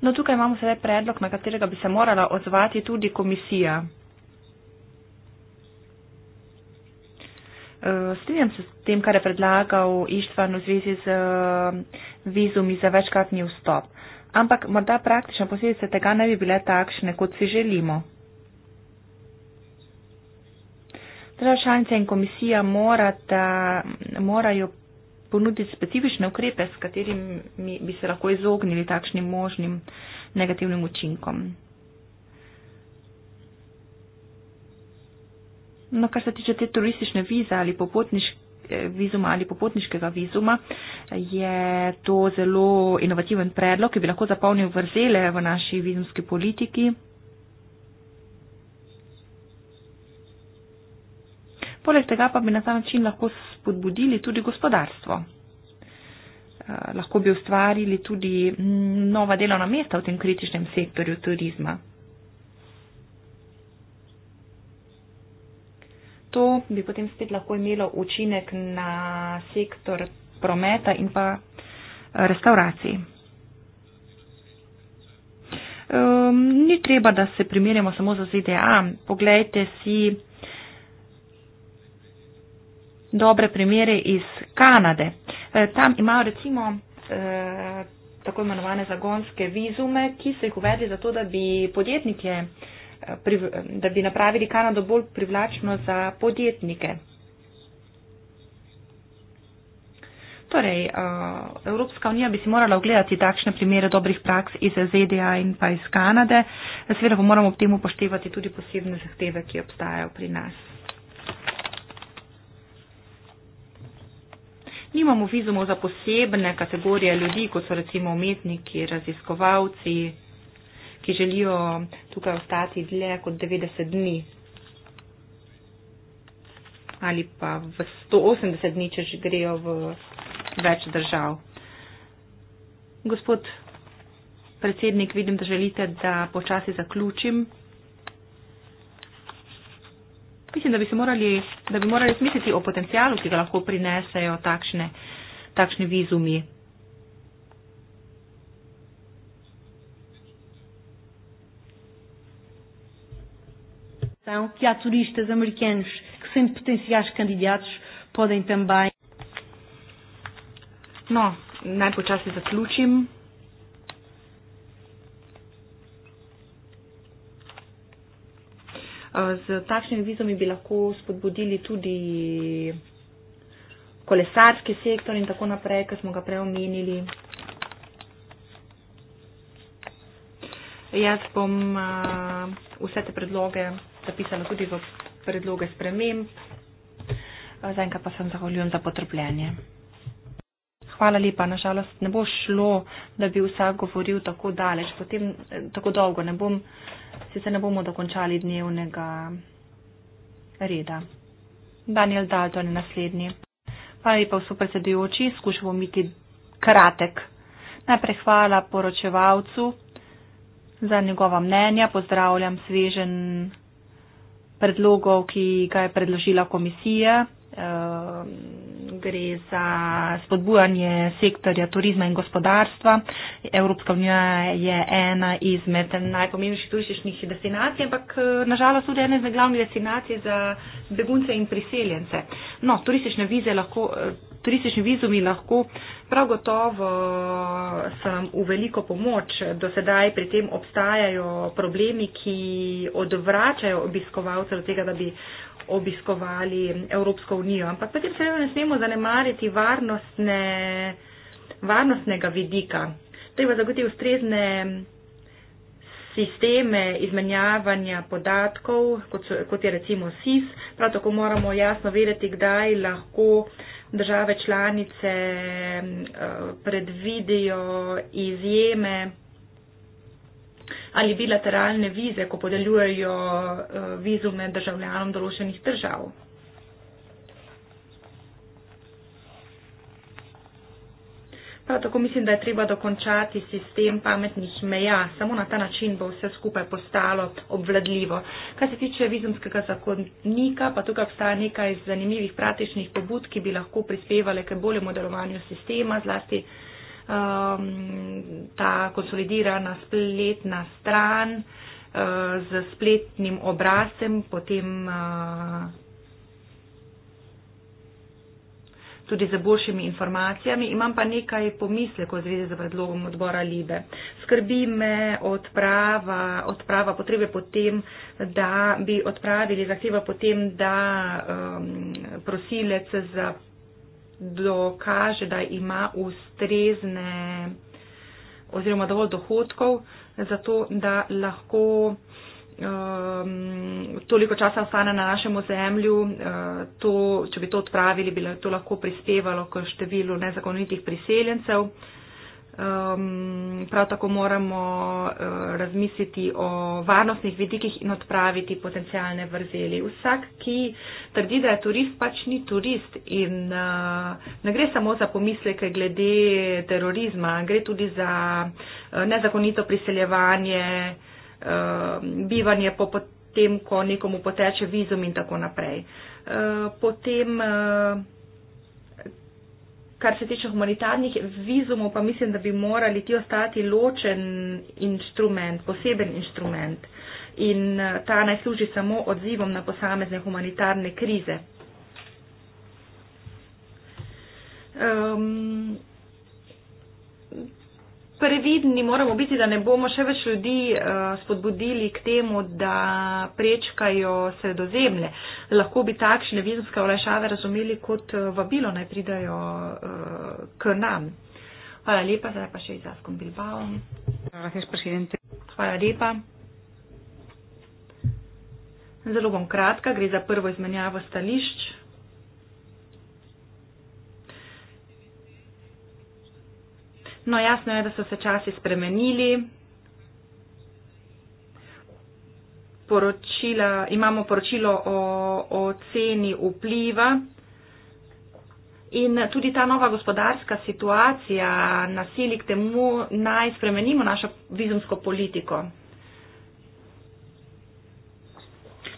Speaker 2: No, tukaj imamo sedaj predlog, na katerega bi se morala odzvati tudi komisija. E, strinjam se s tem, kar je predlagal Ištvan v zvezi z e, vizumi za večkratni vstop ampak morda praktične posledice tega ne bi bile takšne, kot si želimo. Država članica in komisija morata, morajo ponuditi specifične ukrepe, s katerimi bi se lahko izognili takšnim možnim negativnim učinkom. No, kar se tiče te turistične vize ali popotniške vizuma ali popotniškega vizuma, je to zelo inovativen predlog, ki bi lahko zapolnil vrzele v naši vizumski politiki. Poleg tega pa bi na ta način lahko spodbudili tudi gospodarstvo. Eh, lahko bi ustvarili tudi mm, nova delovna mesta v tem kritičnem sektorju turizma. to bi potem spet lahko imelo učinek na sektor prometa in pa eh, restauracij. Um, ehm, ni treba, da se primerjamo samo za ZDA. Poglejte si dobre primere iz Kanade. E, tam imajo recimo e, tako imenovane zagonske vizume, ki so jih uvedli zato, da bi podjetnike Eh, da bi napravili Kanado bolj privlačno za podjetnike. Torej, eh, Evropska unija bi si morala ogledati takšne primere dobrih praks iz ZDA in pa iz Kanade. Seveda pa moramo ob tem upoštevati tudi posebne zahteve, ki obstajajo pri nas. Nimamo vizumov za posebne kategorije ljudi, kot so recimo umetniki, raziskovalci, ki želijo tukaj ostati dlje kot 90 dni ali pa v 180 dni, če že grejo v več držav. Gospod predsednik, vidim, da želite, da počasi zaključim. Mislim, da bi, morali, da bi morali smisliti o potencijalu, ki ga lahko prinesejo takšne, takšne vizumi.
Speaker 3: atenção que há turistas americanos que, sendo potenciais
Speaker 2: candidatos, podem também. No, najpočasi zaključim. Z eh, takšnimi vizami bi lahko spodbudili tudi kolesarski sektor in tako naprej, kar smo ga preomenili. Jaz bom eh, vse te predloge zapisano tudi v predloge sprememb. Zaenkrat pa sem zahvaljujem za potrpljenje. Hvala lepa. Nažalost ne bo šlo, da bi vsak govoril tako daleč, potem eh, tako dolgo. Ne bom, sicer ne bomo dokončali dnevnega reda. Daniel Dalton je naslednji. Hvala lepa vsem predsedujoči. Skušam biti kratek. Najprej hvala poročevalcu za njegova mnenja. Pozdravljam svežen predlogov, ki ga je predložila komisija. Ehm, gre za spodbujanje sektorja turizma in gospodarstva. Evropska unija je ena izmed najpomembnejših turističnih destinacij, ampak eh, nažalost tudi ena izmed glavnih destinacij za begunce in priseljence. No, turistične vize lahko eh, turistični vizumi lahko prav gotovo sem v veliko pomoč. Do sedaj pri tem obstajajo problemi, ki odvračajo obiskovalce od tega, da bi obiskovali Evropsko unijo. Ampak potem seveda ne smemo zanemariti varnostne, varnostnega vidika. Treba zagotoviti ustrezne sisteme izmenjavanja podatkov, kot, so, kot je recimo SIS. Prav tako moramo jasno vedeti, kdaj lahko uh, države članice eh, predvidijo izjeme ali bilateralne vize, ko podeljujejo eh, vizume državljanom določenih držav. Prav tako mislim, da je treba dokončati sistem pametnih meja. Samo na ta način bo vse skupaj postalo obvladljivo. Kar se tiče vizumskega zakonnika, pa tukaj obstaja nekaj zanimivih praktičnih pobud, ki bi lahko prispevale k boljemu delovanju sistema, zlasti um, ta konsolidirana spletna stran uh, z spletnim obrazcem, potem. Uh, tudi za boljšimi informacijami. Imam pa nekaj pomislekov v zvezi z predlogom odbora Libe. Skrbi me odprava, odprava potrebe potem, da bi odpravili zahtevo potem, da um, prosilec za dokaže, da ima ustrezne oziroma dovolj dohodkov za to, da lahko um, toliko časa ostane na našem ozemlju, uh, to, če bi to odpravili, bi to lahko prispevalo k številu nezakonitih priseljencev. Um, prav tako moramo uh, razmisliti o varnostnih vidikih in odpraviti potencijalne vrzeli. Vsak, ki trdi, da je turist, pač ni turist in uh, ne gre samo za pomisleke glede terorizma, gre tudi za uh, nezakonito priseljevanje, uh, Eh, bivanje po potem, ko nekomu poteče vizum in tako naprej. Eh, potem, eh, kar se tiče humanitarnih vizumov, pa mislim, da bi morali ti ostati ločen inštrument, poseben inštrument in ta naj služi samo odzivom na posamezne humanitarne krize. Um, previdni moramo biti, da ne bomo še več ljudi eh, spodbudili k temu, da prečkajo sredozemlje. Lahko bi takšne vizumske olajšave razumeli kot eh, vabilo, naj pridajo eh, k nam. Hvala lepa, zdaj pa še izaskom Bilbao. Hvala lepa. Zelo bom kratka, gre za prvo izmenjavo stališč. No, jasno je, da so se časi spremenili. Poročila, imamo poročilo o, o ceni vpliva in tudi ta nova gospodarska situacija nasili k temu, naj spremenimo našo vizumsko politiko.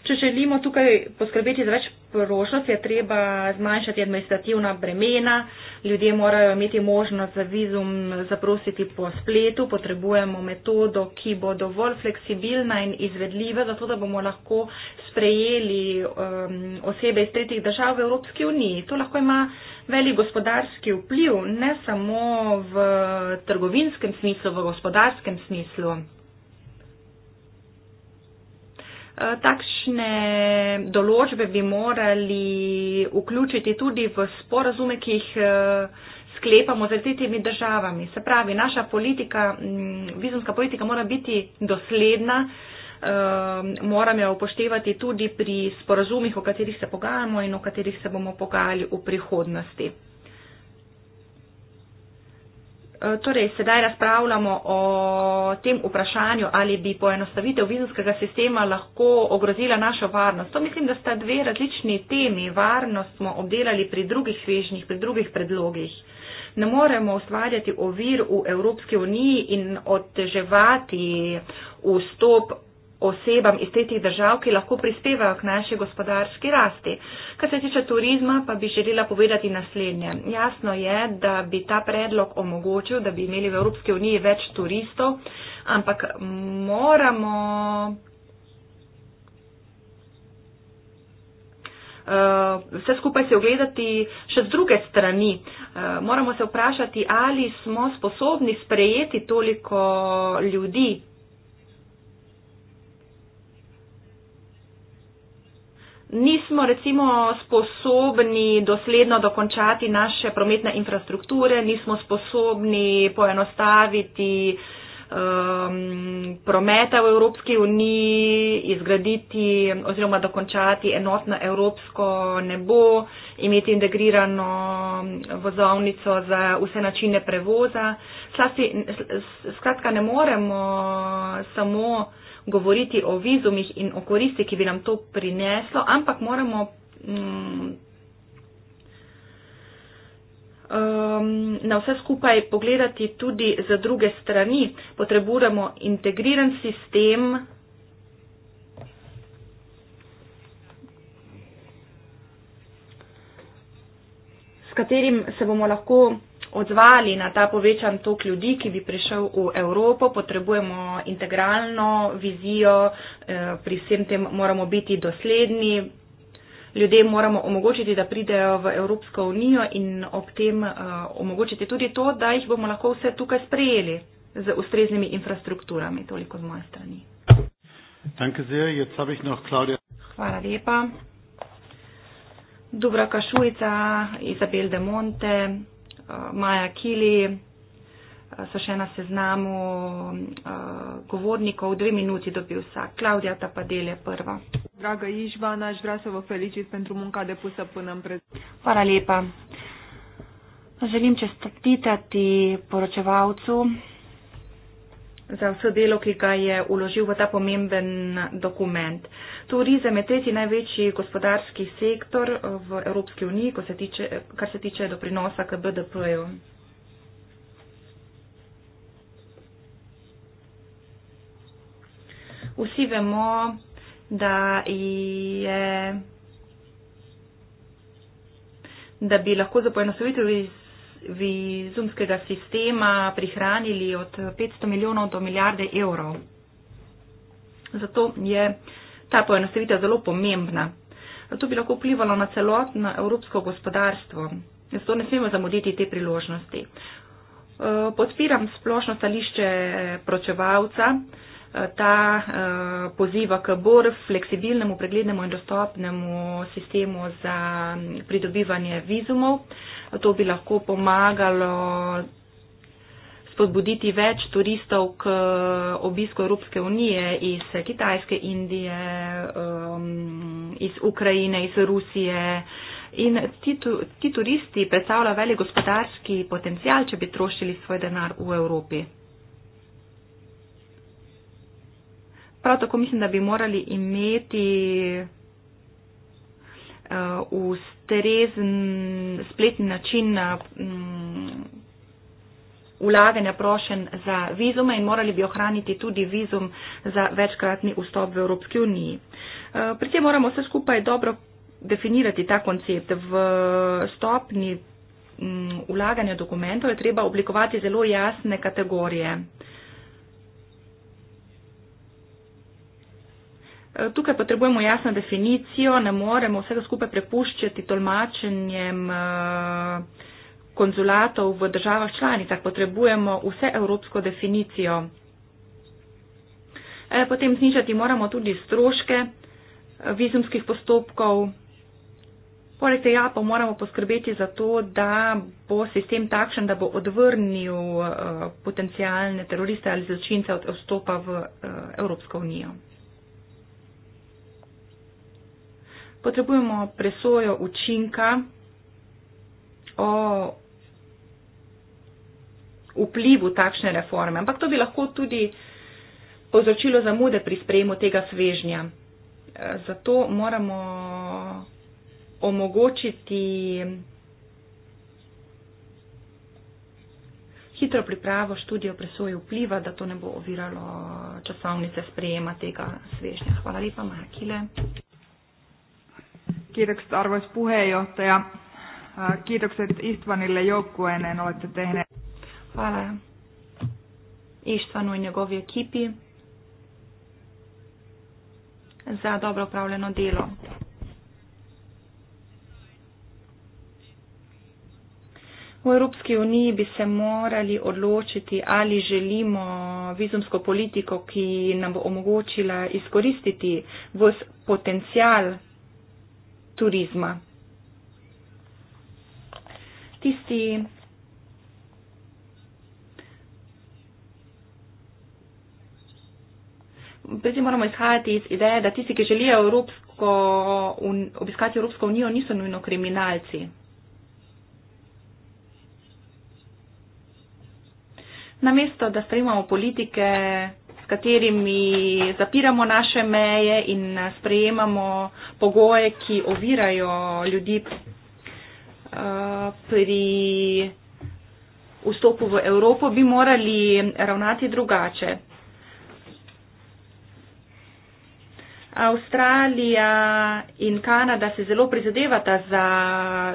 Speaker 2: Če želimo tukaj poskrbeti za več priložnost je treba zmanjšati administrativna bremena, ljudje morajo imeti možnost za vizum zaprositi po spletu, potrebujemo metodo, ki bo dovolj fleksibilna in izvedljiva, zato da bomo lahko sprejeli um, osebe iz tretjih držav v Evropski uniji. To lahko ima velik gospodarski vpliv, ne samo v trgovinskem smislu, v gospodarskem smislu. Eh, takšne določbe bi morali vključiti tudi v sporazume, ki jih eh, sklepamo z tretjimi državami. Se pravi, naša politika, mm, vizumska politika mora biti dosledna, eh, moram jo upoštevati tudi pri sporazumih, o katerih se pogajamo in o katerih se bomo pogajali v prihodnosti. Eh, torej, sedaj razpravljamo o tem vprašanju, ali bi poenostavitev vizumskega sistema lahko ogrozila našo varnost. To mislim, da sta dve različni temi. Varnost smo obdelali pri drugih svežnjih, pri drugih predlogih. Ne moremo ustvarjati ovir v Evropski uniji in oteževati vstop osebam iz tretjih držav, ki lahko prispevajo k naši gospodarski rasti. Kar se tiče turizma, pa bi želela povedati naslednje. Jasno je, da bi ta predlog omogočil, da bi imeli v Evropski uniji več turistov, ampak moramo. Uh, vse skupaj se ogledati še z druge strani. Uh, moramo se vprašati, ali smo sposobni sprejeti toliko ljudi, Nismo recimo sposobni dosledno dokončati naše prometne infrastrukture, nismo sposobni poenostaviti um, prometa v Evropski uniji, izgraditi oziroma dokončati enotno evropsko nebo, imeti integrirano vozovnico za vse načine prevoza. Slasi, skratka, ne moremo samo govoriti o vizumih in o koristi, ki bi nam to prineslo, ampak moramo. Mm, um, na vse skupaj pogledati tudi z druge strani. Potrebujemo integriran sistem, s katerim se bomo lahko odzvali na ta povečan tok ljudi, ki bi prišel v Evropo, potrebujemo integralno vizijo, eh, pri vsem tem moramo biti dosledni. Ljudem moramo omogočiti, da pridejo v Evropsko unijo in ob tem uh, omogočiti tudi to, da jih bomo lahko vse tukaj sprejeli z ustreznimi infrastrukturami. Toliko z moje strani. Hvala lepa. Dubra Kašujca, Izabel de Monte. Eh, Maja Kili, eh, so še na seznamu eh, govornikov, dve minuti dobi vsak. Klaudija ta pa del je prva.
Speaker 3: Draga Ižba, naš vrasovo feličit pentru munka de pusă până
Speaker 2: pre... Hvala lepa. Želim čestitati poročevalcu za vse delo, ki ga je uložil v ta pomemben dokument. Uh, Turizem je tretji največji gospodarski sektor v Evropski uniji, se tiče, kar se tiče doprinosa k BDP-ju. Vsi vemo, da, je, da bi lahko za poenostavitev vizumskega sistema prihranili od 500 milijonov do milijarde evrov. Zato je uh, Ta poenostavitev je zelo pomembna. To bi lahko vplivalo na celotno evropsko gospodarstvo. Zato ne smemo zamuditi te priložnosti. Eh, podpiram splošno stališče pročevalca. Eh, ta eh, poziva k bolj fleksibilnemu, preglednemu in dostopnemu sistemu za pridobivanje vizumov. To bi lahko pomagalo spodbuditi več turistov k eh, obisku Evropske unije iz Kitajske, Indije, um, iz Ukrajine, iz Rusije. In ti, tu, ti turisti predstavljajo velik gospodarski potencial, če bi trošili svoj denar v Evropi. Prav tako mislim, da bi morali imeti uh, ustrezen spletni način. Uh, um, vlaganja prošen za vizume in morali bi ohraniti tudi vizum za večkratni vstop v Evropski uniji. Eh, pri tem moramo vse skupaj dobro definirati ta koncept. V stopni mm, vlaganja dokumentov je treba oblikovati zelo jasne kategorije. Eh, tukaj potrebujemo jasno definicijo, ne moremo vsega skupaj prepuščati tolmačenjem uh, konzulatov v državah članicah, potrebujemo vse evropsko definicijo. E, potem znižati moramo tudi stroške e, vizumskih postopkov. Poleg tega pa moramo poskrbeti za to, da bo sistem takšen, da bo odvrnil e, potencijalne teroriste ali zločince od vstopa v Evropsko unijo. Potrebujemo presojo učinka o vplivu takšne reforme, ampak to bi lahko tudi povzročilo zamude pri sprejemu tega svežnja. E, zato moramo omogočiti hitro pripravo študijo presoje vpliva, da to ne bo oviralo časovnice sprejema tega svežnja. Hvala lepa, Makile. Kiitokset arvoisa puheenjohtaja. Äh, kiitokset Istvanille joukkueen, olette tehneet. Hvala Ištvanu in njegovi ekipi za dobro upravljeno delo. V Evropski uniji bi se morali odločiti, ali želimo vizumsko politiko, ki nam bo omogočila izkoristiti vs potencial turizma. Tisti, prvi moramo izhajati iz ideje, da tisti, ki želijo Evropsko, un, obiskati Evropsko unijo, niso nujno kriminalci. Namesto, da sprejmamo politike, s katerimi zapiramo naše meje in sprejemamo pogoje, ki ovirajo ljudi eh, pri vstopu v Evropo, bi morali ravnati drugače. Avstralija in Kanada se zelo prizadevata za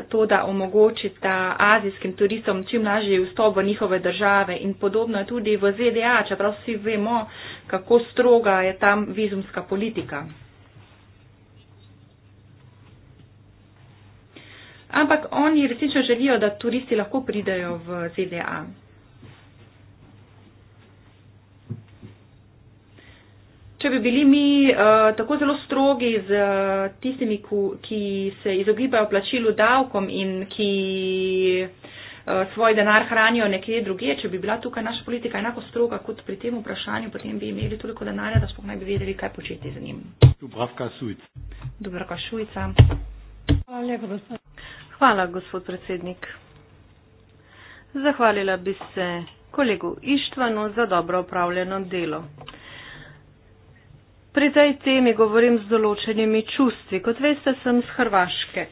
Speaker 2: to, da omogočita azijskim turistom čim lažji vstop v njihove države in podobno je tudi v ZDA, čeprav vsi vemo, kako stroga je tam vizumska politika. Ampak oni resnično želijo, da turisti lahko pridejo v ZDA. Če bi bili mi uh, tako zelo strogi z uh, tistimi, ku, ki se izogibajo plačilu davkom in ki eh, svoj denar hranijo nekje druge, če bi bila tukaj naša politika enako stroga kot pri tem vprašanju, potem bi imeli toliko denarja, da sploh ne bi vedeli, kaj početi z njim.
Speaker 1: Dubravka Šujc.
Speaker 2: Dubravka Šujc. Ja.
Speaker 3: Hvala, gospod predsednik. Zahvalila bi se kolegu Ištvanu za dobro upravljeno delo. Pri tej temi govorim z določenimi čustvi. Kot veste, sem z Hrvaške,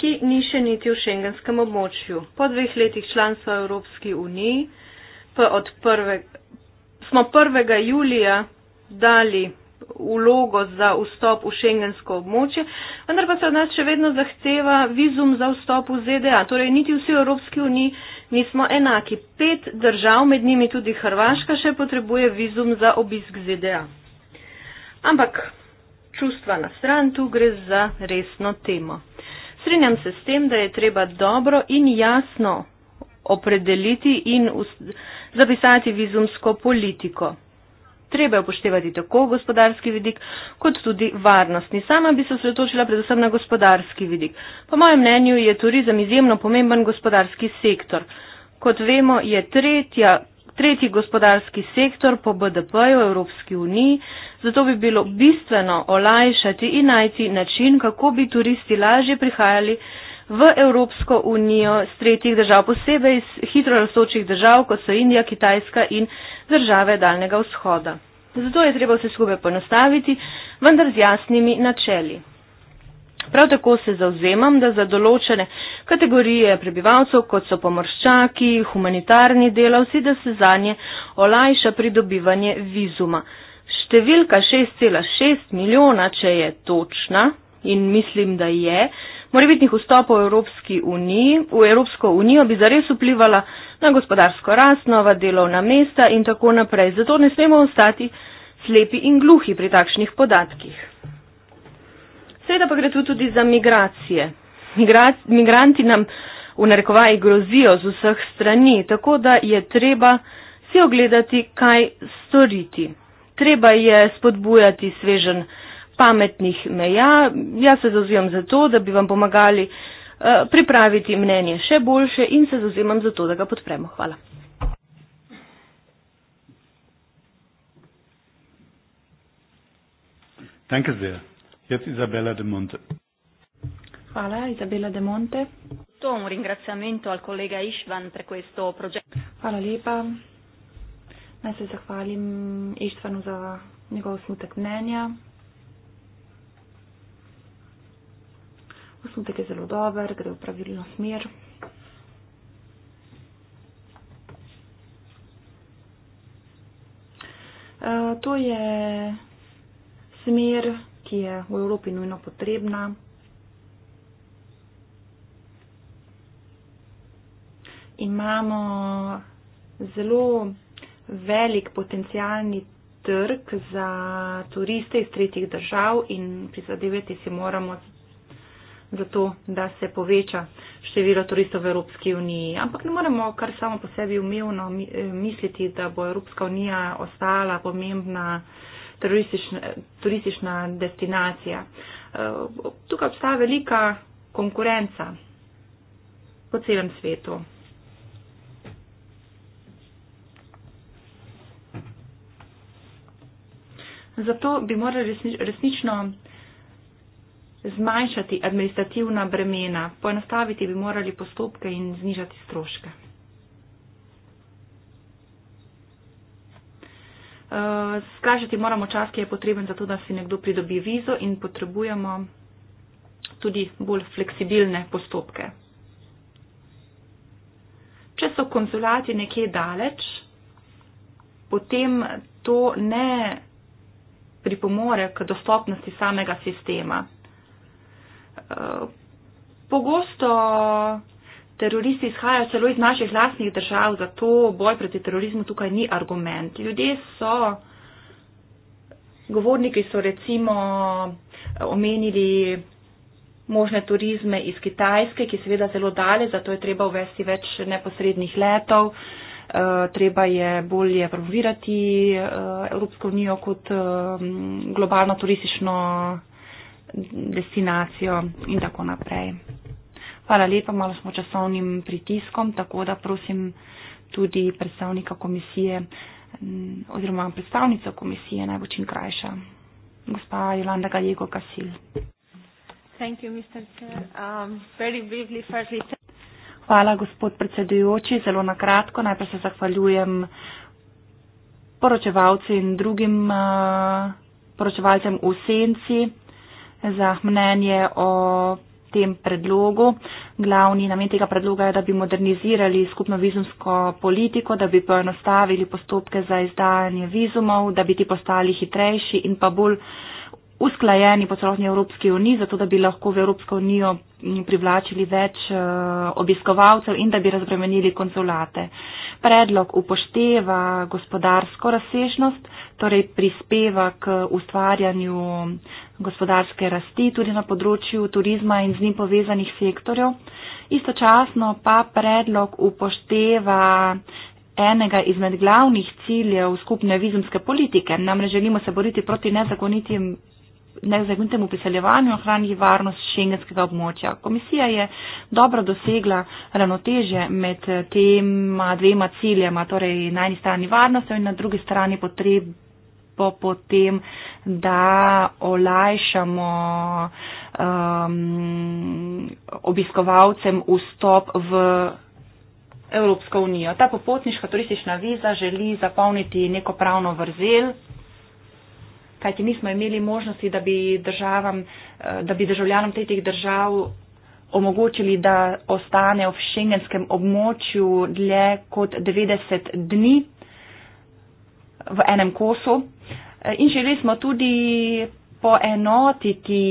Speaker 3: ki ni še niti v šengenskem območju. Po dveh letih članstva Evropski uniji prve, smo 1. julija dali ulogo za vstop v šengensko območje, vendar pa se od nas še vedno zahteva vizum za vstop v ZDA. Torej, niti vsi v Evropski uniji nismo enaki. Pet držav, med njimi tudi Hrvaška, še potrebuje vizum za obisk ZDA. Ampak čustva na stran, tu gre za resno temo. Srinjam se s tem, da je treba dobro in jasno opredeliti in zapisati vizumsko politiko. Treba je upoštevati tako gospodarski vidik, kot tudi varnostni. Sama bi se osredotočila predvsem na gospodarski vidik. Po mojem mnenju je turizem izjemno pomemben gospodarski sektor. Kot vemo, je tretja, tretji gospodarski sektor po BDP-ju v Evropski uniji, zato bi bilo bistveno olajšati in najti način, kako bi turisti lažje prihajali v Evropsko unijo z tretjih držav, posebej iz hitro rastočih držav, kot so Indija, Kitajska in države Daljnega vzhoda. Zato je treba vse skupaj ponostaviti, vendar z jasnimi načeli. Prav tako se zauzemam, da za določene kategorije prebivalcev, kot so pomorščaki, humanitarni delavci, da se zanje olajša pridobivanje vizuma številka 6,6 milijona, če je točna in mislim, da je, morebitnih vstopov v, Evropski uniji, v Evropsko unijo bi zares vplivala na gospodarsko rast, nova delovna mesta in tako naprej. Zato ne smemo ostati slepi in gluhi pri takšnih podatkih. Seveda pa gre tu tudi za migracije. Migra migranti nam v narekovaji grozijo z vseh strani, tako da je treba si ogledati, kaj storiti treba je spodbujati svežen pametnih meja. Jaz se zauzivam za to, da bi vam pomagali eh, pripraviti mnenje še boljše in se zauzivam za to, da ga podpremo. Hvala.
Speaker 1: Hvala, Izabela De Monte.
Speaker 2: Hvala lepa. Naj se zahvalim Ištvanu za njegov osnutek mnenja. Osnutek je zelo dober, gre v pravilno smer. E, to je smer, ki je v Evropi nujno potrebna. Imamo zelo velik potencijalni trg za turiste iz tretjih držav in prizadevati si moramo za to, da se poveča število turistov v Evropski uniji. Ampak ne moremo kar samo po sebi umevno eh, misliti, da bo Evropska unija ostala pomembna turistična, turistična destinacija. Eh, tukaj obstaja velika konkurenca po celem svetu. Zato bi morali resnično zmanjšati administrativna bremena, poenostaviti bi morali postopke in znižati stroške. Eh, Skrašiti moramo čas, ki je potreben za to, da si nekdo pridobi vizo in potrebujemo tudi bolj fleksibilne postopke. Če so konzulati nekje daleč, potem to ne pripomore k dostopnosti samega sistema. Eh, pogosto teroristi izhajajo celo iz naših vlastnih držav, zato boj proti terorizmu tukaj ni argument. Ljudje so, govorniki so recimo eh, omenili možne turizme iz Kitajske, ki seveda zelo dale, zato je treba uvesti več neposrednih letov. Uh, Eh, treba je bolje promovirati eh, Evropsko unijo kot eh, globalno turistično destinacijo in tako naprej. Hvala lepa, malo smo časovnim pritiskom, tako da prosim tudi predstavnika komisije mm, oziroma predstavnico komisije naj bo čim krajša. Gospa Jolanda Gajego Kasil.
Speaker 3: Thank you, Mr. Chair. Um, very briefly, firstly, thank
Speaker 2: Hvala, gospod predsedujoči. Zelo na kratko. Najprej se zahvaljujem poročevalci in drugim uh, poročevalcem v senci za mnenje o tem predlogu. Glavni namen tega predloga je, da bi modernizirali skupno vizumsko politiko, da bi poenostavili postopke za izdajanje vizumov, da bi ti postali hitrejši in pa bolj. Uh, usklajeni po celotni Evropski uniji, zato da bi lahko v Evropsko unijo privlačili več eh, obiskovalcev in da bi razbremenili konzulate. Predlog upošteva gospodarsko razsežnost, torej prispeva k ustvarjanju gospodarske rasti tudi na področju turizma in z njim povezanih sektorjev. Istočasno pa predlog upošteva enega izmed glavnih ciljev skupne vizumske politike. Namreč želimo se boriti proti nezakonitim nezagnitemu priseljevanju ohrani varnost šengenskega območja. Komisija je dobro dosegla ravnoteže med eh, tema dvema ciljema, torej na eni strani varnostjo in na drugi strani potrebo potem, da olajšamo um, obiskovalcem vstop v. Evropsko unijo. Ta popotniška turistična viza želi zapolniti neko pravno vrzel, kajti nismo imeli možnosti, da bi, državam, eh, da bi državljanom teh držav omogočili, da ostanejo v šengenskem območju dlje kot 90 dni v enem kosu. Eh, in želeli smo tudi poenotiti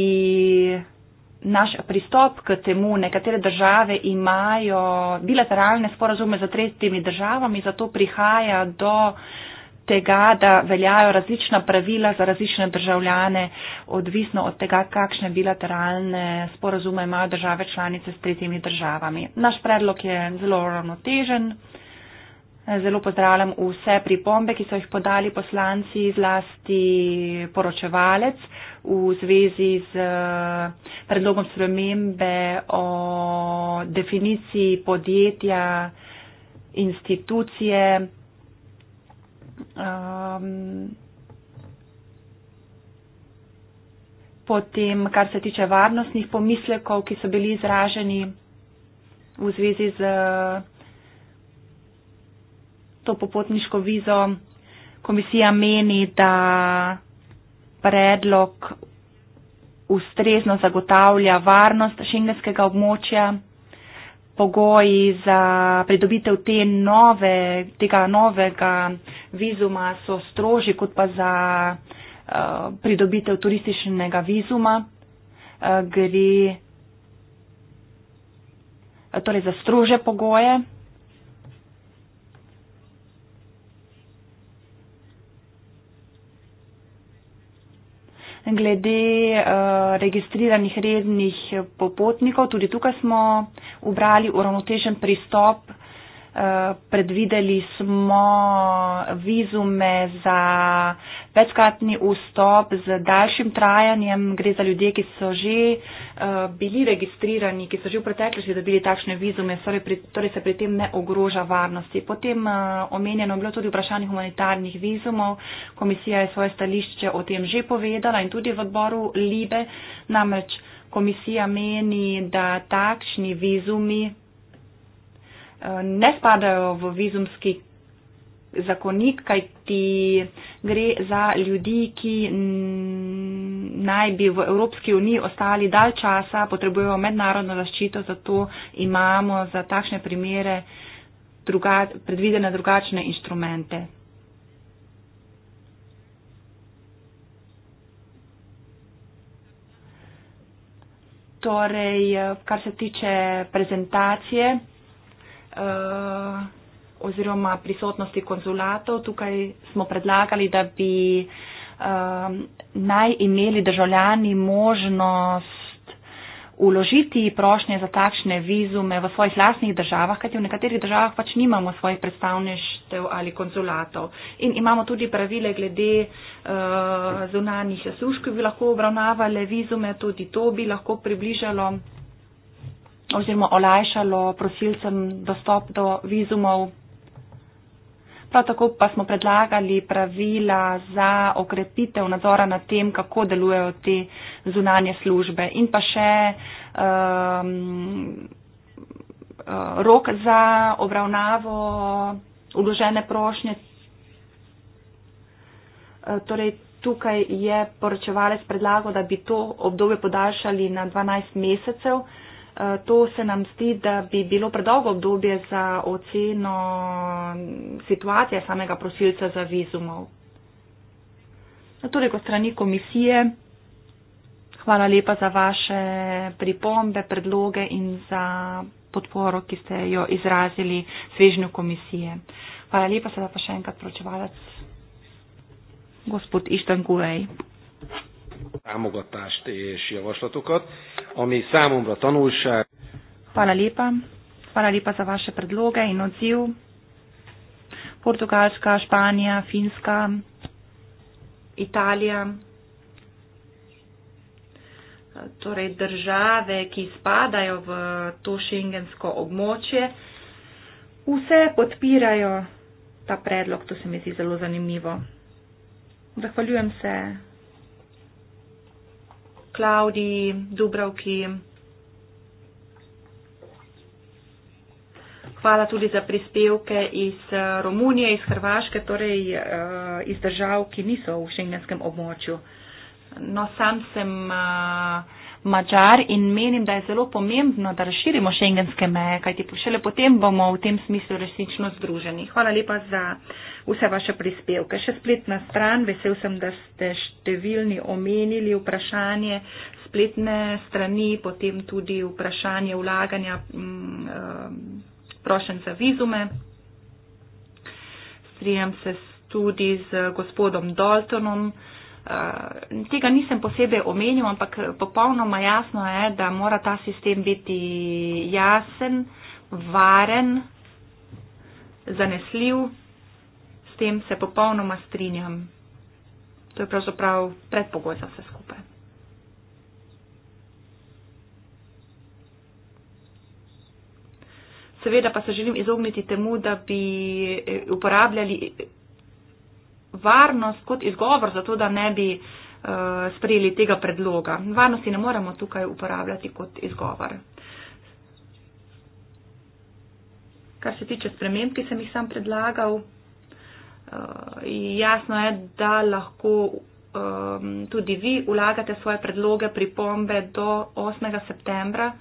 Speaker 2: naš pristop k temu. Nekatere države imajo bilateralne sporazume z tretjimi državami, zato prihaja do tega, da veljajo različna pravila za različne državljane, odvisno od tega, kakšne bilateralne sporozume imajo države članice s tretjimi državami. Naš predlog je zelo ravnotežen. Zelo pozdravljam vse pripombe, ki so jih podali poslanci, zlasti poročevalec v zvezi z eh, predlogom spremembe o definiciji podjetja, institucije, Ehm, potem, kar se tiče varnostnih pomislekov, ki so bili izraženi v zvezi z to popotniško vizo, komisija meni, da predlog ustrezno zagotavlja varnost šengenskega območja pogoji za pridobitev te nove, tega novega vizuma so stroži kot pa za uh, pridobitev turističnega vizuma. Uh, gre uh, torej za strože pogoje. glede uh, registriranih rednih eh, popotnikov. Tudi tukaj smo ubrali uravnotežen pristop. Uh, predvideli smo vizume za uh, večkratni vstop z daljšim trajanjem, gre za ljudje, ki so že uh, bili registrirani, ki so že v preteklosti dobili takšne vizume, torej, pri, torej se pri tem ne ogroža varnosti. Potem uh, omenjeno je bilo tudi vprašanje humanitarnih vizumov. Komisija je svoje stališče o tem že povedala in tudi v odboru Libe namreč. Komisija meni, da takšni vizumi eh, ne spadajo v vizumski zakonik, kaj ti gre za ljudi, ki naj bi v Evropski uniji ostali dalj časa, potrebujejo mednarodno zaščito, zato imamo za takšne primere druga, predvidene drugačne inštrumente. Torej, eh, kar se tiče prezentacije, eh, oziroma prisotnosti konzulatov. Tukaj smo predlagali, da bi um, naj imeli državljani možnost uložiti prošnje za takšne vizume v svojih lasnih državah, kajti v nekaterih državah pač nimamo svojih predstavništev ali konzulatov. In imamo tudi pravile glede uh, zunanjih služb, ki bi lahko obravnavale vizume, tudi to bi lahko približalo oziroma olajšalo prosilcem dostop do vizumov. Prav tako pa smo predlagali pravila za okrepitev nadzora nad tem, kako delujejo te zunanje službe in pa še um, uh, rok za obravnavo uložene prošnje. Uh, torej, tukaj je poročevalec predlagal, da bi to obdobje podaljšali na 12 mesecev. Uh, Eh, to se nam zdi, da bi bilo predolgo obdobje za oceno situacije samega prosilca za vizumov. No, torej, kot strani komisije, hvala lepa za vaše pripombe, predloge in za podporo, ki ste jo izrazili svežnju komisije. Hvala lepa, sedaj pa še enkrat pročevalec, gospod Ištan Gulej
Speaker 1: támogatást és javaslatokat, ami számomra tanulság. Hvala
Speaker 2: lepa. Hvala lepa za vaše predloge in odziv. Portugalska, Španija, Finska, Italija. Torej države, ki spadajo v to šengensko območje, vse podpirajo ta predlog. To se mi zdi zelo zanimivo. Zahvaljujem se Klaudiji, Dubravki. Hvala tudi za prispevke iz eh, Romunije, iz Hrvaške, torej eh, iz držav, ki niso v šengenskem območju. No, sam sem. Uh, Mačar in menim, da je zelo pomembno, da razširimo šengenske meje, kajti šele potem bomo v tem smislu resnično združeni. Hvala lepa za vse vaše prispevke. Še spletna stran, vesel sem, da ste številni omenili vprašanje spletne strani, potem tudi vprašanje vlaganja mm, prošen za vizume. Strijem se tudi z gospodom Daltonom. Eh, tega nisem posebej omenil, ampak popolnoma jasno je, da mora ta sistem biti jasen, varen, zanesljiv. S tem se popolnoma strinjam. To je pravzaprav predpogoj za vse skupaj. Seveda pa se želim izogniti temu, da bi uporabljali varnost kot izgovor za to, da ne bi uh, sprejeli tega predloga. Varnosti ne moremo tukaj uporabljati kot izgovor. Kar se tiče sprememb, ki sem jih sam predlagal, uh, jasno je, da lahko um, tudi vi ulagate svoje predloge, pripombe do 8. septembra.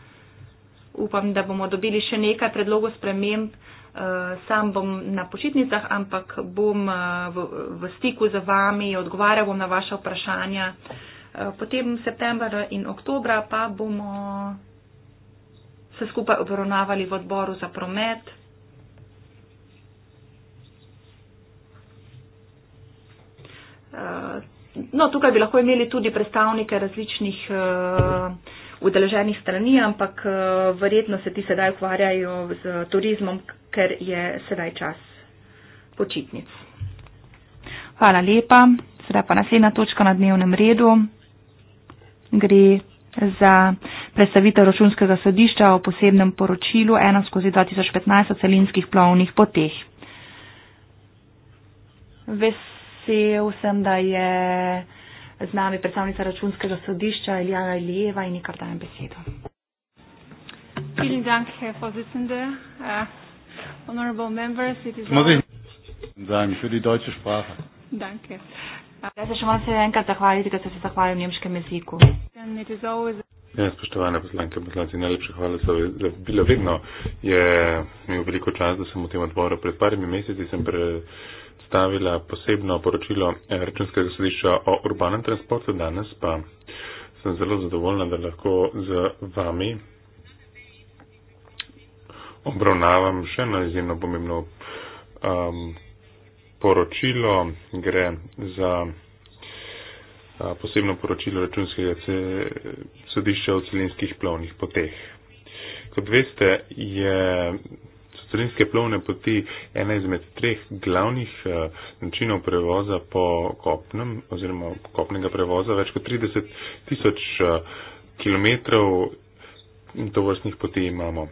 Speaker 2: Upam, da bomo dobili še nekaj predlogov sprememb. Uh, Eh, sam bom na počitnicah, ampak bom eh, v, v stiku z vami, odgovarjal bom na vaše vprašanja. Eh, potem september in oktobra pa bomo se skupaj obravnavali v odboru za promet. No, tukaj bi lahko imeli tudi predstavnike različnih uh, udeleženih strani, ampak eh, verjetno se ti sedaj ukvarjajo z turizmom, ker je sedaj čas počitnic. Hvala lepa. Sedaj pa naslednja točka na dnevnem redu. Gre za predstavitev računskega sodišča o posebnem poročilu 1 skozi 2015 o celinskih plovnih poteh. Vesel sem, da je. Z nami predstavnica računskega sodišča Eljana Ilijeva in nikar dajem besedo. Uh, uh, Zdaj se še moram enkrat zahvaliti, da ste se zahvalili v nemškem jeziku.
Speaker 4: Ja, spoštovane poslanke in poslanci, najlepša hvala za, za bilo vedno. Je imel veliko čas, da sem v tem odboru. Pred parimi meseci sem pre, predstavila posebno poročilo eh, Računskega sodišča o urbanem transportu. Danes pa sem zelo zadovoljna, da lahko z vami obravnavam še eno izjemno pomembno um, poročilo. Gre za a, uh, posebno poročilo Računskega sodišča o celinskih plovnih poteh. Kot veste, je carinske plovne poti ena izmed treh glavnih eh, načinov prevoza po kopnem oziroma kopnega prevoza več kot 30 tisoč eh, kilometrov in to vrstnih poti imamo.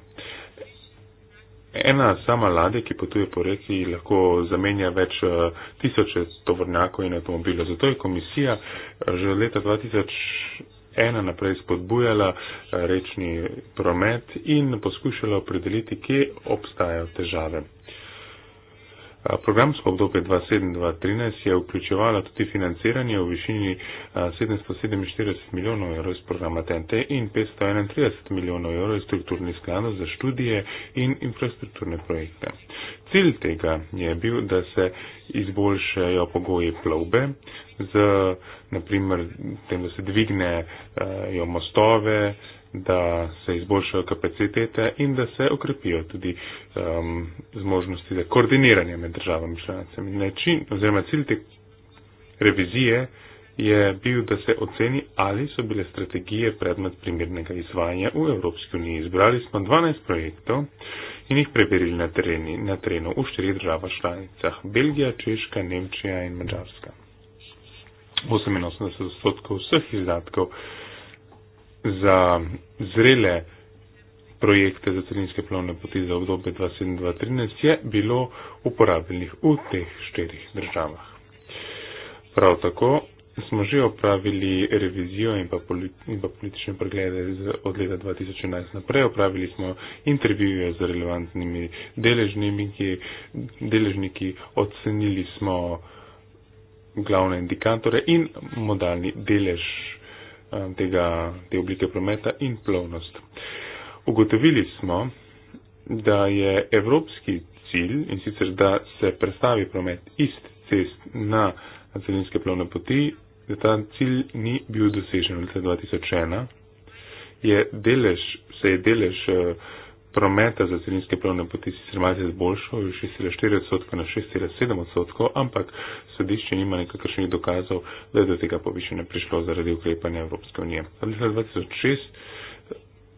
Speaker 4: Ena sama lade, ki potuje po reki, lahko zamenja več eh, tisoče tovornjakov in avtomobilov. Zato je komisija že od leta 2000 ena naprej spodbujala eh, rečni promet in poskušala opredeliti, kje obstajajo težave. Programsko obdobje 2007-2013 je vključevala tudi financiranje v višini 747 milijonov evrov iz programa TNT in 531 milijonov evrov iz strukturnih skladov za študije in infrastrukturne projekte. Cilj tega je bil, da se izboljšajo pogoji plovbe, z, naprimer tem, da se dvignejo mostove, da se izboljšajo kapacitete in da se okrepijo tudi um, zmožnosti za koordiniranje med državami članicami. Način oziroma cilj te revizije je bil, da se oceni, ali so bile strategije predmet primernega izvajanja v Evropski uniji. Izbrali smo 12 projektov in jih preverili na, tereni, na terenu v štirih državah članicah – Belgija, Češka, Nemčija in Mačarska. 88 odstotkov vseh izdatkov za zrele projekte za celinske plovne poti za obdobje 2007-2013 je bilo uporabljenih v teh štirih državah. Prav tako smo že opravili revizijo in pa, politi in pa politične preglede od leta 2011 naprej. Opravili smo intervjuje z relevantnimi deležniki, deležniki ocenili smo glavne indikatore in modalni delež Eh, tega, te oblike prometa in plovnost. Ugotovili smo, da je evropski cilj in sicer, da se prestavi promet iz cest na celinske plovne poti, da ta cilj ni bil dosežen v letu 2001, je delež, se je delež uh, prometa za celinske plovne poti sicer malce zboljšal, iz 6,4 odstotka na 6,7 odstotkov, ampak sodišče nima nekakršnih dokazov, da je do tega povišanja prišlo zaradi ukrepanja Evropske unije. Od leta 2006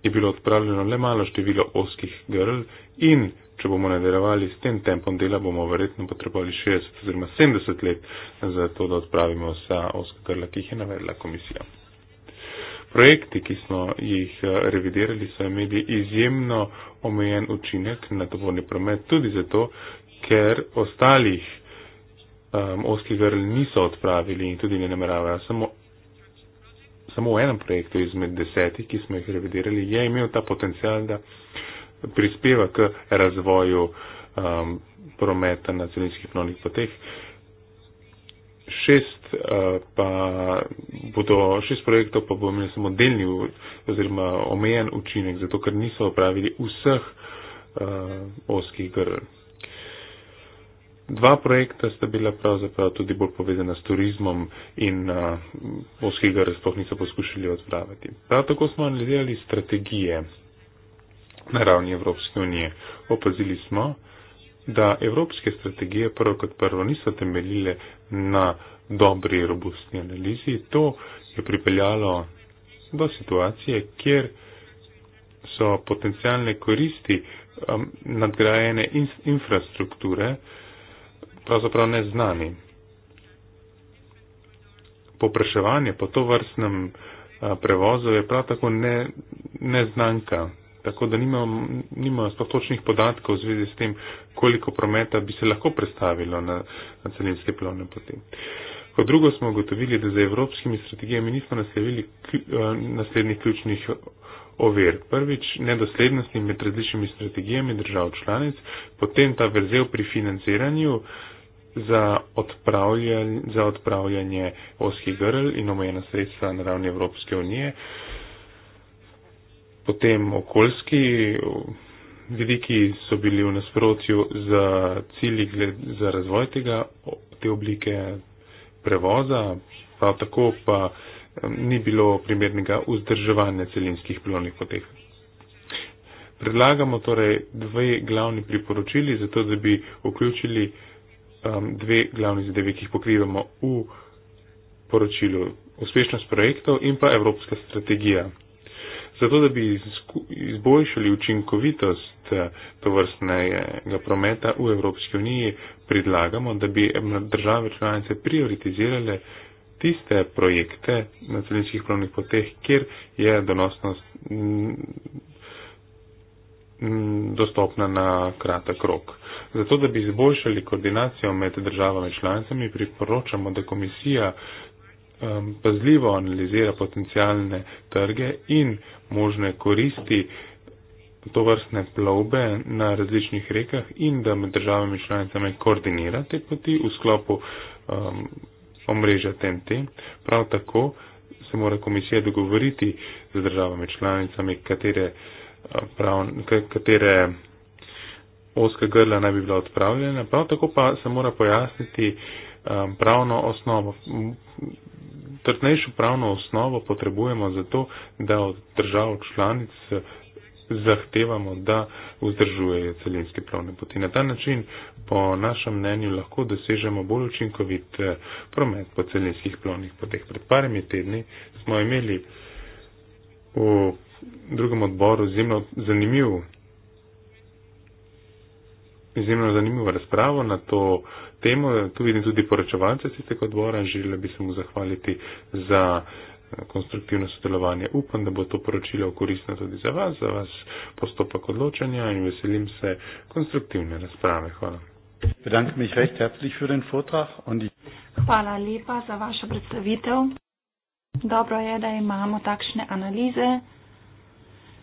Speaker 4: je bilo odpravljeno le malo število oskih grl in če bomo nadaljevali s tem tempom dela, bomo verjetno potrebovali 60 oziroma 70 let za to, da odpravimo vsa oska grla, ki jih je navedla komisija projekti, ki smo jih eh, revidirali, so imeli izjemno omejen učinek na tovorni promet, tudi zato, ker ostalih um, oskih grl niso odpravili in tudi ne nameravajo. Samo, samo v enem projektu izmed desetih, ki smo jih revidirali, je imel ta potencial, da prispeva k razvoju um, prometa na celinskih plovnih poteh. Uh, šest, eh, pa bodo šest projektov, pa bo imel samo delni oziroma omejen učinek, zato ker niso opravili vseh uh, eh, oskih grl. Dva projekta sta bila pravzaprav tudi bolj povezana s turizmom in uh, eh, oskih grl sploh niso poskušali odpraviti. Prav tako smo analizirali strategije na ravni Evropske unije. Opazili smo, uh, da evropske strategije prvo kot prvo niso temeljile na dobri robustni analizi. To je pripeljalo do situacije, kjer so potencijalne koristi um, nadgrajene in, infrastrukture pravzaprav neznani. Popraševanje po to vrstnem uh, prevozu je prav tako ne, neznanka tako da nimam, nimam sploh točnih podatkov v zvezi s tem, koliko prometa bi se lahko predstavilo na, na celinske plovne poti. Kot drugo smo ugotovili, da za evropskimi strategijami nismo naslovili eh, naslednjih ključnih ovir. Prvič, nedoslednosti med različnimi strategijami držav članic, potem ta verzel pri financiranju za odpravljanje, za odpravljanje oskih grl in omejena sredstva na ravni Evropske unije. Uh, Potem okoljski vidiki so bili v nasprotju z cilji za razvoj tega, te oblike prevoza, pa tako pa ni bilo primernega vzdrževanja celinskih plovnih poteh. Predlagamo torej dve glavni priporočili, zato da bi vključili um, dve glavni zadeve, ki jih pokrivamo v poročilu. Uspešnost projektov in pa evropska strategija. Zato, da bi izboljšali učinkovitost eh, tovrstnega prometa v Evropski uniji, predlagamo, da bi države članice prioritizirale tiste projekte na celinskih plovnih poteh, kjer je donosnost mm, mm, dostopna na kratek rok. Zato, da bi izboljšali koordinacijo med državami članicami, priporočamo, da komisija um, pazljivo analizira potencijalne trge in možne koristi to vrstne plovbe na različnih rekah in da med državami članicami koordinira te poti v sklopu um, omrežja TNT. Prav tako se mora komisija dogovoriti z državami članicami, katere, uh, prav, katere oska grla naj bi bila odpravljena. Prav tako pa se mora pojasniti um, pravno osnovo trdnejšo pravno osnovo potrebujemo zato, da od držav članic eh, zahtevamo, da vzdržujejo celinske plovne poti. Na ta način, po našem mnenju, lahko dosežemo bolj učinkovit eh, promet po celinskih plovnih poteh. Pred parimi tedni smo imeli v drugem odboru izjemno zanimiv, izjemno zanimivo razpravo na to temo. Tu vidim tudi poročevalce tistega odbora. Želela bi se mu zahvaliti za eh, konstruktivno sodelovanje. Upam, da bo to poročilo koristno tudi za vas, za vas postopek odločanja in veselim se konstruktivne razprave. Hvala.
Speaker 2: Hvala lepa za vašo predstavitev. Dobro je, da imamo takšne analize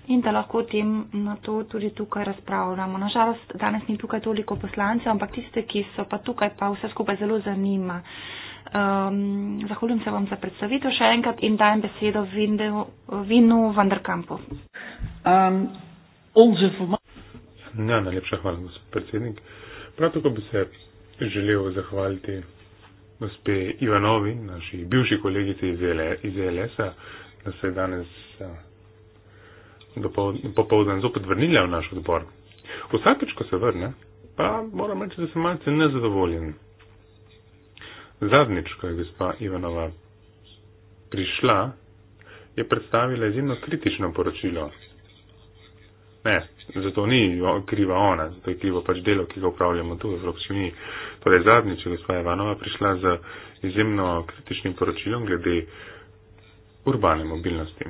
Speaker 2: in da lahko o tem na to tudi tukaj razpravljamo. Nažalost, danes ni tukaj toliko poslancev, ampak tiste, ki so pa tukaj, pa vse skupaj zelo zanima. Um, zahvaljujem se vam za predstavitev še enkrat in dajem besedo Vinu Vanderkampu. Um,
Speaker 4: ja, najlepša hvala, gospod predsednik. Prav tako bi se želel zahvaliti gospe Ivanovi, naši bivši kolegici iz ELS-a, da se je danes. Uh, popoldne zopet vrnila v naš odbor. Vsakeč, ko se vrne, pa moram reči, da sem malce nezadovoljen. Zadnjič, ko je gospa Ivanova prišla, je predstavila izjemno kritično poročilo. Ne, zato ni kriva ona, zato je krivo pač delo, ki ga upravljamo tu v Evropski uniji. Torej, zadnjič je gospa Ivanova prišla z izjemno kritičnim poročilom glede urbane mobilnosti.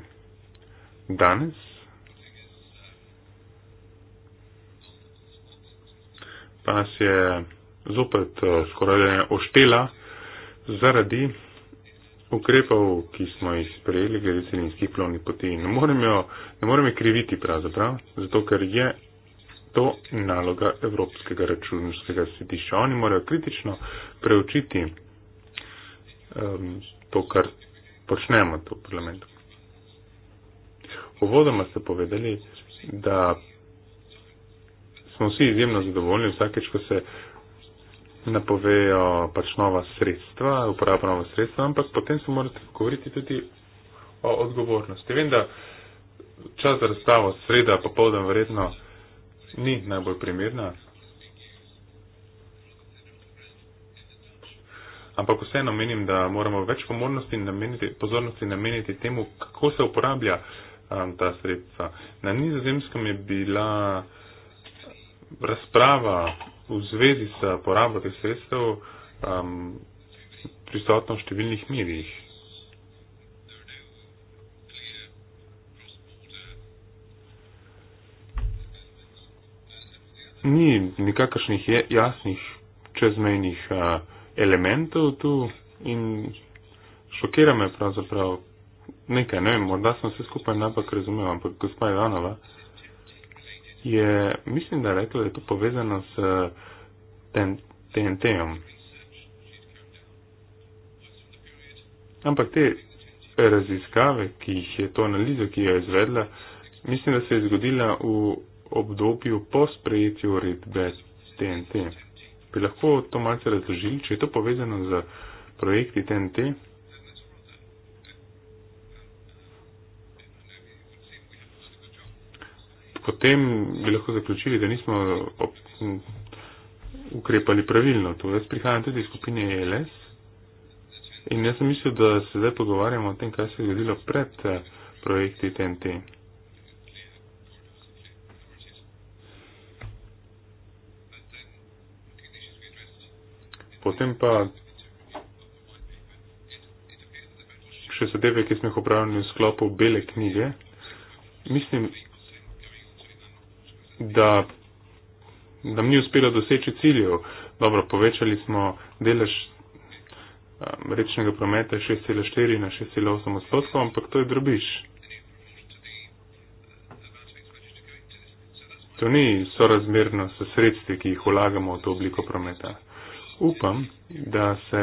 Speaker 4: Danes nas je zopet eh, skoraj oštela zaradi ukrepov, ki smo jih sprejeli, glede celinskih plovnih poti. Ne morem, jo, ne morem jo kriviti pravzaprav, zato ker je to naloga Evropskega računskega sedišča. Oni morajo kritično preučiti um, to, kar počnemo tu v parlamentu. Uvodoma ste povedali, da smo vsi izjemno zadovoljni vsakeč, ko se napovejo pač nova sredstva, uporabo nova sredstva, ampak potem se morate govoriti tudi o odgovornosti. Vem, da čas za razstavo sreda popovdan vredno ni najbolj primerna, ampak vseeno menim, da moramo več pomornosti nameniti, pozornosti nameniti temu, kako se uporablja um, ta sredstva. Na nizozemskem je bila razprava v zvezi s porabo teh sredstev um, prisotna v številnih medijih. Ni nekakršnih jasnih čezmejnih uh, elementov tu in šokira me pravzaprav nekaj, ne vem, morda sem vse skupaj napak razumel, ampak gospa Ivanova je, mislim, da rekla, da je to povezano s TNT-om. Ampak te raziskave, ki jih je to analizo, ki jo je izvedla, mislim, da se je zgodila v obdobju po sprejetju uredbe TNT. Bi lahko to malce razložili, če je to povezano z projekti TNT? potem bi lahko zaključili, da nismo op, ukrepali pravilno. To jaz prihajam tudi iz skupine ELS in jaz sem mislil, da se zdaj pogovarjamo o tem, kaj se je zgodilo pred eh, projekti TNT. Potem pa še zadeve, ki smo jih opravili v sklopu bele knjige. Mislim, da nam ni uspelo doseči ciljev. Dobro, povečali smo delež um, rečnega prometa 6,4 na 6,8 odstotkov, ampak to je drobiš. To ni sorazmerno s sredstvi, ki jih vlagamo v to obliko prometa. Upam, da se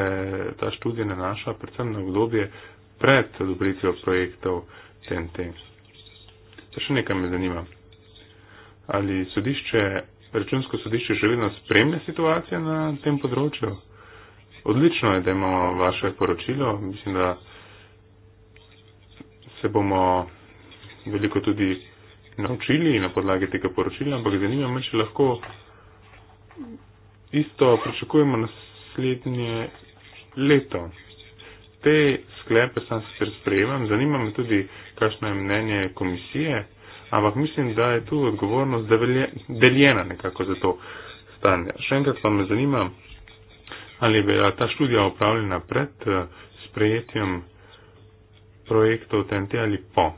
Speaker 4: ta študija nanaša predvsem na obdobje pred odobritvijo projektov TNT. Še nekaj me zanima ali sodišče, računsko sodišče še vedno spremlja situacijo na tem področju. Odlično je, da imamo vaše poročilo. Mislim, da se bomo veliko tudi naučili na podlagi tega poročila, ampak zanima me, če lahko isto pričakujemo naslednje leto. Te sklepe sam sicer sprejemam, zanima me tudi, kakšno je mnenje komisije ampak mislim, da je tu odgovornost deljena nekako za to stanje. Še enkrat pa me zanima, ali je bila ta študija upravljena pred eh, sprejetjem projektov TNT ali po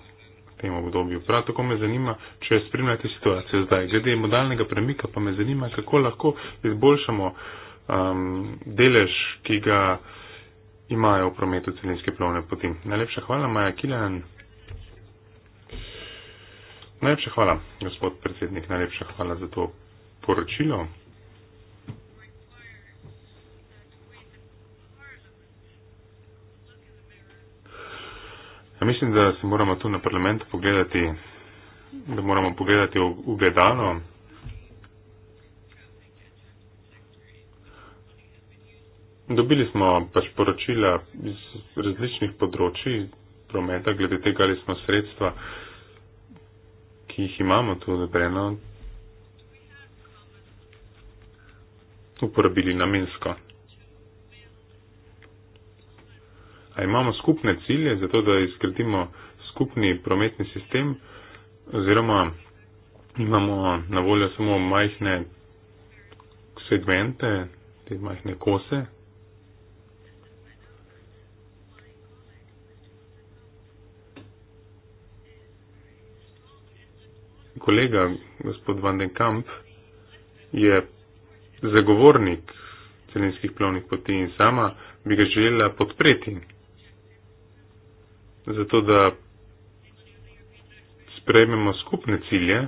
Speaker 4: tem obdobju. Prav tako me zanima, če spremljate situacijo zdaj. Glede modalnega premika pa me zanima, kako lahko izboljšamo um, delež, ki ga imajo v prometu celinske plovne poti. Najlepša hvala, Maja Kiljan. Najlepša hvala, gospod predsednik, najlepša hvala za to poročilo. Ja, mislim, da se moramo tu na parlamentu pogledati, da moramo pogledati v gledalo. Dobili smo pač poročila iz različnih področji prometa, glede tega, ali smo sredstva uh, ki jih imamo tu odobreno, uporabili namensko. A imamo skupne cilje za to, da izgradimo skupni prometni sistem oziroma imamo na voljo samo majhne segmente, te majhne kose, kolega, gospod Van den Kamp, je zagovornik celinskih plovnih poti in sama bi ga želela podpreti. Zato, da sprejmemo skupne cilje,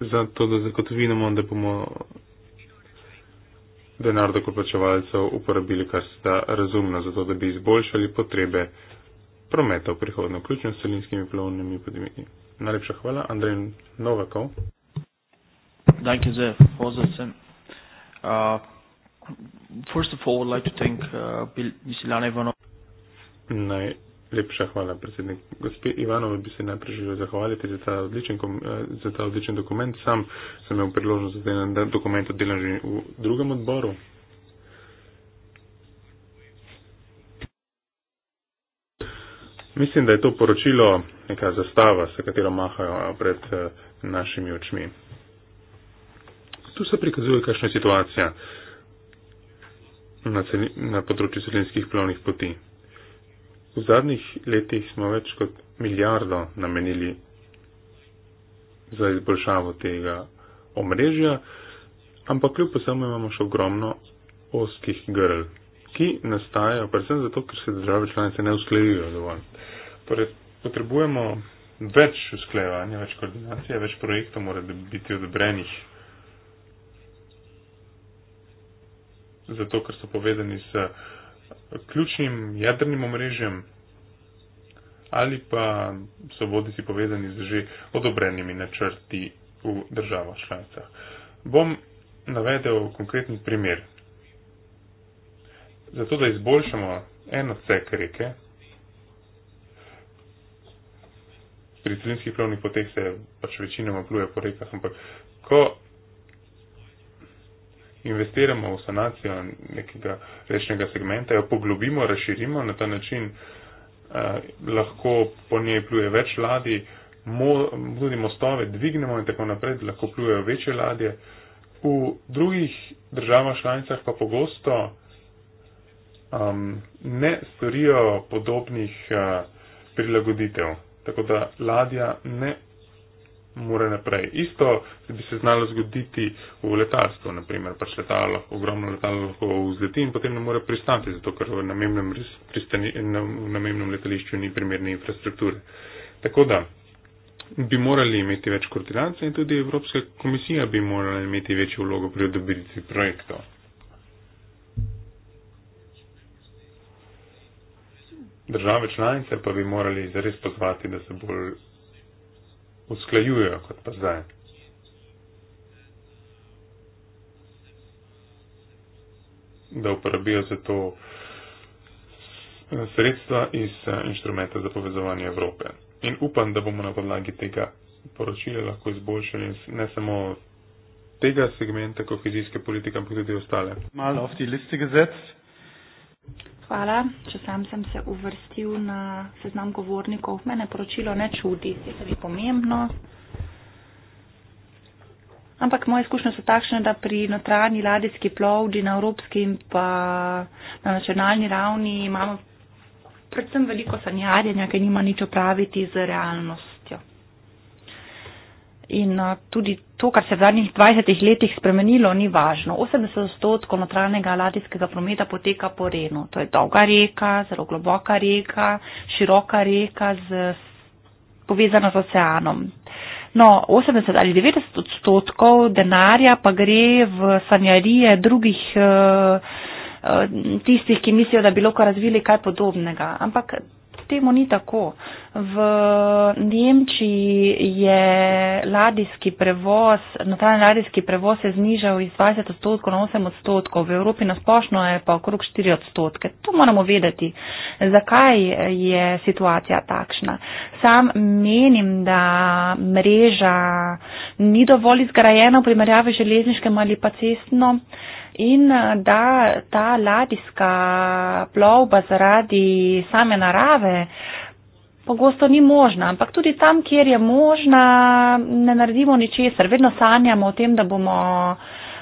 Speaker 4: zato, da zagotovimo, da bomo denar dokoplačevalcev uporabili kar se da razumno, zato, da bi izboljšali potrebe prometa v prihodnje, vključno s celinskimi plovnimi podjetji. Najlepša hvala, Andrej Novakov. Thank you, Zef, Ozacem. Uh, first of all, would like to thank uh, Ivanov. Najlepša hvala, predsednik. Gospe Ivanovi bi se najprej želel zahvaliti za ta, odličen, eh, za ta odličen dokument. Sam sem imel priložnost, da dokument oddelam že v drugem odboru. Mislim, da je to poročilo neka zastava, s katero mahajo pred eh, našimi očmi. Tu se prikazuje, kakšna je situacija na, celi, na področju celinskih plovnih poti. V zadnjih letih smo več kot milijardo namenili za izboljšavo tega omrežja, ampak kljub posebno imamo še ogromno oskih grl ki nastajajo predvsem zato, ker se države članice ne usklejujo dovolj. Torej, potrebujemo več usklejevanja, več koordinacije, več projektov mora biti odobrenih. Zato, ker so povedani s ključnim jedrnim omrežjem ali pa so bodisi povedani z že odobrenimi načrti v državah članicah. Bom navedel konkretni primer, zato da izboljšamo en odsek reke, pri celinskih plovnih poteh se pač večinoma pluje po rekah, ampak ko investiramo v sanacijo nekega rečnega segmenta, jo poglobimo, razširimo, na ta način eh, lahko po njej pluje več ladij, mo, tudi mostove dvignemo in tako naprej, lahko plujejo večje ladje. V drugih državah članicah pa pogosto um, ne storijo podobnih uh, prilagoditev, tako da ladja ne more naprej. Isto bi se znalo zgoditi v letalstvu, naprimer, pač letalo, ogromno letalo lahko vzleti in potem ne more pristati, zato ker v namemnem, pristani, na, v namemnem letališču ni primerne infrastrukture. Tako da bi morali imeti več koordinacije in tudi Evropska komisija bi morala imeti večjo vlogo pri odobritvi projektov. države članice pa bi morali zares pozvati, da se bolj usklajujejo kot pa zdaj. Da uporabijo za to eh, sredstva iz eh, inštrumenta za povezovanje Evrope. In upam, da bomo na podlagi tega poročila lahko izboljšali ne samo tega segmenta kohezijske politike, ampak tudi ostale.
Speaker 1: Malo v ti listi gazet
Speaker 2: hvala. Če sam sem se uvrstil na seznam govornikov, mene poročilo ne čudi, je tudi pomembno. Ampak moje izkušnje so takšne, da pri notranji ladijski plovdi na evropski in pa na nacionalni ravni imamo predvsem veliko sanjarjenja, ki nima nič opraviti z realnost in eh, tudi to, kar se je v zadnjih 20 letih spremenilo, ni važno. 80 odstotkov notranjega ladijskega prometa poteka po Renu. To je dolga reka, zelo globoka reka, široka reka z, povezana z oceanom. No, 80 ali 90 odstotkov denarja pa gre v sanjarije drugih eh, eh, tistih, ki mislijo, da bi lahko razvili kaj podobnega. Ampak temu ni tako. V Nemčiji je ladijski prevoz, notranji ladijski prevoz se znižal iz 20 odstotkov na 8 odstotkov, v Evropi nasplošno je pa okrog 4 odstotke. To moramo vedeti, zakaj je situacija takšna. Sam menim, da mreža ni dovolj izgrajena v primerjavi železniškem ali pa cestnem in eh, da ta ladijska plovba zaradi same narave pogosto ni možna, ampak tudi tam, kjer je možna, ne naredimo ničesar. Vedno sanjamo o tem, da bomo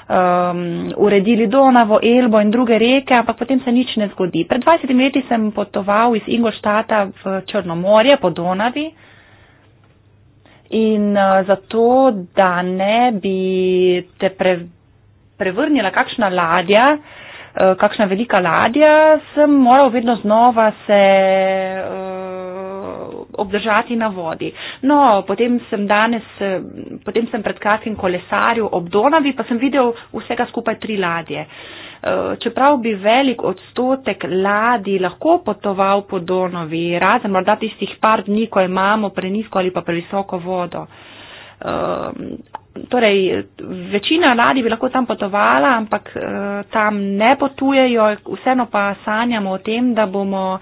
Speaker 2: um, uredili Donavo, Elbo in druge reke, ampak potem se nič ne zgodi. Pred 20 leti sem potoval iz Ingolštata v Črnomorje po Donavi. In eh, zato, da ne bi te pre, prevrnila kakšna ladja, eh, kakšna velika ladja, sem moral vedno znova se eh, obdržati na vodi. No, potem sem danes, eh, potem sem pred kratkim kolesaril ob Donavi, pa sem videl vsega skupaj tri ladje. Čeprav bi velik odstotek ladij lahko potoval po Donovi, razen morda tistih par dni, ko imamo prenisko ali pa previsoko vodo torej, večina radi bi lahko tam potovala, ampak uh, tam ne potujejo, vseeno pa sanjamo o tem, da bomo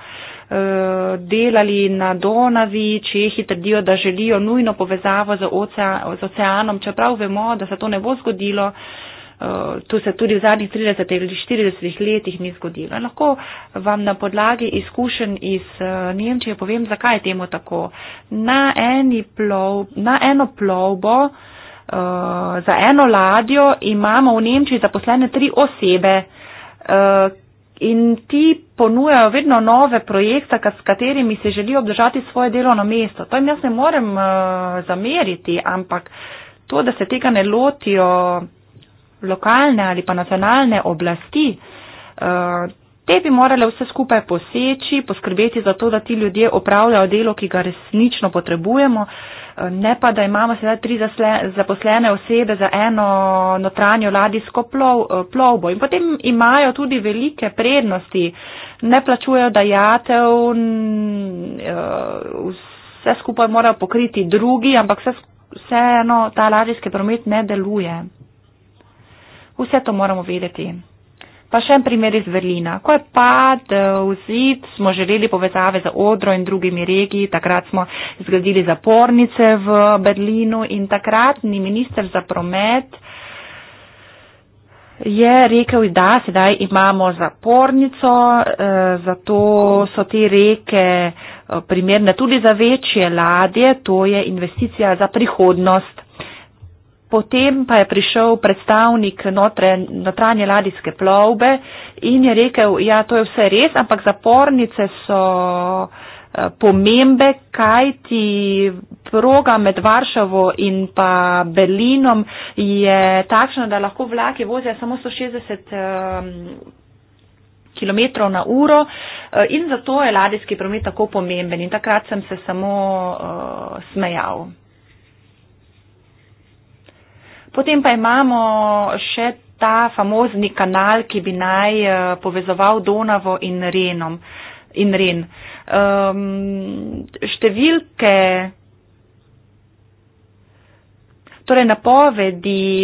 Speaker 2: eh, delali na Donavi, Čehi trdijo, da želijo nujno povezavo z, ocean, z oceanom, čeprav vemo, da se to ne bo zgodilo, eh, to se tudi v zadnjih 30 ali 40 letih ni zgodilo. Lahko vam na podlagi izkušenj iz Nemčije povem, zakaj je temu tako. Na, plov, na eno plovbo uh, za eno ladjo imamo v Nemčiji zaposlene tri osebe uh, in ti ponujajo vedno nove projekte, s katerimi se želijo obdržati svoje delovno mesto. To jim jaz ne morem uh, zameriti, ampak to, da se tega ne lotijo lokalne ali pa nacionalne oblasti, uh, Te bi morale vse skupaj poseči, poskrbeti za to, da ti ljudje opravljajo delo, ki ga resnično potrebujemo, ne pa, da imamo sedaj tri zaposlene osebe za eno notranjo ladijsko plov, plovbo. In potem imajo tudi velike prednosti, ne plačujejo dajatev, eh, vse skupaj morajo pokriti drugi, ampak vseeno vse ta ladijski promet ne deluje. Vse to moramo vedeti. Pa še en primer iz Berlina. Ko je padel zid, smo želeli povezave za Odro in drugimi regiji, takrat smo zgradili zapornice v Berlinu in takratni minister za promet je rekel, da sedaj imamo zapornico, eh, zato so te reke eh, primerne tudi za večje ladje, to je investicija za prihodnost. Potem pa je prišel predstavnik notre, notranje ladijske plovbe in je rekel, ja, to je vse res, ampak zapornice so eh, pomembe, kaj ti proga med Varšavo in pa Berlinom je takšna, da lahko vlaki vozijo samo 160 ehm, km na uro eh, in zato je ladijski promet tako pomemben in takrat sem se samo uh, smejal. Potem pa imamo še ta famozni kanal, ki bi naj eh, povezoval Donavo in, Renom, in Ren. Um, številke, torej napovedi,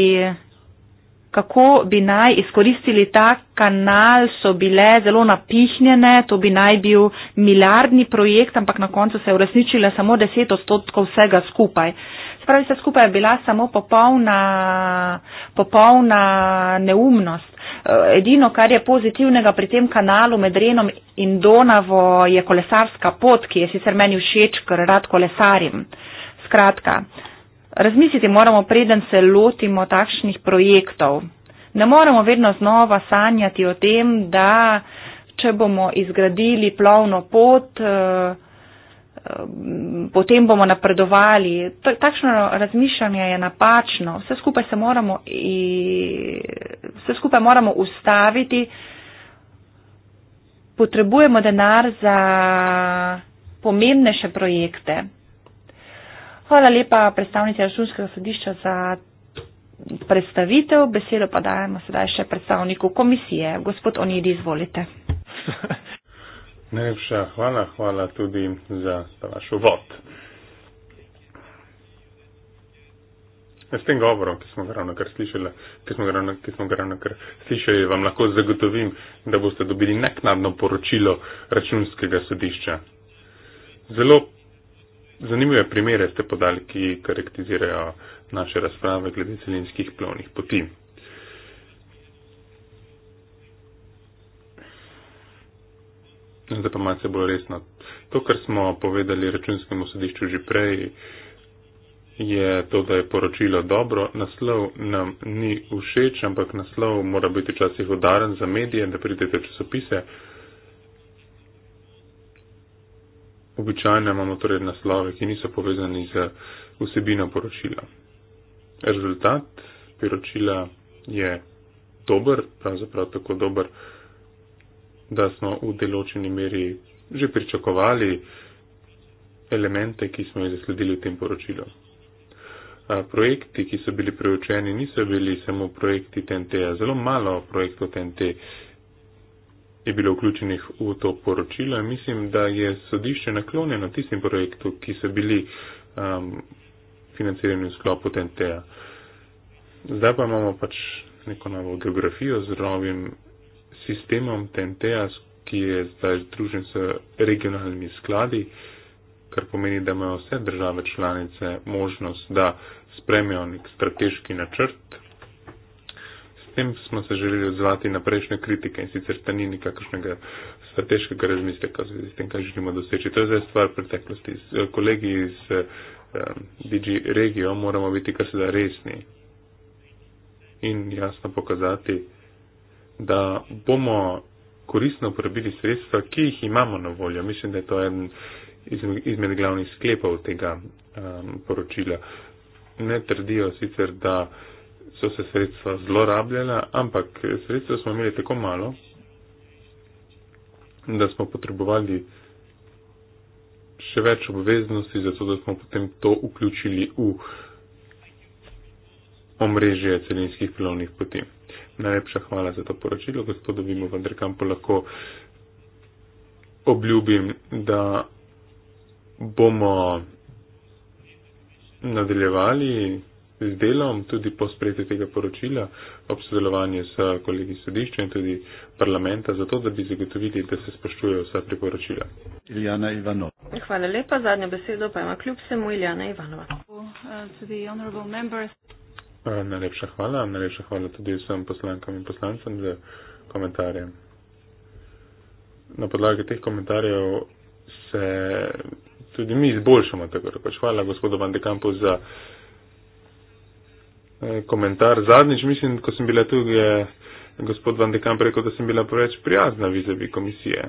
Speaker 2: kako bi naj izkoristili ta kanal, so bile zelo napihnjene, to bi naj bil milijardni projekt, ampak na koncu se je uresničila samo 10 odstotkov vsega skupaj. Uh, Spravi, vse skupaj je bila samo popolna, popolna neumnost. Eh, edino, kar je pozitivnega pri tem kanalu med Renom in Donavo, je kolesarska pot, ki je sicer meni všeč, ker rad kolesarim. Skratka, razmisliti moramo, preden se lotimo takšnih projektov. Ne moremo vedno znova sanjati o tem, da če bomo izgradili plovno pot, eh, potem bomo napredovali. Takšno razmišljanje je napačno. Vse skupaj, se moramo, i, vse skupaj moramo ustaviti. Potrebujemo denar za pomembnejše projekte. Hvala lepa predstavnici Računskega sodišča za predstavitev. Besedo pa dajemo sedaj še predstavniku komisije. Gospod Onidi, izvolite.
Speaker 4: Najlepša hvala, hvala tudi za vaš uvod. Ja, s tem govorom, ki smo ga ravno kar slišali, ki smo ga ravno, ki smo ga ravno kar slišali, vam lahko zagotovim, da boste dobili naknadno poročilo računskega sodišča. Zelo zanimive primere ste podali, ki karakterizirajo naše razprave glede celinskih plovnih poti. zdaj pa malce bolj resno. To, kar smo povedali računskemu sodišču že prej, je to, da je poročilo dobro. Naslov nam ni všeč, ampak naslov mora biti včasih udaren za medije, da pridete v časopise. Običajno imamo torej naslove, ki niso povezani z vsebino poročila. Rezultat poročila je dober, pravzaprav tako dober, da smo v deločeni meri že pričakovali elemente, ki smo jih zasledili v tem poročilu. Projekti, ki so bili preučeni, niso bili samo projekti TNT, -ja. zelo malo projektov TNT je bilo vključenih v to poročilo in mislim, da je sodišče naklonjeno tistim projektom, ki so bili um, financirani v sklopu TNT. -ja. Zdaj pa imamo pač neko novo geografijo z novim sistemom TNT-a, ki je zdaj združen s regionalnimi skladi, kar pomeni, da imajo vse države članice možnost, da spremejo nek strateški načrt. S tem smo se želeli odzvati na prejšnje kritike in sicer ta ni nikakršnega strateškega razmisleka v zvezi s tem, kaj želimo doseči. To je zdaj stvar preteklosti. S eh, kolegi iz eh, DG regijo moramo biti kar se da resni in jasno pokazati, da bomo koristno uporabili sredstva, ki jih imamo na voljo. Mislim, da je to en izmed glavnih sklepov tega um, poročila. Ne trdijo sicer, da so se sredstva zlorabljala, ampak sredstva smo imeli tako malo, da smo potrebovali še več obveznosti, zato da smo potem to vključili v omrežje celinskih plovnih poti. Um, najlepša hvala za to poročilo, gospodu Vimu Vandrkampu lahko obljubim, da bomo nadaljevali z delom tudi po sprejetju tega poročila ob sodelovanju s kolegi sodišča in tudi parlamenta, zato da bi zagotovili, da se spoštujejo vsa priporočila. Iljana Ivanova.
Speaker 3: Hvala lepa, zadnjo besedo pa ima kljub vsemu Iljana Ivanova. Uh,
Speaker 4: Najlepša hvala. Najlepša hvala tudi vsem poslankam in poslancem za komentarje. Na podlagi teh komentarjev se tudi mi izboljšamo. Pač hvala gospodu Van de Campu za e, komentar. Zadnjič mislim, ko sem bila tu, je gospod Van de Kamp rekel, da sem bila preveč prijazna vizavi komisije.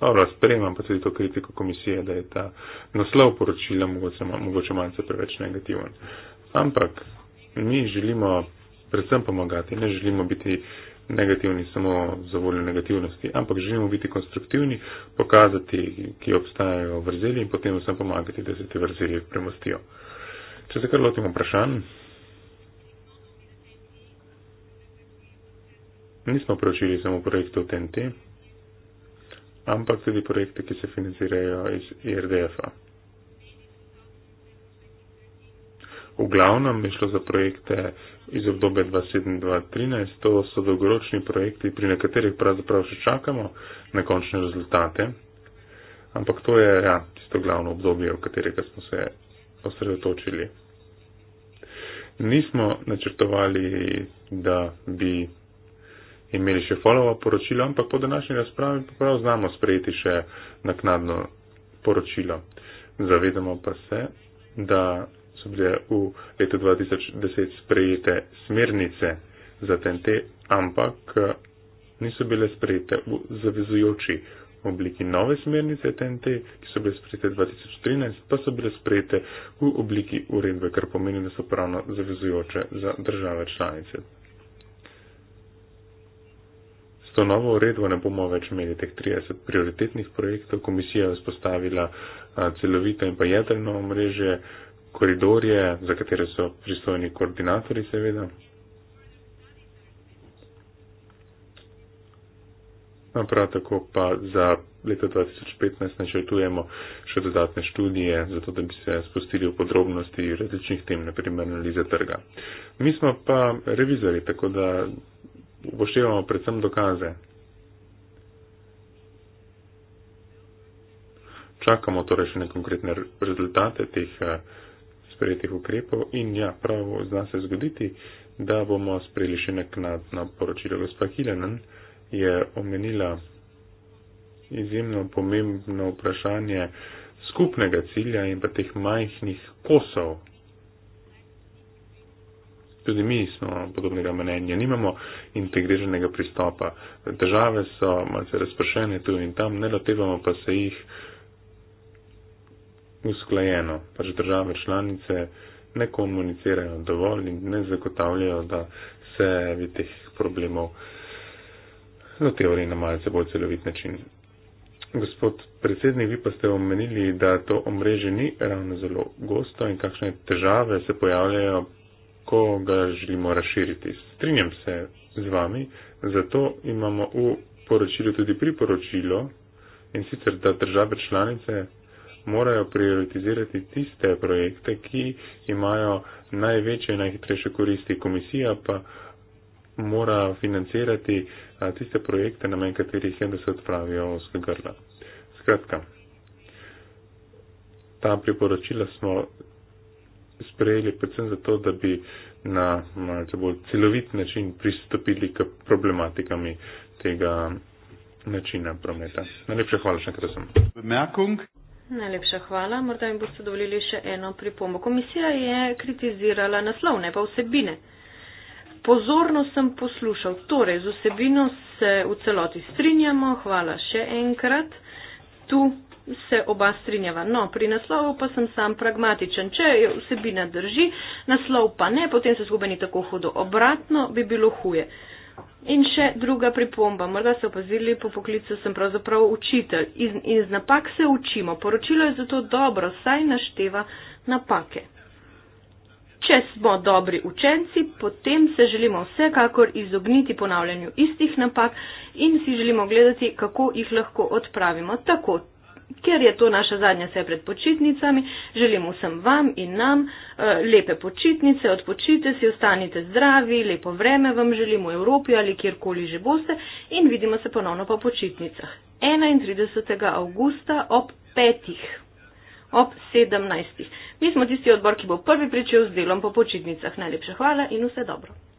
Speaker 4: Dobro, sprejemam pa tudi to kritiko komisije, da je ta naslov poročila mogoče, mogoče malce preveč negativen ampak mi želimo predvsem pomagati, ne želimo biti negativni samo za voljo negativnosti, ampak želimo biti konstruktivni, pokazati, ki obstajajo vrzeli in potem vsem pomagati, da se te vrzeli premostijo. Če se kar lotimo vprašanj, nismo preučili samo projekte v TNT, ampak tudi projekte, ki se financirajo iz IRDF-a. V glavnem je šlo za projekte iz obdobja 2007-2013, to so dolgoročni projekti, pri nekaterih pravzaprav še čakamo na končne rezultate, ampak to je ja, tisto glavno obdobje, v katerega smo se osredotočili. Nismo načrtovali, da bi imeli še follow-up poročilo, ampak po današnji razpravi pa prav znamo sprejeti še naknadno poročilo. Zavedamo pa se, da so bile v letu 2010 sprejete smernice za TNT, ampak niso bile sprejete v zavezujoči obliki nove smernice TNT, ki so bile sprejete 2013, pa so bile sprejete v obliki uredbe, kar pomeni, da so pravno zavezujoče za države članice. S to novo uredbo ne bomo več imeli teh 30 prioritetnih projektov. Komisija je vzpostavila celovito in pa jedrno omrežje koridorje, za katere so pristojni koordinatori, seveda. No, prav tako pa za leto 2015 načrtujemo še dodatne študije, zato da bi se spustili v podrobnosti različnih tem, naprimer analize trga. Mi smo pa revizori, tako da upoštevamo predvsem dokaze. Čakamo torej še na konkretne rezultate teh uh, sprejetih ukrepov in ja, prav zna se zgoditi, da bomo sprejeli še nek nad na poročilo. Gospa Hilenen je omenila izjemno pomembno vprašanje skupnega cilja in pa teh majhnih kosov. Tudi mi smo podobnega mnenja, nimamo integriranega pristopa. Države so malce razpršene tu in tam, ne lotevamo pa se jih usklajeno, pač države članice ne komunicirajo dovolj in ne zagotavljajo, da se bi teh problemov lotevali na malce bolj celovit način. Gospod predsednik, vi pa ste omenili, da to omrežje ni ravno zelo gosto in kakšne težave se pojavljajo, ko ga želimo razširiti. Strinjam se z vami, zato imamo v poročilu tudi priporočilo in sicer, da države članice morajo prioritizirati tiste projekte, ki imajo največje in najhitrejše koristi. Komisija pa mora financirati tiste projekte, namen katerih je, da se odpravijo oska grla. Skratka, ta priporočila smo sprejeli predvsem zato, da bi na malce bolj celovit način pristopili k problematikami tega načina prometa. Najlepša hvala še enkrat, da sem. Bemerkung.
Speaker 3: Najlepša hvala. Morda mi boste dovolili še eno pripombo. Komisija je kritizirala naslov, ne pa vsebine. Pozorno sem poslušal. Torej, z vsebino se v celoti strinjamo. Hvala še enkrat. Tu se oba strinjava. No, pri naslovu pa sem sam pragmatičen. Če je vsebina drži, naslov pa ne, potem se skupaj ni tako hudo. Obratno bi bilo huje. Uh, In še druga pripomba, morda ste opazili, po poklicu sem pravzaprav učitelj in iz, iz napak se učimo. Poročilo je zato dobro, saj našteva napake. Če smo dobri učenci, potem se želimo vsekakor izogniti ponavljanju istih napak in si želimo gledati, kako jih lahko odpravimo. Tako Ker je to naša zadnja seja pred počitnicami, želim vsem vam in nam eh, lepe počitnice, odpočite si, ostanite zdravi, lepo vreme vam želim v Evropi ali kjerkoli že boste in vidimo se ponovno po počitnicah. 31. augusta ob 5. ob 17. Mi smo tisti odbor, ki bo prvi pričel z delom po počitnicah. Najlepša hvala in vse dobro.